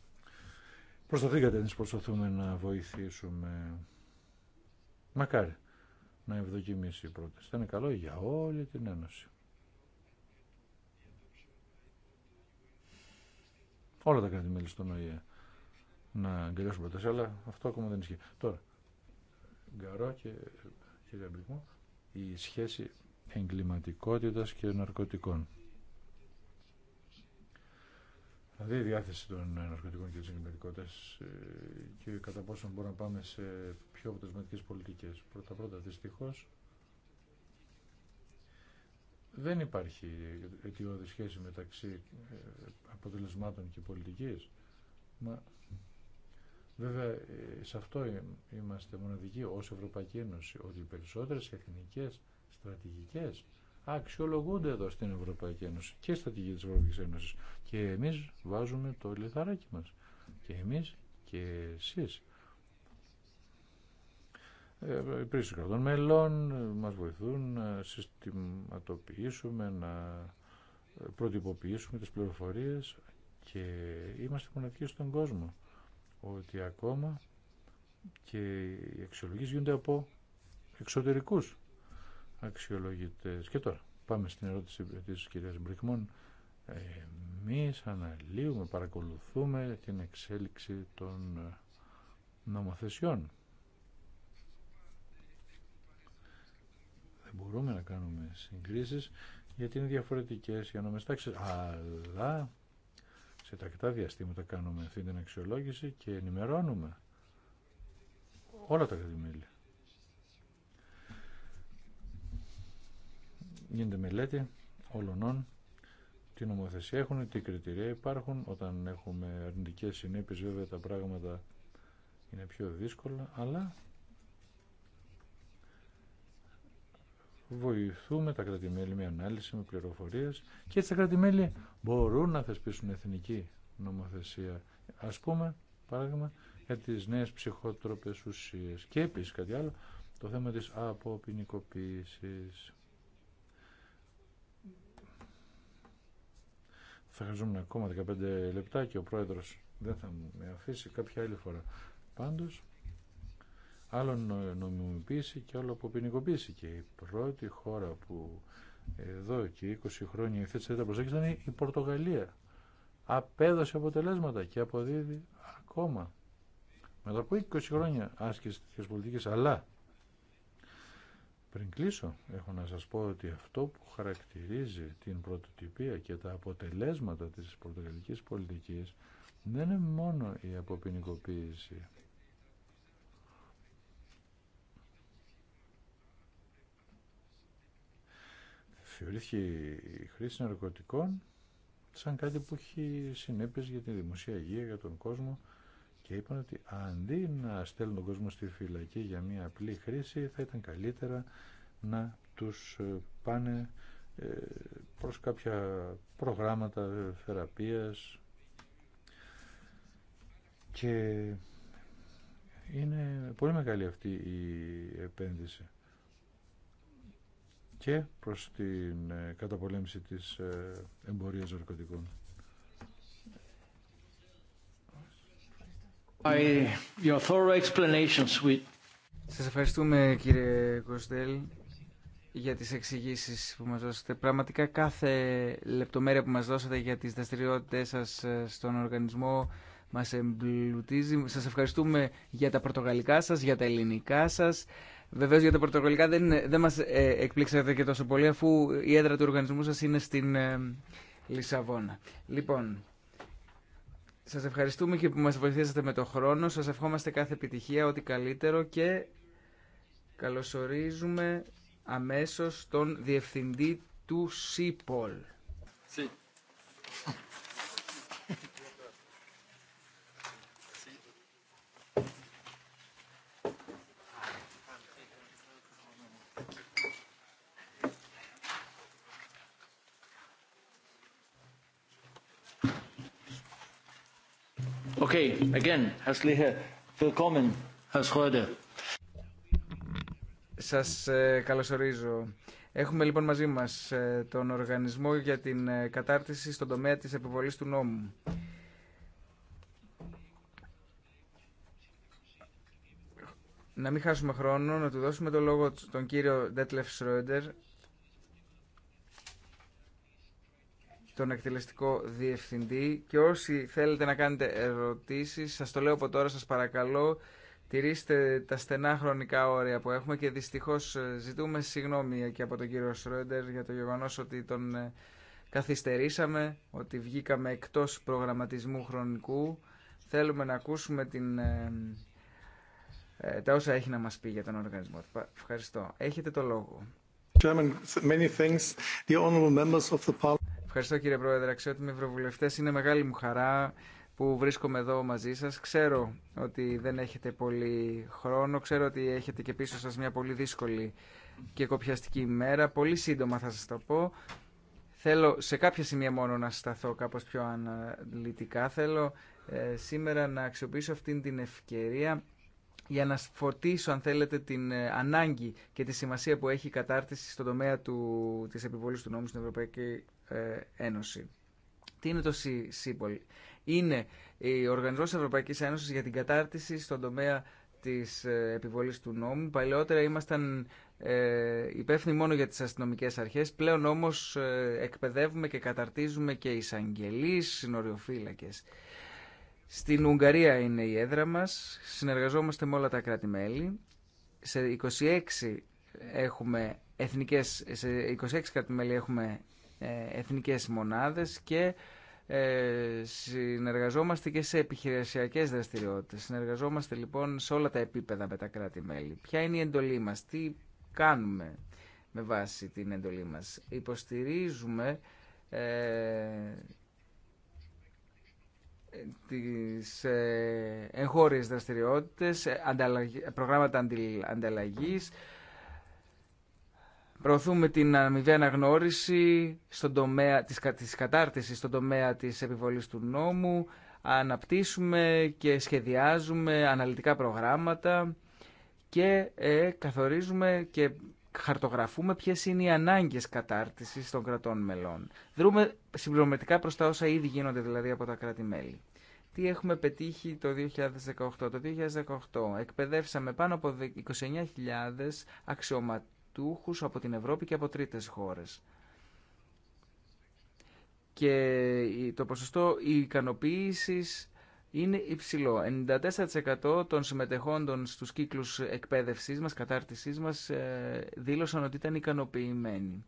προσταθήκατε να προσπαθούμε να βοηθήσουμε. Μακάρι να ευδοκιμήσει η πρόταση. Θα είναι καλό για όλη την Ένωση. Όλα τα κράτη-μέλη στον ΟΗΕ να αγκαλιάσουν πρόταση, αλλά αυτό ακόμα δεν ισχύει. Τώρα, Γκαρό και κύριε η σχέση εγκληματικότητας και ναρκωτικών. Δηλαδή η διάθεση των ε, ναρκωτικών και της εγκληματικότητας ε, και κατά πόσο μπορούμε να πάμε σε πιο αποτελεσματικέ πολιτικές. Πρώτα-πρώτα δυστυχώς δεν υπάρχει αιτιώδη σχέση μεταξύ ε, αποτελεσμάτων και πολιτικής. Μα Βέβαια, ε, σε αυτό ε, είμαστε μοναδικοί ως Ευρωπαϊκή Ένωση, ότι οι περισσότερες εθνικές στρατηγικές αξιολογούνται εδώ στην Ευρωπαϊκή Ένωση και στρατηγική της Ευρωπαϊκής Ένωσης. Και εμείς βάζουμε το λιθαράκι μας. Και εμείς και εσείς. Ε, οι πρίσοι κρατών μελών μας βοηθούν να συστηματοποιήσουμε, να προτυπωποιήσουμε τις πληροφορίες και είμαστε μοναδικοί στον κόσμο ότι ακόμα και οι αξιολογίες γίνονται από εξωτερικούς αξιολογητές. Και τώρα πάμε στην ερώτηση της κυρίας Μπρικμόν. Εμείς αναλύουμε, παρακολουθούμε την εξέλιξη των νομοθεσιών. Δεν μπορούμε να κάνουμε συγκρίσεις γιατί είναι διαφορετικές οι ανομεστάξεις, αλλά σε τακτά διαστήματα κάνουμε αυτή την αξιολόγηση και ενημερώνουμε όλα τα κατημέλια. Γίνεται μελέτη όλων τι νομοθεσία έχουν, τι κριτηρία υπάρχουν. Όταν έχουμε αρνητικές συνέπειες βέβαια τα πράγματα είναι πιο δύσκολα, αλλά βοηθούμε τα κρατημέλη με ανάλυση, με πληροφορίες και έτσι τα κρατημέλη μπορούν να θεσπίσουν εθνική νομοθεσία. Ας πούμε, παράδειγμα, για τις νέες ψυχότροπες ουσίες και επίσης κάτι άλλο, το θέμα της αποποινικοποίησης. Θα χρειαζόμουν ακόμα 15 λεπτά και ο πρόεδρος δεν θα με αφήσει κάποια άλλη φορά. Πάντως, άλλο νομιμοποίηση και άλλο αποποινικοποίηση. Και η πρώτη χώρα που εδώ και 20 χρόνια η θέση τα προσέγγιση ήταν η Πορτογαλία. Απέδωσε αποτελέσματα και αποδίδει ακόμα. Μετά από 20 χρόνια άσκηση της πολιτικής, αλλά πριν κλείσω, έχω να σας πω ότι αυτό που χαρακτηρίζει την πρωτοτυπία και τα αποτελέσματα της πορτογαλικής πολιτικής δεν είναι μόνο η αποποινικοποίηση, θεωρήθηκε η χρήση ναρκωτικών σαν κάτι που έχει συνέπειες για τη δημοσία υγεία, για τον κόσμο και είπαν ότι αντί να στέλνουν τον κόσμο στη φυλακή για μια απλή χρήση θα ήταν καλύτερα να τους ε, πάνε ε, προς κάποια προγράμματα θεραπείας και είναι πολύ μεγάλη αυτή η επένδυση και προς την ε, καταπολέμηση της ε, εμπορίας ναρκωτικών. Σας ευχαριστούμε κύριε Κοστέλ για τις εξηγήσεις που μας δώσατε. Πραγματικά κάθε λεπτομέρεια που μας δώσατε για τις δραστηριότητε σας ε, στον οργανισμό μας εμπλουτίζει. Σας ευχαριστούμε για τα πρωτογαλλικά σας, για τα ελληνικά σας. Βεβαίω για τα πρωτοκολλικά δεν, δεν μα ε, εκπλήξατε και τόσο πολύ, αφού η έδρα του οργανισμού σα είναι στην ε, Λισαβόνα. Λοιπόν, σα ευχαριστούμε και που μα βοηθήσατε με το χρόνο. Σα ευχόμαστε κάθε επιτυχία, ό,τι καλύτερο και καλωσορίζουμε αμέσως τον διευθυντή του ΣΥΠΟΛ. Sí. Again, willkommen, Herr Schröder. Σας ε, καλωσορίζω. Έχουμε λοιπόν μαζί μας ε, τον Οργανισμό για την ε, Κατάρτιση στον τομέα της επιβολής του νόμου. Να μην χάσουμε χρόνο, να του δώσουμε το λόγο τον κύριο Δέτλεφ Σρόιντερ, τον εκτελεστικό διευθυντή και όσοι θέλετε να κάνετε ερωτήσεις, σας το λέω από τώρα, σας παρακαλώ, τηρήστε τα στενά χρονικά όρια που έχουμε και δυστυχώς ε, ζητούμε συγγνώμη και από τον κύριο Σρόντερ για το γεγονός ότι τον ε, καθυστερήσαμε, ότι βγήκαμε εκτός προγραμματισμού χρονικού. Θέλουμε να ακούσουμε την, ε, τα όσα έχει να μας πει για τον οργανισμό. Ευχαριστώ. Έχετε το λόγο. many the members of the Ευχαριστώ κύριε Πρόεδρε. Αξιότιμοι ευρωβουλευτέ, είναι μεγάλη μου χαρά που βρίσκομαι εδώ μαζί σα. Ξέρω ότι δεν έχετε πολύ χρόνο, ξέρω ότι έχετε και πίσω σα μια πολύ δύσκολη και κοπιαστική ημέρα. Πολύ σύντομα θα σα το πω. Θέλω σε κάποια σημεία μόνο να σταθώ κάπω πιο αναλυτικά. Θέλω ε, σήμερα να αξιοποιήσω αυτή την ευκαιρία για να φωτίσω, αν θέλετε, την ε, ανάγκη και τη σημασία που έχει η κατάρτιση στον τομέα του, της επιβολής του νόμου στην Ευρωπαϊκή ε, Ένωση. Τι είναι το ΣΥΠΟΛ. Είναι η Οργανισμός Ευρωπαϊκής Ένωσης για την κατάρτιση στον τομέα της ε, επιβολής του νόμου. Παλαιότερα ήμασταν ε, υπεύθυνοι μόνο για τις αστυνομικές αρχές. Πλέον όμως εκπαιδεύουμε και καταρτίζουμε και εισαγγελείς, συνοριοφύλακες. Στην Ουγγαρία είναι η έδρα μας. Συνεργαζόμαστε με όλα τα κράτη-μέλη. Σε 26 έχουμε εθνικές, σε 26 κράτη-μέλη έχουμε ε, εθνικές μονάδες και ε, συνεργαζόμαστε και σε επιχειρησιακές δραστηριότητες. Συνεργαζόμαστε λοιπόν σε όλα τα επίπεδα με τα κράτη-μέλη. Ποια είναι η εντολή μας, τι κάνουμε με βάση την εντολή μας. Υποστηρίζουμε ε, τις ε, εγχώριες δραστηριότητες, προγράμματα ανταλλαγής, Προωθούμε την αμοιβή αναγνώριση στον τομέα της, της κατάρτισης, στον τομέα της επιβολής του νόμου. Αναπτύσσουμε και σχεδιάζουμε αναλυτικά προγράμματα και ε, καθορίζουμε και χαρτογραφούμε ποιες είναι οι ανάγκες κατάρτισης των κρατών μελών. Δρούμε συμπληρωματικά προς τα όσα ήδη γίνονται δηλαδή από τα κράτη-μέλη. Τι έχουμε πετύχει το 2018. Το 2018 εκπαιδεύσαμε πάνω από 29.000 αξιωματικούς συμμετούχους από την Ευρώπη και από τρίτες χώρες. Και το ποσοστό ικανοποίησης είναι υψηλό. 94% των συμμετεχόντων στους κύκλους εκπαίδευσής μας, κατάρτισής μας, ε, δήλωσαν ότι ήταν ικανοποιημένοι.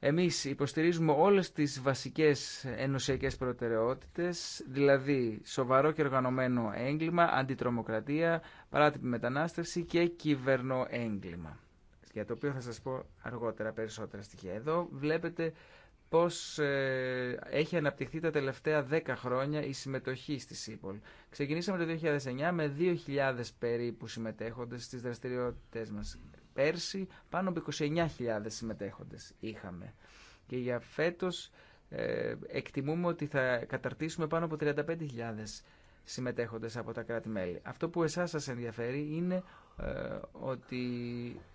Εμείς υποστηρίζουμε όλες τις βασικές ενωσιακές προτεραιότητες, δηλαδή σοβαρό και οργανωμένο έγκλημα, αντιτρομοκρατία, παράτυπη μετανάστευση και κυβερνοέγκλημα για το οποίο θα σας πω αργότερα περισσότερα στοιχεία. Εδώ βλέπετε πώς ε, έχει αναπτυχθεί τα τελευταία 10 χρόνια η συμμετοχή στη ΣΥΠΟΛ. Ξεκινήσαμε το 2009 με 2.000 περίπου συμμετέχοντες στις δραστηριότητες μας. Πέρσι πάνω από 29.000 συμμετέχοντες είχαμε. Και για φέτος ε, εκτιμούμε ότι θα καταρτήσουμε πάνω από 35.000 συμμετέχοντες από τα κράτη-μέλη. Αυτό που εσάς σας ενδιαφέρει είναι ε, ότι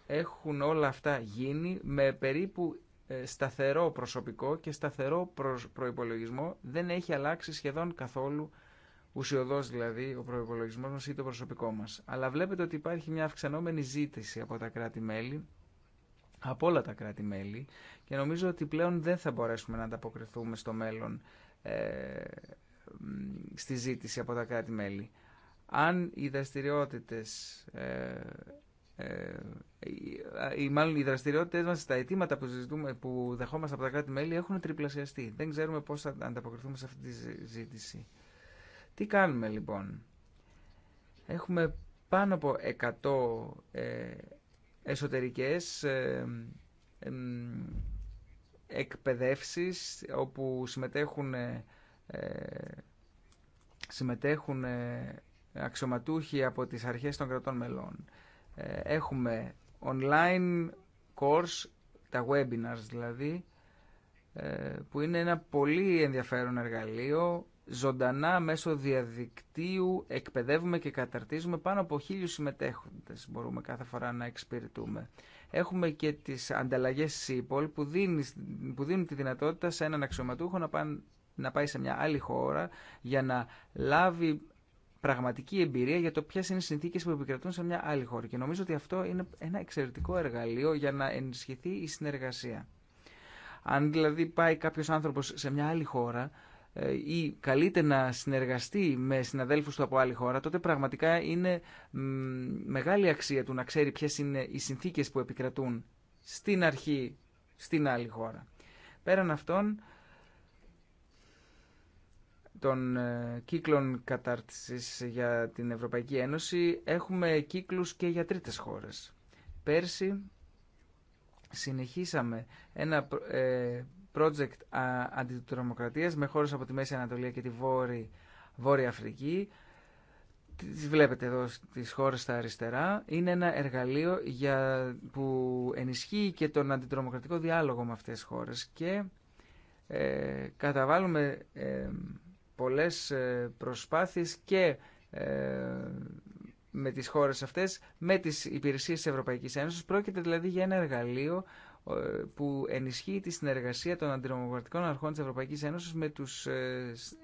έχουν όλα αυτά γίνει με περίπου ε, σταθερό προσωπικό και σταθερό προϋπολογισμό. Δεν έχει αλλάξει σχεδόν καθόλου ουσιοδός δηλαδή ο προϋπολογισμός μας ή το προσωπικό μας. Αλλά βλέπετε ότι υπάρχει μια αυξανόμενη ζήτηση από τα κράτη-μέλη, από όλα τα κράτη-μέλη, και νομίζω ότι πλέον δεν θα μπορέσουμε να ανταποκριθούμε στο μέλλον ε, στη ζήτηση από τα κράτη-μέλη αν οι δραστηριότητες ε, ε, μάλλον οι δραστηριότητε μα, τα αιτήματα που, ζητούμε, που δεχόμαστε από τα κράτη-μέλη έχουν τριπλασιαστεί. Δεν ξέρουμε πώ θα ανταποκριθούμε σε αυτή τη ζήτηση. Τι κάνουμε λοιπόν. Έχουμε πάνω από 100 ε, εσωτερικές ε, όπου συμμετέχουν ε, συμμετέχουν αξιωματούχοι από τις αρχές των κρατών μελών. Ε, έχουμε online course, τα webinars δηλαδή, ε, που είναι ένα πολύ ενδιαφέρον εργαλείο. Ζωντανά μέσω διαδικτύου εκπαιδεύουμε και καταρτίζουμε πάνω από χίλιους συμμετέχοντες. Μπορούμε κάθε φορά να εξυπηρετούμε. Έχουμε και τις ανταλλαγές SIPOL που, που δίνουν τη δυνατότητα σε έναν αξιωματούχο να, να πάει σε μια άλλη χώρα για να λάβει πραγματική εμπειρία για το ποιε είναι οι συνθήκε που επικρατούν σε μια άλλη χώρα. Και νομίζω ότι αυτό είναι ένα εξαιρετικό εργαλείο για να ενισχυθεί η συνεργασία. Αν δηλαδή πάει κάποιο άνθρωπο σε μια άλλη χώρα ε, ή καλείται να συνεργαστεί με συναδέλφους του από άλλη χώρα, τότε πραγματικά είναι μεγάλη αξία του να ξέρει ποιες είναι οι συνθήκες που επικρατούν στην αρχή στην άλλη χώρα. Πέραν αυτών, των ε, κύκλων κατάρτισης για την Ευρωπαϊκή Ένωση έχουμε κύκλους και για τρίτες χώρες. Πέρσι συνεχίσαμε ένα ε, project αντιτρομοκρατίας με χώρες από τη Μέση Ανατολία και τη Βόρη, Βόρεια Αφρική. Τις βλέπετε εδώ τις χώρες στα αριστερά. Είναι ένα εργαλείο για, που ενισχύει και τον αντιτρομοκρατικό διάλογο με αυτές τις χώρες και ε, καταβάλουμε ε, πολλές ε, προσπάθειες και ε, με τις χώρες αυτές, με τις υπηρεσίες της Ευρωπαϊκής Ένωσης. Πρόκειται δηλαδή για ένα εργαλείο ε, που ενισχύει τη συνεργασία των αντιδρομοκρατικών αρχών της Ευρωπαϊκής Ένωσης με τους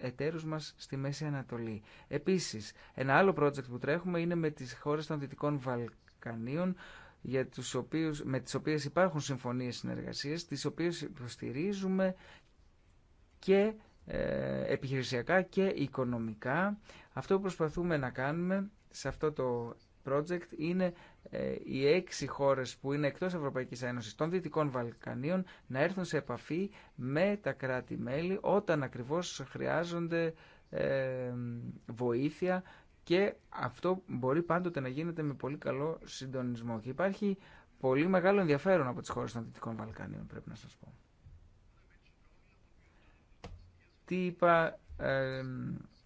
εταίρους μας στη Μέση Ανατολή. Επίσης, ένα άλλο project που τρέχουμε είναι με τις χώρες των Δυτικών Βαλκανίων, για με τις οποίες υπάρχουν συμφωνίες συνεργασίες, τις οποίες υποστηρίζουμε και ε, επιχειρησιακά και οικονομικά. Αυτό που προσπαθούμε να κάνουμε σε αυτό το project είναι ε, οι έξι χώρες που είναι εκτός Ευρωπαϊκής Ένωσης των Δυτικών Βαλκανίων να έρθουν σε επαφή με τα κράτη-μέλη όταν ακριβώς χρειάζονται ε, βοήθεια και αυτό μπορεί πάντοτε να γίνεται με πολύ καλό συντονισμό. Και υπάρχει πολύ μεγάλο ενδιαφέρον από τις χώρες των Δυτικών Βαλκανίων, πρέπει να σας πω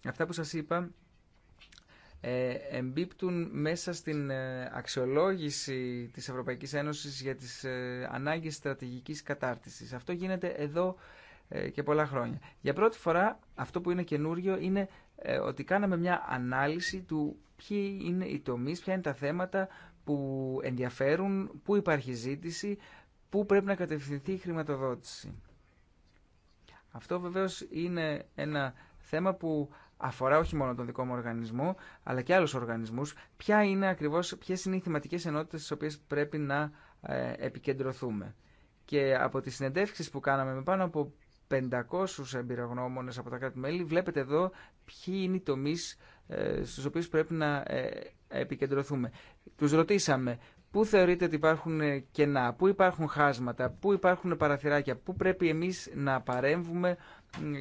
αυτά που σας είπα ε, εμπίπτουν μέσα στην ε, αξιολόγηση της Ευρωπαϊκής Ένωσης για τις ε, ανάγκες στρατηγικής κατάρτισης. Αυτό γίνεται εδώ και πολλά χρόνια. Για πρώτη φορά αυτό που είναι καινούριο είναι ότι κάναμε μια ανάλυση του ποιοι είναι οι τομείς, ποια είναι τα θέματα που ενδιαφέρουν, πού υπάρχει ζήτηση, πού πρέπει να κατευθυνθεί η χρηματοδότηση. Αυτό βεβαίως είναι ένα θέμα που αφορά όχι μόνο τον δικό μου οργανισμό, αλλά και άλλου οργανισμούς. Ποια είναι ακριβώς, ποιες είναι οι θεματικέ ενότητες στις οποίε πρέπει να ε, επικεντρωθούμε. Και από τις συνεντεύξεις που κάναμε με πάνω από 500 εμπειρογνώμονε από τα κράτη-μέλη, βλέπετε εδώ ποιοι είναι οι τομείς ε, στου οποίου πρέπει να ε, επικεντρωθούμε. Του ρωτήσαμε Πού θεωρείτε ότι υπάρχουν κενά, πού υπάρχουν χάσματα, πού υπάρχουν παραθυράκια, πού πρέπει εμείς να παρέμβουμε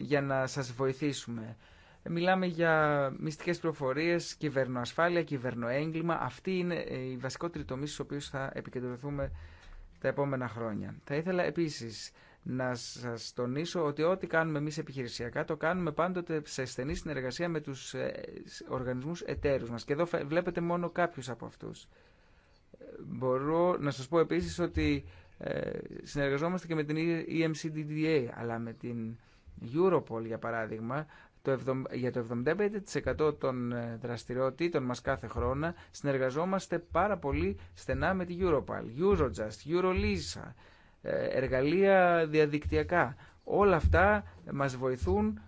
για να σας βοηθήσουμε. Μιλάμε για μυστικές προφορίες, κυβερνοασφάλεια, κυβερνοέγκλημα. Αυτή είναι ε, η βασικότερη τομή στους οποίους θα επικεντρωθούμε τα επόμενα χρόνια. Θα ήθελα επίσης να σας τονίσω ότι ό,τι κάνουμε εμείς επιχειρησιακά το κάνουμε πάντοτε σε στενή συνεργασία με τους ε, οργανισμούς εταίρους μας. Και εδώ βλέπετε μόνο κάποιους από αυτούς μπορώ να σας πω επίσης ότι ε, συνεργαζόμαστε και με την EMCDDA, αλλά με την Europol για παράδειγμα, το, για το 75% των ε, δραστηριοτήτων μας κάθε χρόνο συνεργαζόμαστε πάρα πολύ στενά με την Europol, Eurojust, Eurolisa, ε, εργαλεία διαδικτυακά. Όλα αυτά μας βοηθούν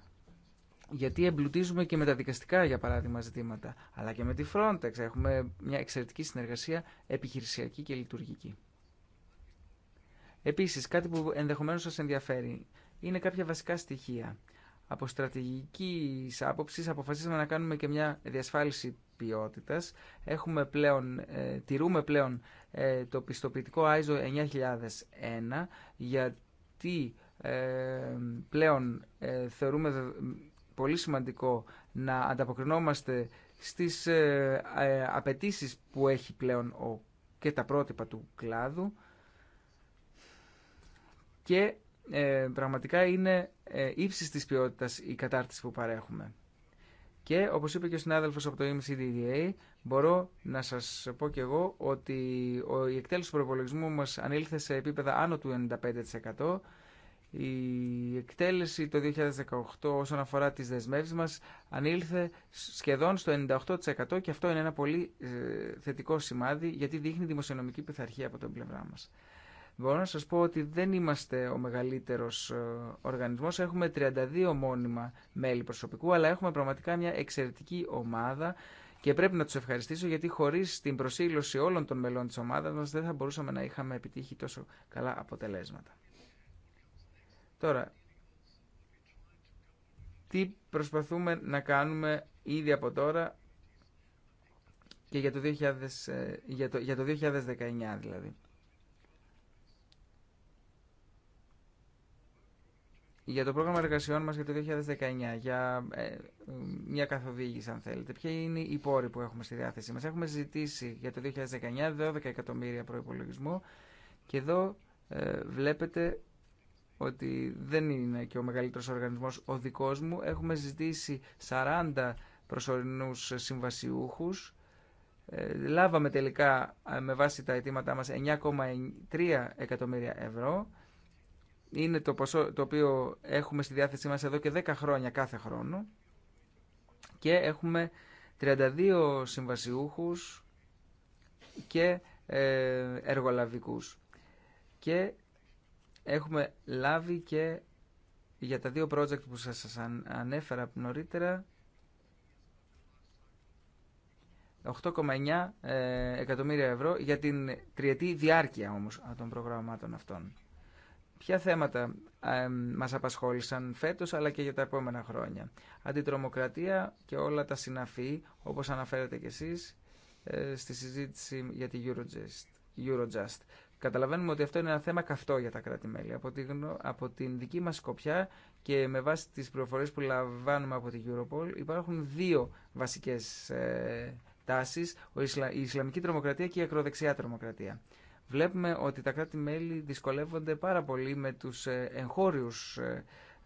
γιατί εμπλουτίζουμε και με τα δικαστικά, για παράδειγμα, ζητήματα, αλλά και με τη Frontex. Έχουμε μια εξαιρετική συνεργασία επιχειρησιακή και λειτουργική. Επίσης, κάτι που ενδεχομένως σας ενδιαφέρει, είναι κάποια βασικά στοιχεία. Από στρατηγική άποψη, αποφασίσαμε να κάνουμε και μια διασφάλιση ποιότητας. Έχουμε πλέον, ε, τηρούμε πλέον ε, το πιστοποιητικό ISO 9001, γιατί ε, πλέον θεωρούμε πολύ σημαντικό να ανταποκρινόμαστε στις ε, ε, απαιτήσεις που έχει πλέον ο, και τα πρότυπα του κλάδου και ε, πραγματικά είναι ε, ύψης της ποιότητας η κατάρτιση που παρέχουμε. Και όπως είπε και ο συνάδελφος από το e MCDDA, μπορώ να σας πω και εγώ ότι η εκτέλεση του προπολογισμού μας ανήλθε σε επίπεδα άνω του 95%, η εκτέλεση το 2018 όσον αφορά τις δεσμεύσεις μας ανήλθε σχεδόν στο 98% και αυτό είναι ένα πολύ ε, θετικό σημάδι γιατί δείχνει δημοσιονομική πειθαρχία από τον πλευρά μας. Μπορώ να σας πω ότι δεν είμαστε ο μεγαλύτερος ε, οργανισμός, έχουμε 32 μόνιμα μέλη προσωπικού, αλλά έχουμε πραγματικά μια εξαιρετική ομάδα και πρέπει να τους ευχαριστήσω γιατί χωρίς την προσήλωση όλων των μελών της ομάδας μας δεν θα μπορούσαμε να είχαμε επιτύχει τόσο καλά αποτελέσματα. Τώρα, τι προσπαθούμε να κάνουμε ήδη από τώρα και για το, 2000, ε, για το, για το 2019 δηλαδή. Για το πρόγραμμα εργασιών μας για το 2019, για ε, μια καθοδήγηση αν θέλετε, ποια είναι η πόρη που έχουμε στη διάθεσή μας. Έχουμε ζητήσει για το 2019 12 εκατομμύρια προϋπολογισμό και εδώ ε, βλέπετε ότι δεν είναι και ο μεγαλύτερος οργανισμός ο δικός μου. Έχουμε ζητήσει 40 προσωρινούς συμβασιούχους. Ε, λάβαμε τελικά ε, με βάση τα αιτήματά μας 9,3 εκατομμύρια ευρώ. Είναι το ποσό το οποίο έχουμε στη διάθεσή μας εδώ και 10 χρόνια κάθε χρόνο. Και έχουμε 32 συμβασιούχους και ε, εργολαβικούς. Και Έχουμε λάβει και για τα δύο project που σας ανέφερα νωρίτερα 8,9 ε, εκατομμύρια ευρώ για την τριετή διάρκεια όμως των προγραμμάτων αυτών. Ποια θέματα ε, μας απασχόλησαν φέτος αλλά και για τα επόμενα χρόνια. Αντιτρομοκρατία και όλα τα συναφή όπως αναφέρατε και εσείς ε, στη συζήτηση για τη Eurojust. Καταλαβαίνουμε ότι αυτό είναι ένα θέμα καυτό για τα κράτη-μέλη. Από, από την δική μας σκοπιά και με βάση τις πληροφορίες που λαμβάνουμε από την Europol υπάρχουν δύο βασικές ε, τάσεις, η Ισλαμική τρομοκρατία και η ακροδεξιά τρομοκρατία. Βλέπουμε ότι τα κράτη-μέλη δυσκολεύονται πάρα πολύ με τους ε, εγχώριους ε,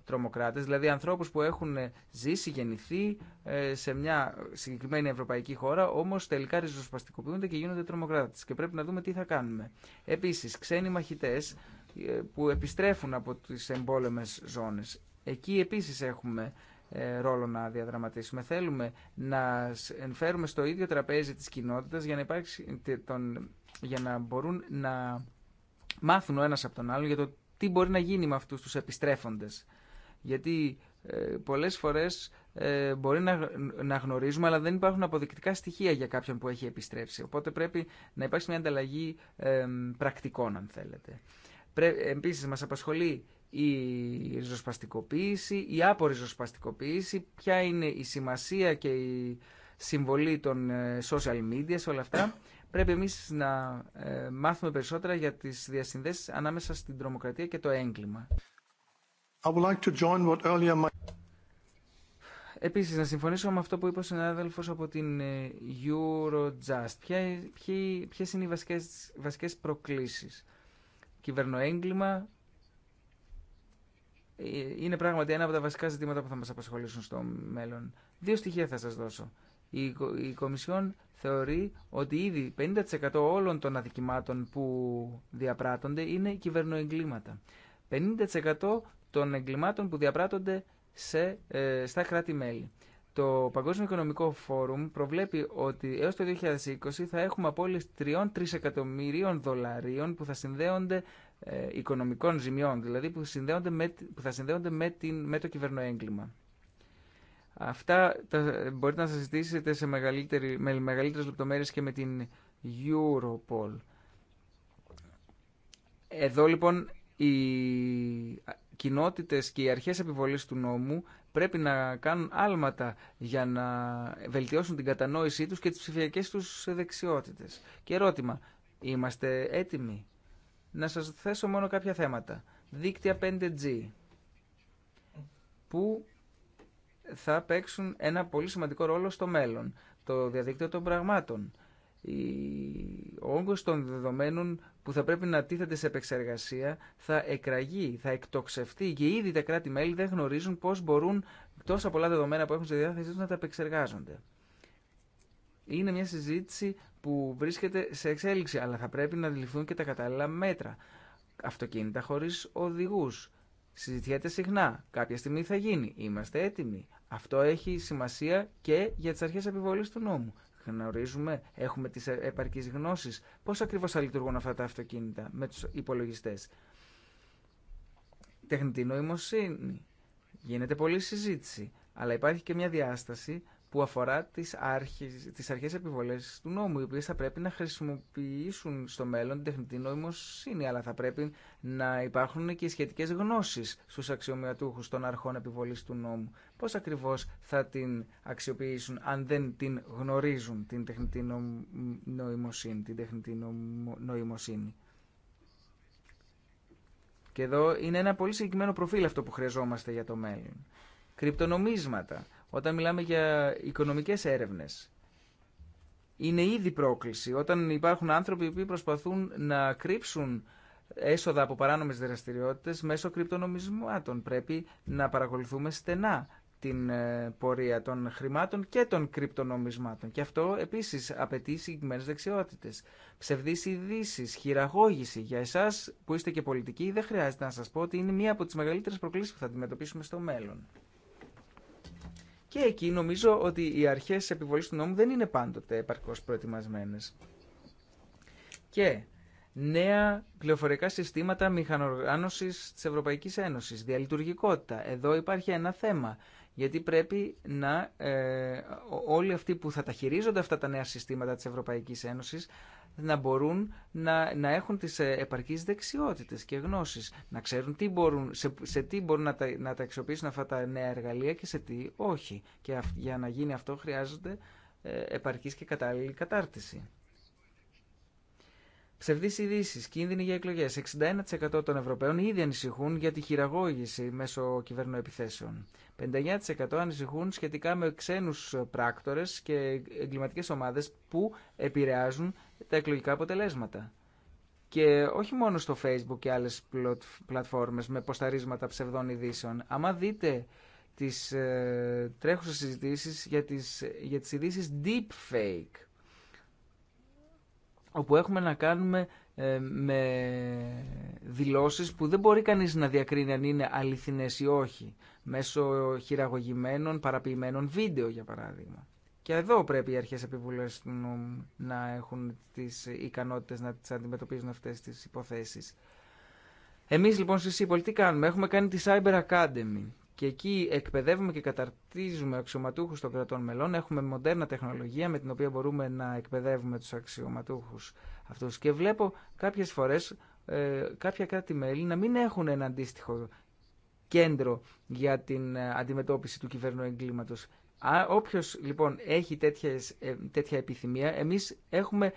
τρομοκράτες, δηλαδή ανθρώπους που έχουν ε, ζήσει, γεννηθεί ε, σε μια συγκεκριμένη ευρωπαϊκή χώρα, όμως τελικά ριζοσπαστικοποιούνται και γίνονται τρομοκράτες και πρέπει να δούμε τι θα κάνουμε. Επίσης, ξένοι μαχητές ε, που επιστρέφουν από τις εμπόλεμες ζώνες. Εκεί επίσης έχουμε ρόλο να διαδραματίσουμε. Θέλουμε να φέρουμε στο ίδιο τραπέζι της κοινότητας για να, για να μπορούν να μάθουν ο ένας από τον άλλο για το τι μπορεί να γίνει με αυτούς τους επιστρέφοντες. Γιατί ε, πολλές φορές ε, μπορεί να γνωρίζουμε αλλά δεν υπάρχουν αποδεικτικά στοιχεία για κάποιον που έχει επιστρέψει. Οπότε πρέπει να υπάρξει μια ανταλλαγή ε, πρακτικών αν θέλετε. Επίσης μας απασχολεί η ριζοσπαστικοποίηση, η απο-ριζοσπαστικοποίηση, ποια είναι η σημασία και η συμβολή των social media σε όλα αυτά. Πρέπει εμείς να μάθουμε περισσότερα για τις διασυνδέσεις ανάμεσα στην τρομοκρατία και το έγκλημα. I Επίσης, να συμφωνήσω με αυτό που είπε ο συνάδελφος από την ε, Eurojust. Ποια, ποιες είναι οι βασικές, βασικές προκλήσεις. Κυβερνοέγκλημα ε, είναι πράγματι ένα από τα βασικά ζητήματα που θα μας απασχολήσουν στο μέλλον. Δύο στοιχεία θα σας δώσω. Η, η Κομισιόν θεωρεί ότι ήδη 50% όλων των αδικημάτων που διαπράττονται είναι κυβερνοεγκλήματα. 50% των εγκλημάτων που διαπράττονται σε, ε, στα κράτη-μέλη. Το Παγκόσμιο Οικονομικό Φόρουμ προβλέπει ότι έως το 2020 θα έχουμε απόλυες 3 εκατομμυρίων δολαρίων που θα συνδέονται ε, οικονομικών ζημιών, δηλαδή που, με, που θα συνδέονται με, την, με το κυβερνοέγκλημα. Αυτά τα, ε, μπορείτε να σας ζητήσετε σε με μεγαλύτερες λεπτομέρειες και με την Europol. Εδώ λοιπόν η κοινότητε και οι αρχές επιβολή του νόμου πρέπει να κάνουν άλματα για να βελτιώσουν την κατανόησή τους και τις ψηφιακές τους δεξιότητε. Και ερώτημα, είμαστε έτοιμοι. Να σας θέσω μόνο κάποια θέματα. Δίκτυα 5G που θα παίξουν ένα πολύ σημαντικό ρόλο στο μέλλον. Το διαδίκτυο των πραγμάτων. Ο όγκος των δεδομένων που θα πρέπει να τίθενται σε επεξεργασία θα εκραγεί, θα εκτοξευτεί και ήδη τα κράτη-μέλη δεν γνωρίζουν πώς μπορούν τόσα πολλά δεδομένα που έχουν στη διάθεσή να τα επεξεργάζονται. Είναι μια συζήτηση που βρίσκεται σε εξέλιξη, αλλά θα πρέπει να αντιληφθούν και τα κατάλληλα μέτρα. Αυτοκίνητα χωρί οδηγού. Συζητιέται συχνά. Κάποια στιγμή θα γίνει. Είμαστε έτοιμοι. Αυτό έχει σημασία και για τι αρχέ επιβολή του νόμου γνωρίζουμε, έχουμε τις ε, επαρκείς γνώσεις, πώς ακριβώς θα λειτουργούν αυτά τα αυτοκίνητα με τους υπολογιστές. Τεχνητή νοημοσύνη, γίνεται πολλή συζήτηση, αλλά υπάρχει και μια διάσταση που αφορά τις, άρχες, τις αρχές επιβολές του νόμου, οι οποίες θα πρέπει να χρησιμοποιήσουν στο μέλλον την τεχνητή νοημοσύνη, αλλά θα πρέπει να υπάρχουν και σχετικές γνώσεις στους αξιωματούχους των αρχών επιβολής του νόμου. Πώς ακριβώς θα την αξιοποιήσουν αν δεν την γνωρίζουν την τεχνητή νοημοσύνη. Την τεχνητή νοημοσύνη. Και εδώ είναι ένα πολύ συγκεκριμένο προφίλ αυτό που χρειαζόμαστε για το μέλλον. Κρυπτονομίσματα, όταν μιλάμε για οικονομικές έρευνες. Είναι ήδη πρόκληση όταν υπάρχουν άνθρωποι που προσπαθούν να κρύψουν έσοδα από παράνομες δραστηριότητες μέσω κρυπτονομισμάτων. Πρέπει να παρακολουθούμε στενά την ε, πορεία των χρημάτων και των κρυπτονομισμάτων. Και αυτό επίσης απαιτεί συγκεκριμένε δεξιότητες. Ψευδείς ειδήσει, χειραγώγηση. Για εσάς που είστε και πολιτικοί δεν χρειάζεται να σας πω ότι είναι μία από τις μεγαλύτερες προκλήσεις που θα αντιμετωπίσουμε στο μέλλον. Και εκεί νομίζω ότι οι αρχές επιβολής του νόμου δεν είναι πάντοτε επαρκώ προετοιμασμένε. Και νέα πληροφορικά συστήματα μηχανοργάνωσης της Ευρωπαϊκής Ένωσης, διαλειτουργικότητα. Εδώ υπάρχει ένα θέμα, γιατί πρέπει να ε, όλοι αυτοί που θα τα χειρίζονται αυτά τα νέα συστήματα της Ευρωπαϊκής Ένωσης να μπορούν να, έχουν τις ε, επαρκείς δεξιότητες και γνώσεις, να ξέρουν τι μπορούν, σε, σε τι μπορούν να τα, να τα αξιοποιήσουν αυτά τα νέα εργαλεία και σε τι όχι. Και για να γίνει αυτό χρειάζεται ε, επαρκής και κατάλληλη κατάρτιση. Ψευδείς ειδήσει, κίνδυνοι για εκλογέ. 61% των Ευρωπαίων ήδη ανησυχούν για τη χειραγώγηση μέσω κυβερνοεπιθέσεων. 59% ανησυχούν σχετικά με ξένους πράκτορες και εγκληματικέ ομάδες που επηρεάζουν τα εκλογικά αποτελέσματα. Και όχι μόνο στο Facebook και άλλες πλατφόρμες με ποσταρίσματα ψευδών ειδήσεων. Άμα δείτε τις ε, τρέχουσες συζητήσεις για τις, για τις ειδήσει deepfake όπου έχουμε να κάνουμε ε, με δηλώσεις που δεν μπορεί κανείς να διακρίνει αν είναι αληθινές ή όχι, μέσω χειραγωγημένων, παραποιημένων βίντεο για παράδειγμα. Και εδώ πρέπει οι αρχές επιβουλές να έχουν τις ικανότητες να τις αντιμετωπίζουν αυτές τις υποθέσεις. Εμείς λοιπόν στη ΣΥΠΟΛ τι κάνουμε, έχουμε κάνει τη Cyber Academy και εκεί εκπαιδεύουμε και καταρτίζουμε αξιωματούχους των κρατών μελών. Έχουμε μοντέρνα τεχνολογία με την οποία μπορούμε να εκπαιδεύουμε τους αξιωματούχους αυτού. Και βλέπω κάποιες φορές ε, κάποια κράτη-μέλη να μην έχουν ένα αντίστοιχο κέντρο για την ε, αντιμετώπιση του κυβέρνου εγκλήματο. Όποιος λοιπόν έχει τέτοιες, ε, τέτοια επιθυμία, εμεί έχουμε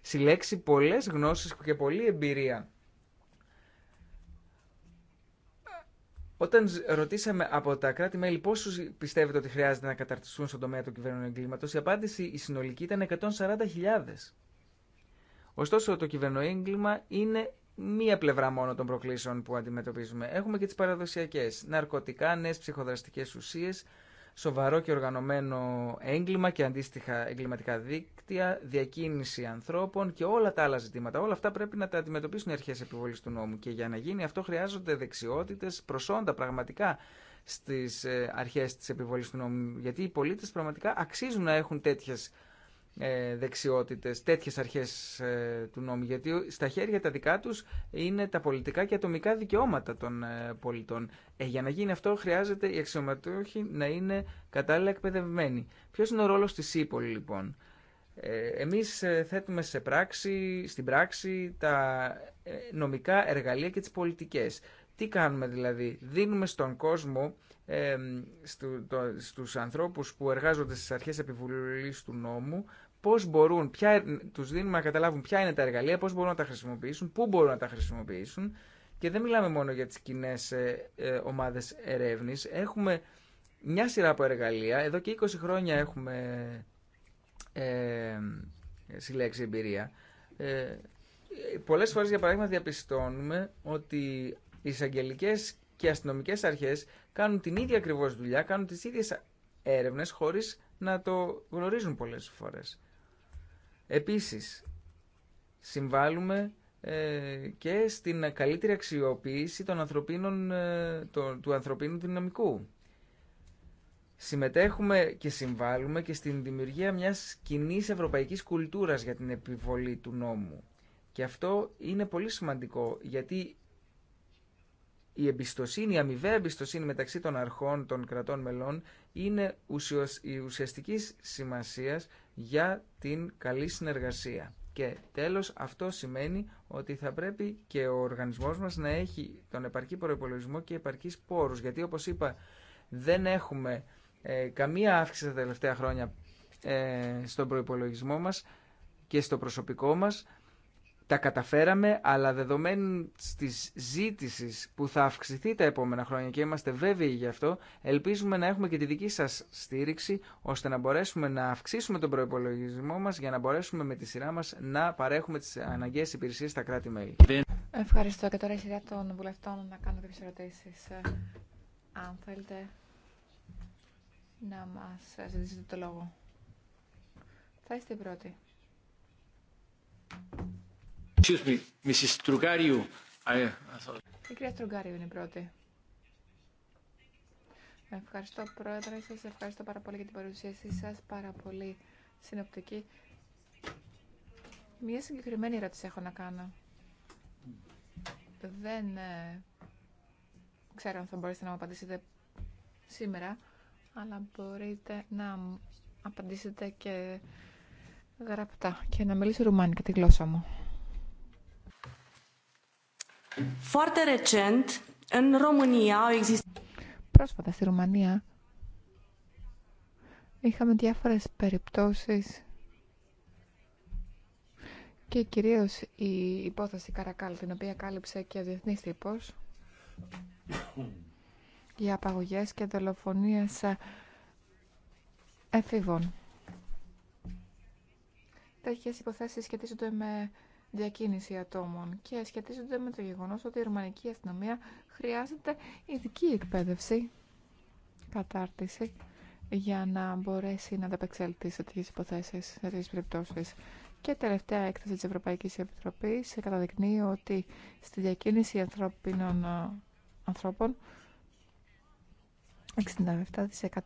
συλλέξει πολλέ γνώσει και πολλή εμπειρία Όταν ρωτήσαμε από τα κράτη-μέλη πόσου πιστεύετε ότι χρειάζεται να καταρτιστούν στον τομέα του κυβέρνου εγκλήματο, η απάντηση η συνολική ήταν 140.000. Ωστόσο, το κυβέρνο έγκλημα είναι μία πλευρά μόνο των προκλήσεων που αντιμετωπίζουμε. Έχουμε και τι παραδοσιακέ. Ναρκωτικά, νέε ψυχοδραστικές ουσίε, σοβαρό και οργανωμένο έγκλημα και αντίστοιχα εγκληματικά δίκτυα, διακίνηση ανθρώπων και όλα τα άλλα ζητήματα. Όλα αυτά πρέπει να τα αντιμετωπίσουν οι αρχέ επιβολή του νόμου. Και για να γίνει αυτό χρειάζονται δεξιότητε, προσόντα πραγματικά στι ε, αρχέ τη επιβολή του νόμου. Γιατί οι πολίτε πραγματικά αξίζουν να έχουν τέτοιε ε, δεξιότητες, τέτοιες αρχές ε, του νόμου, γιατί στα χέρια τα δικά τους είναι τα πολιτικά και ατομικά δικαιώματα των ε, πολιτών. για να γίνει αυτό χρειάζεται οι αξιωματούχοι να είναι κατάλληλα εκπαιδευμένοι. Ποιος είναι ο ρόλος της ΥΠΟΛ λοιπόν. Εμείς θέτουμε σε πράξη, στην πράξη τα νομικά εργαλεία και τις πολιτικές. Τι κάνουμε δηλαδή, δίνουμε στον κόσμο, στου, το, ανθρώπους που εργάζονται στις αρχές επιβουλής του νόμου, πώς μπορούν, ποια, τους δίνουμε να καταλάβουν ποια είναι τα εργαλεία, πώς μπορούν να τα χρησιμοποιήσουν, πού μπορούν να τα χρησιμοποιήσουν και δεν μιλάμε μόνο για τις κοινέ ε, ε, ομάδες ερεύνης. Έχουμε μια σειρά από εργαλεία, εδώ και 20 χρόνια έχουμε ε, συλλέξει εμπειρία. Ε, πολλές φορές, για παράδειγμα, διαπιστώνουμε ότι οι εισαγγελικέ και αστυνομικέ αρχέ κάνουν την ίδια ακριβώ δουλειά, κάνουν τις ίδιες έρευνες χωρίς να το γνωρίζουν πολλές φορές. Επίσης, συμβάλλουμε ε, και στην καλύτερη αξιοποίηση των ανθρωπίνων, ε, του ανθρωπίνου δυναμικού. Συμμετέχουμε και συμβάλλουμε και στην δημιουργία μιας κοινή ευρωπαϊκής κουλτούρας για την επιβολή του νόμου. Και αυτό είναι πολύ σημαντικό γιατί η εμπιστοσύνη, η αμοιβαία εμπιστοσύνη μεταξύ των αρχών των κρατών μελών είναι ουσιαστική σημασίας για την καλή συνεργασία. Και τέλος αυτό σημαίνει ότι θα πρέπει και ο οργανισμός μας να έχει τον επαρκή προϋπολογισμό και επαρκείς πόρους. Γιατί όπως είπα δεν έχουμε ε, καμία αύξηση τα τελευταία χρόνια ε, στον προϋπολογισμό μας και στο προσωπικό μας τα καταφέραμε, αλλά δεδομένου τη ζήτηση που θα αυξηθεί τα επόμενα χρόνια και είμαστε βέβαιοι γι' αυτό, ελπίζουμε να έχουμε και τη δική σας στήριξη, ώστε να μπορέσουμε να αυξήσουμε τον προπολογισμό μας για να μπορέσουμε με τη σειρά μας να παρέχουμε τις αναγκαίες υπηρεσίες στα κράτη-μέλη. Ευχαριστώ και τώρα η σειρά των βουλευτών να κάνω κάποιε ερωτήσει ε, Αν θέλετε να μα ζητήσετε το λόγο. Θα είστε οι η κυρία Τρουγκάριου είναι η πρώτη. Ευχαριστώ πρόεδρε σα ευχαριστώ πάρα πολύ για την παρουσίασή σα πάρα πολύ συνοπτική. Μία συγκεκριμένη ερώτηση έχω να κάνω. Δεν ε, ξέρω αν θα μπορέσετε να μου απαντήσετε σήμερα, αλλά μπορείτε να απαντήσετε και γραπτά και να μιλήσω ρουμάνικα τη γλώσσα μου. Πρόσφατα στη Ρουμανία είχαμε διάφορες περιπτώσεις και κυρίως η υπόθεση Καρακάλ, την οποία κάλυψε και ο Διεθνής Τύπος για απαγωγές και δολοφονίες εφήβων. Τέτοιες υποθέσεις σχετίζονται με διακίνηση ατόμων και σχετίζονται με το γεγονός ότι η ρουμανική αστυνομία χρειάζεται ειδική εκπαίδευση, κατάρτιση, για να μπορέσει να ανταπεξέλθει σε τέτοιες υποθέσεις, σε τέτοιες περιπτώσεις. Και τελευταία έκθεση της Ευρωπαϊκής Επιτροπής καταδεικνύει ότι στη διακίνηση ανθρώπινων ε, ανθρώπων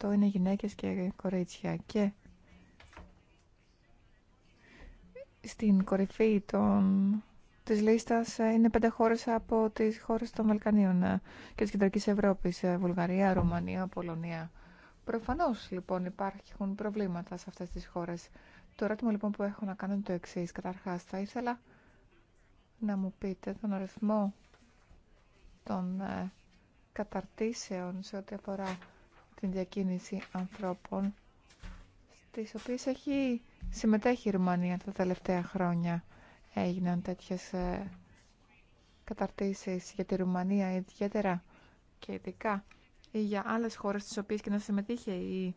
67% είναι γυναίκες και κορίτσια και στην κορυφή των, της λίστας ε, είναι πέντε χώρες από τις χώρες των Βαλκανίων ε, και της Κεντρικής Ευρώπης, ε, Βουλγαρία, Ρουμανία, Πολωνία. Προφανώς λοιπόν υπάρχουν προβλήματα σε αυτές τις χώρες. Το ερώτημα λοιπόν που έχω να κάνω είναι το εξή. καταρχά. θα ήθελα να μου πείτε τον αριθμό των καταρτήσεων σε ό,τι αφορά την διακίνηση ανθρώπων τι οποίες έχει συμμετέχει η Ρουμανία τα τελευταία χρόνια. Έγιναν τέτοιες ε, καταρτήσεις για τη Ρουμανία ιδιαίτερα και ειδικά ή για άλλες χώρες τις οποίες και να συμμετείχε η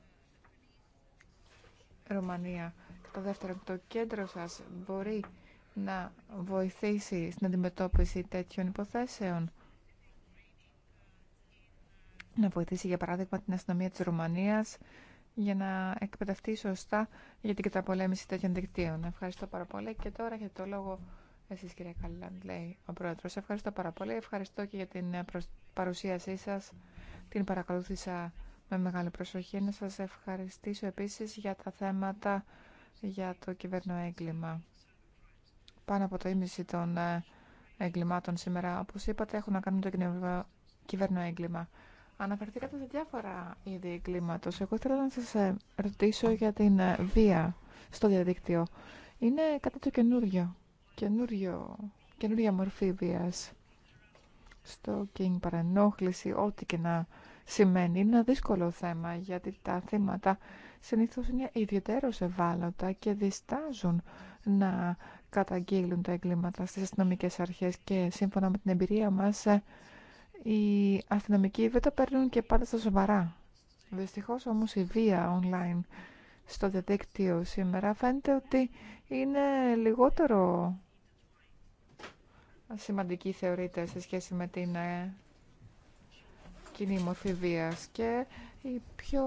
Ρουμανία. Το δεύτερο το κέντρο σας μπορεί να βοηθήσει στην αντιμετώπιση τέτοιων υποθέσεων. Να βοηθήσει, για παράδειγμα, την αστυνομία της Ρουμανίας για να εκπαιδευτεί σωστά για την καταπολέμηση τέτοιων δικτύων. Ευχαριστώ πάρα πολύ και τώρα για το λόγο εσείς κυρία Καλλιλάντ, λέει ο Πρόεδρος. Ευχαριστώ πάρα πολύ, ευχαριστώ και για την ε, παρουσίασή σας, την παρακολούθησα με μεγάλη προσοχή. Να σας ευχαριστήσω επίσης για τα θέματα για το κυβέρνο έγκλημα. Πάνω από το ίμιση των ε, εγκλημάτων σήμερα, όπως είπατε, έχουν να κάνουν το κυβέρνο έγκλημα. Αναφερθήκατε σε διάφορα είδη εγκλήματο. Εγώ θέλω να σα ε, ρωτήσω για την ε, βία στο διαδίκτυο. Είναι κάτι το καινούριο, καινούριο, καινούρια μορφή βίας. Στόκινγκ, παρενόχληση, ό,τι και να σημαίνει. Είναι ένα δύσκολο θέμα γιατί τα θύματα συνήθω είναι ιδιαίτερω ευάλωτα και διστάζουν να καταγγείλουν τα εγκλήματα στι αστυνομικέ αρχές και σύμφωνα με την εμπειρία μας ε, οι αστυνομικοί δεν τα παίρνουν και πάντα στα σοβαρά. Δυστυχώς όμως η βία online στο διαδίκτυο σήμερα φαίνεται ότι είναι λιγότερο σημαντική θεωρείται σε σχέση με την ε, κοινή μορφή και οι πιο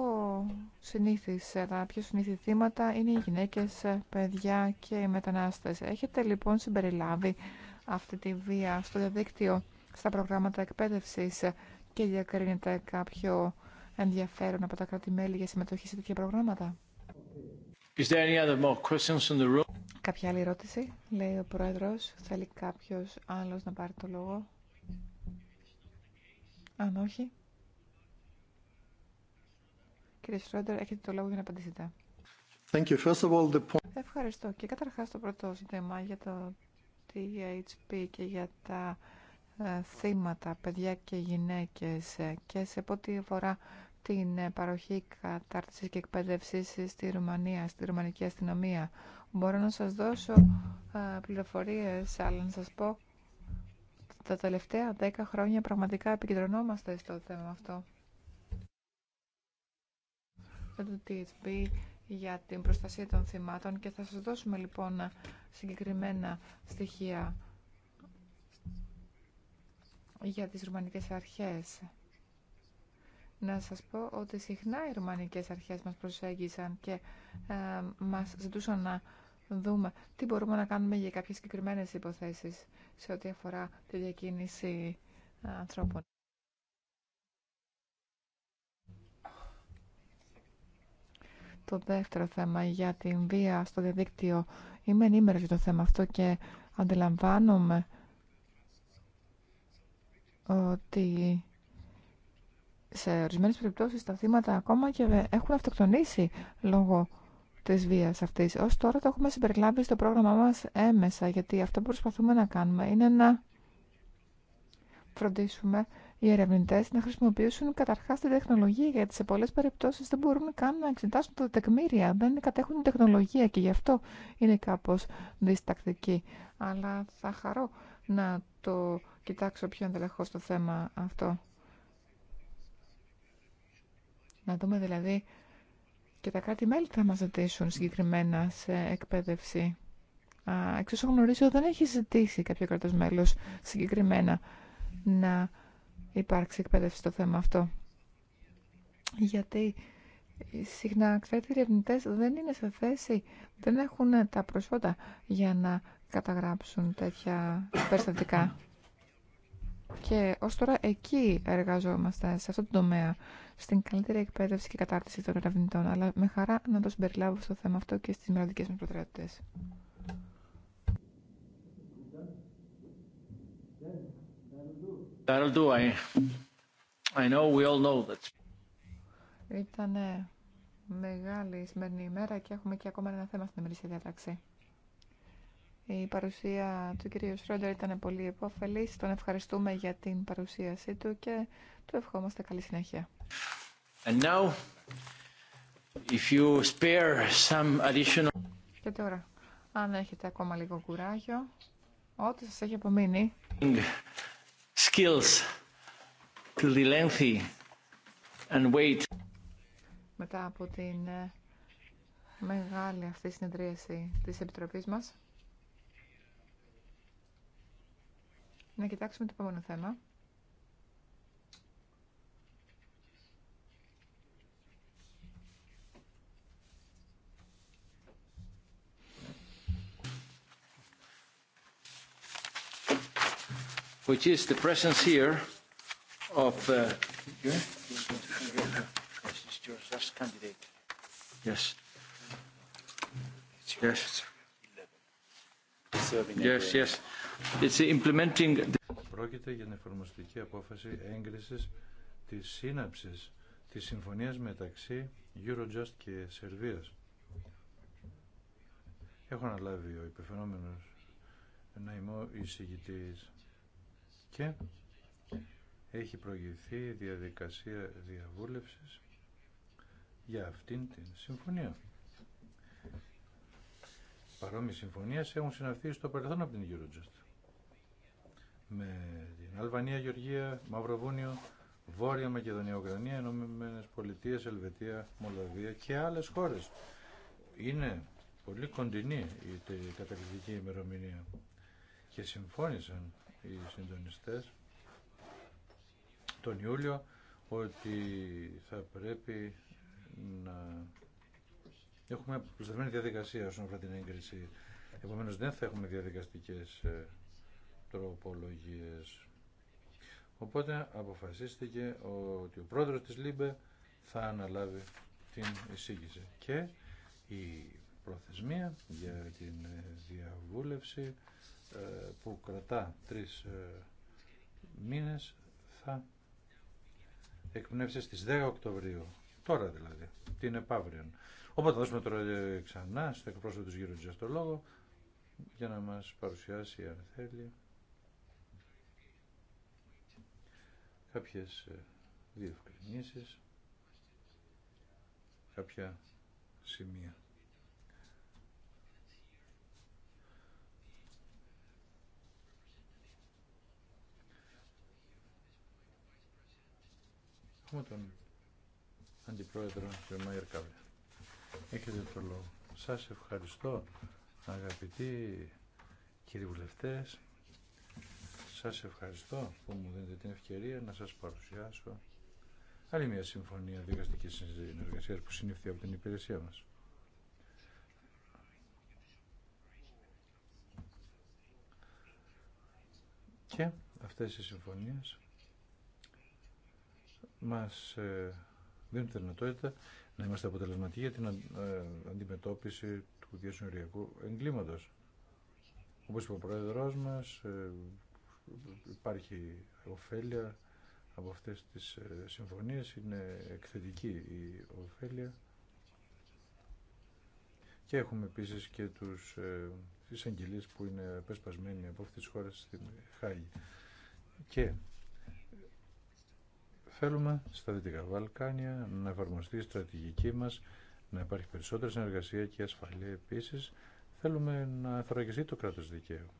συνήθεις, ε, τα πιο συνήθι θύματα είναι οι γυναίκες, ε, παιδιά και οι μετανάστες. Έχετε λοιπόν συμπεριλάβει αυτή τη βία στο διαδίκτυο στα προγράμματα εκπαίδευσης και διακρίνεται κάποιο ενδιαφέρον από τα κράτη-μέλη για συμμετοχή σε τέτοια προγράμματα. Κάποια άλλη ερώτηση, λέει ο Πρόεδρος. Θέλει κάποιος άλλος να πάρει το λόγο. Αν όχι. Κύριε Σρόντερ, έχετε το λόγο για να απαντήσετε. Ευχαριστώ. Και καταρχάς το πρώτο ζήτημα για το THP και για τα ε, θύματα, παιδιά και γυναίκες ε, και σε ό,τι αφορά την ε, παροχή κατάρτισης και εκπαίδευσης στη Ρουμανία, στη Ρουμανική αστυνομία. Μπορώ να σας δώσω πληροφορίες, αλλά να σας πω τα τελευταία 10 χρόνια πραγματικά επικεντρωνόμαστε στο θέμα αυτό. Το για την προστασία των θυμάτων και θα σας δώσουμε λοιπόν συγκεκριμένα στοιχεία για τις ρουμανικές αρχές. Να σας πω ότι συχνά οι ρουμανικές αρχές μας προσέγγισαν και ε, μας ζητούσαν να δούμε τι μπορούμε να κάνουμε για κάποιες συγκεκριμένε υποθέσεις σε ό,τι αφορά τη διακίνηση ε, ανθρώπων. Το δεύτερο θέμα για την βία στο διαδίκτυο. Είμαι ενήμερος για το θέμα αυτό και αντιλαμβάνομαι ότι σε ορισμένε περιπτώσει τα θύματα ακόμα και έχουν αυτοκτονήσει λόγω τη βία αυτή. Ω τώρα το έχουμε συμπεριλάβει στο πρόγραμμά μα έμεσα, γιατί αυτό που προσπαθούμε να κάνουμε είναι να φροντίσουμε οι ερευνητέ να χρησιμοποιήσουν καταρχά την τεχνολογία, γιατί σε πολλέ περιπτώσει δεν μπορούν καν να εξετάσουν τα τεκμήρια, δεν κατέχουν την τεχνολογία και γι' αυτό είναι κάπω διστακτική. Αλλά θα χαρώ να το κοιτάξω πιο ενδελεχώς το θέμα αυτό. Να δούμε δηλαδή και τα κράτη-μέλη θα μας ζητήσουν συγκεκριμένα σε εκπαίδευση. Εξ όσων γνωρίζω δεν έχει ζητήσει κάποιο κράτος μέλος συγκεκριμένα να υπάρξει εκπαίδευση στο θέμα αυτό. Γιατί συχνά ξέρετε οι ερευνητέ δεν είναι σε θέση, δεν έχουν τα προσφότα για να καταγράψουν τέτοια περιστατικά. Και ως τώρα εκεί εργαζόμαστε, σε αυτό το τομέα, στην καλύτερη εκπαίδευση και κατάρτιση των ερευνητών, αλλά με χαρά να το συμπεριλάβω στο θέμα αυτό και στις μελλοντικές μας προτεραιότητες. Ήταν μεγάλη η σημερινή ημέρα και έχουμε και ακόμα ένα θέμα στην ημερήσια διάταξη. Η παρουσία του κυρίου Σρόντερ ήταν πολύ επόφελη. Τον ευχαριστούμε για την παρουσίασή του και του ευχόμαστε καλή συνέχεια. And if you spare some additional... Και τώρα, αν έχετε ακόμα λίγο κουράγιο, ό,τι σας έχει απομείνει... Skills to the lengthy and wait. Μετά από την ε, μεγάλη αυτή συνεδρίαση της Επιτροπής μας, να κοιτάξουμε το επόμενο θέμα. which is the presence here of uh, candidate. Yes. Yes. Yes, yes. Πρόκειται για την εφαρμοστική απόφαση έγκρισης της σύναψη της συμφωνίας μεταξύ Eurojust και Σερβία. Έχω αναλάβει ο υπεφαινόμενο να είμαι ο και έχει προηγηθεί διαδικασία διαβούλευσης για αυτήν την συμφωνία. Παρόμοιες συμφωνίες έχουν συναυθεί στο παρελθόν από την Eurojust με την Αλβανία, Γεωργία, Μαυροβούνιο, Βόρεια Μακεδονία, Ουκρανία, Ενωμένε Πολιτείες, Ελβετία, Μολδαβία και άλλες χώρες. Είναι πολύ κοντινή η καταληκτική ημερομηνία και συμφώνησαν οι συντονιστές τον Ιούλιο ότι θα πρέπει να έχουμε προσταθμένη διαδικασία όσον αφορά την έγκριση. Επομένως δεν θα έχουμε διαδικαστικές ε, τροπολογίες. Οπότε αποφασίστηκε ότι ο πρόεδρος της ΛΥΜΠΕ θα αναλάβει την εισήγηση. Και η προθεσμία για την διαβούλευση ε, που κρατά τρεις ε, μήνες θα εκπνεύσει στις 10 Οκτωβρίου. Τώρα δηλαδή, την επαύριο. Οπότε θα δώσουμε τώρα ε, ξανά στο εκπρόσωπο του γύρω λόγο για να μας παρουσιάσει αν θέλει κάποιες ε, διευκρινήσεις, κάποια σημεία. Έχουμε τον Αντιπρόεδρο κ. Μάιερ Κάβλε. Έχετε το λόγο. Σας ευχαριστώ αγαπητοί κύριοι βουλευτές, σας ευχαριστώ που μου δίνετε την ευκαιρία να σας παρουσιάσω άλλη μια συμφωνία δικαστικής συνεργασίας που συνήφθη από την υπηρεσία μας. Και αυτές οι συμφωνίες μας ε, δίνουν τη δυνατότητα να είμαστε αποτελεσματικοί για την ε, αντιμετώπιση του διασυνοριακού εγκλήματος. Όπως είπε ο Πρόεδρός μας, ε, υπάρχει ωφέλεια από αυτές τις ε, συμφωνίες, είναι εκθετική η ωφέλεια. Και έχουμε επίσης και τους εισαγγελίες που είναι πέσπασμένοι από αυτές τις χώρες στην Χάγη. Και θέλουμε στα Δυτικά Βαλκάνια να εφαρμοστεί η στρατηγική μας, να υπάρχει περισσότερη συνεργασία και ασφαλεία επίσης. Θέλουμε να θωρακιστεί το κράτος δικαίου,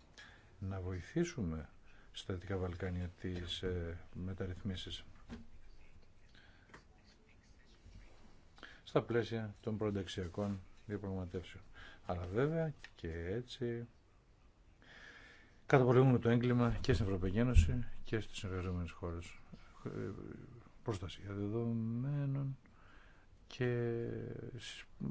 να βοηθήσουμε στα Δυτικά Βαλκάνια τις ε, μεταρρυθμίσεις. Στα πλαίσια των προενταξιακών διαπραγματεύσεων. Αλλά βέβαια και έτσι καταπολεμούμε το έγκλημα και στην Ευρωπαϊκή Ένωση και στις συνεργαζόμενες χώρες. Ε, προστασία δεδομένων και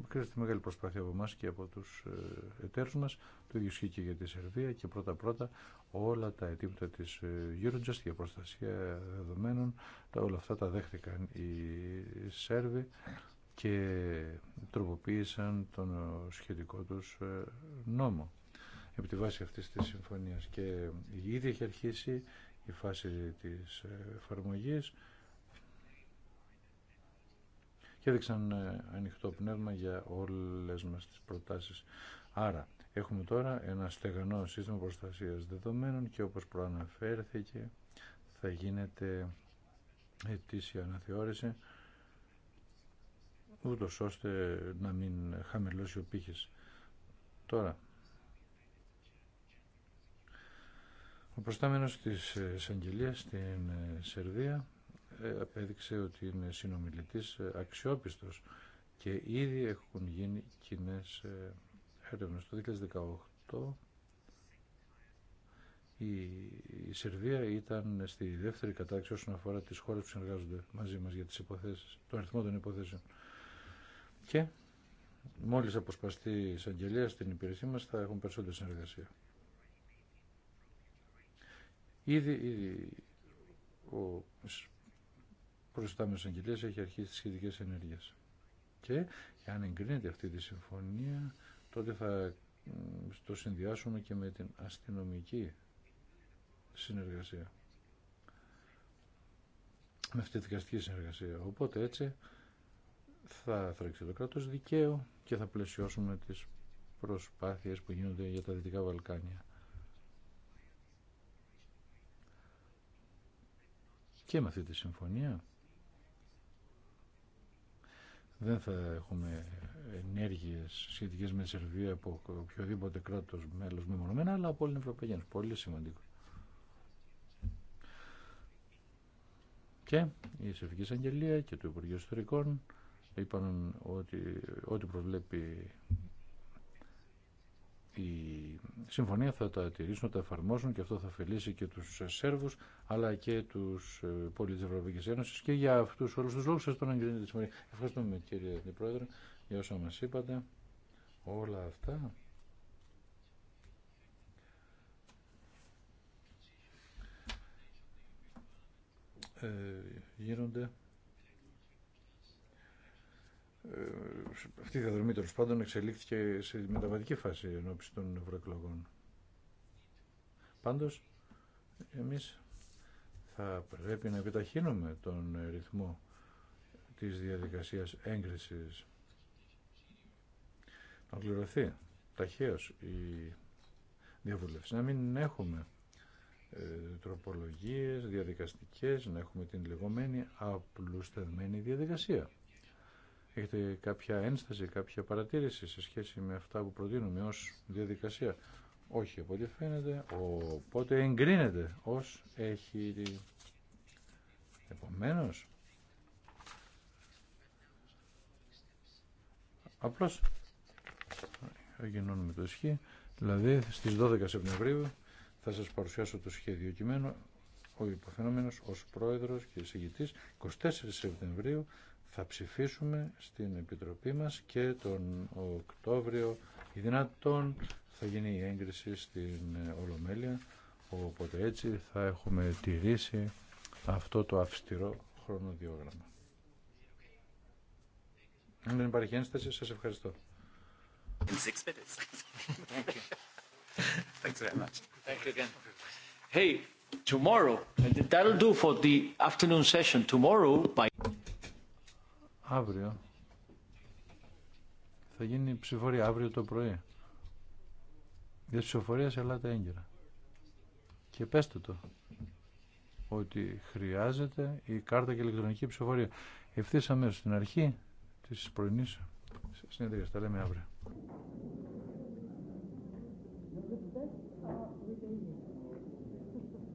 χρειάζεται μεγάλη προσπάθεια από εμά και από τους ε, εταίρους μας. Το ίδιο ισχύει και για τη Σερβία και πρώτα-πρώτα όλα τα αιτήματα της ε, Eurojust για προστασία δεδομένων, τα, όλα αυτά τα δέχτηκαν οι Σέρβοι και τροποποίησαν τον ε, σχετικό τους νόμο επί τη βάση αυτής της συμφωνίας και ήδη έχει αρχίσει η φάση της εφαρμογής και έδειξαν ε, ανοιχτό πνεύμα για όλες μας τις προτάσεις. Άρα, έχουμε τώρα ένα στεγανό σύστημα προστασίας δεδομένων και όπως προαναφέρθηκε θα γίνεται ετήσια αναθεώρηση ούτως ώστε να μην χαμηλώσει ο πύχης. Τώρα, ο προστάμενος της ε, εισαγγελίας στην ε, Σερβία απέδειξε ότι είναι συνομιλητής ε, αξιόπιστος και ήδη έχουν γίνει κοινέ ε, έρευνες. Το 2018 η Σερβία ήταν στη δεύτερη κατάξη όσον αφορά τις χώρες που συνεργάζονται μαζί μας για τις υποθέσεις, τον αριθμό των υποθέσεων. Και μόλις αποσπαστεί η εισαγγελία στην υπηρεσία μας θα έχουν περισσότερη συνεργασία. Ήδη, ήδη ο προς τα έχει αρχίσει τις σχετικές ενέργειες. Και αν εγκρίνεται αυτή τη συμφωνία, τότε θα το συνδυάσουμε και με την αστυνομική συνεργασία. Με αυτή τη δικαστική συνεργασία. Οπότε έτσι θα θρέξει το κράτος δικαίου και θα πλαισιώσουμε τις προσπάθειες που γίνονται για τα Δυτικά Βαλκάνια. Και με αυτή τη συμφωνία δεν θα έχουμε ενέργειες σχετικές με τη Σερβία από οποιοδήποτε κράτος μέλος μεμονωμένα, αλλά από όλη την Ευρωπαϊκή Ένωση. Πολύ σημαντικό. Και η Σερβική Αγγελία και το Υπουργείο Ιστορικών είπαν ότι ό,τι προβλέπει η συμφωνία θα τα τηρήσουν, τα εφαρμόσουν και αυτό θα ωφελήσει και τους Σέρβους αλλά και τους ε, πολίτες της Ευρωπαϊκής Ένωσης και για αυτούς όλους τους λόγους σας τον Ευχαριστούμε κύριε Πρόεδρε για όσα μας είπατε. Όλα αυτά. Ε, γίνονται αυτή η διαδρομή τέλο πάντων εξελίχθηκε σε μεταβατική φάση εν των ευρωεκλογών. Πάντως, εμείς θα πρέπει να επιταχύνουμε τον ρυθμό της διαδικασίας έγκρισης. Να ολοκληρωθεί ταχαίως η διαβούλευση. Να μην έχουμε ε, τροπολογίες, διαδικαστικές, να έχουμε την λεγόμενη απλουστευμένη διαδικασία. Έχετε κάποια ένσταση, κάποια παρατήρηση σε σχέση με αυτά που προτείνουμε ως διαδικασία. Όχι, από ό,τι φαίνεται, οπότε εγκρίνεται ως έχει... Επομένως, απλώς το ισχύ, δηλαδή στις 12 Σεπτεμβρίου θα σας παρουσιάσω το σχέδιο κειμένο ο υποφαινόμενος ως πρόεδρος και εισηγητής 24 Σεπτεμβρίου θα ψηφίσουμε στην Επιτροπή μας και τον Οκτώβριο η δυνατόν θα γίνει η έγκριση στην Ολομέλεια οπότε έτσι θα έχουμε τηρήσει αυτό το αυστηρό χρονοδιόγραμμα. Αν δεν υπάρχει ένσταση, σας ευχαριστώ. Hey, tomorrow, do for the afternoon session. Tomorrow, Αύριο θα γίνει ψηφορία αύριο το πρωί. Για σε ελάτε έγκυρα. Και πέστε το ότι χρειάζεται η κάρτα και η ηλεκτρονική ψηφορία. Ευθύσαμε στην αρχή της πρωινής συνεδρίας. Τα λέμε αύριο.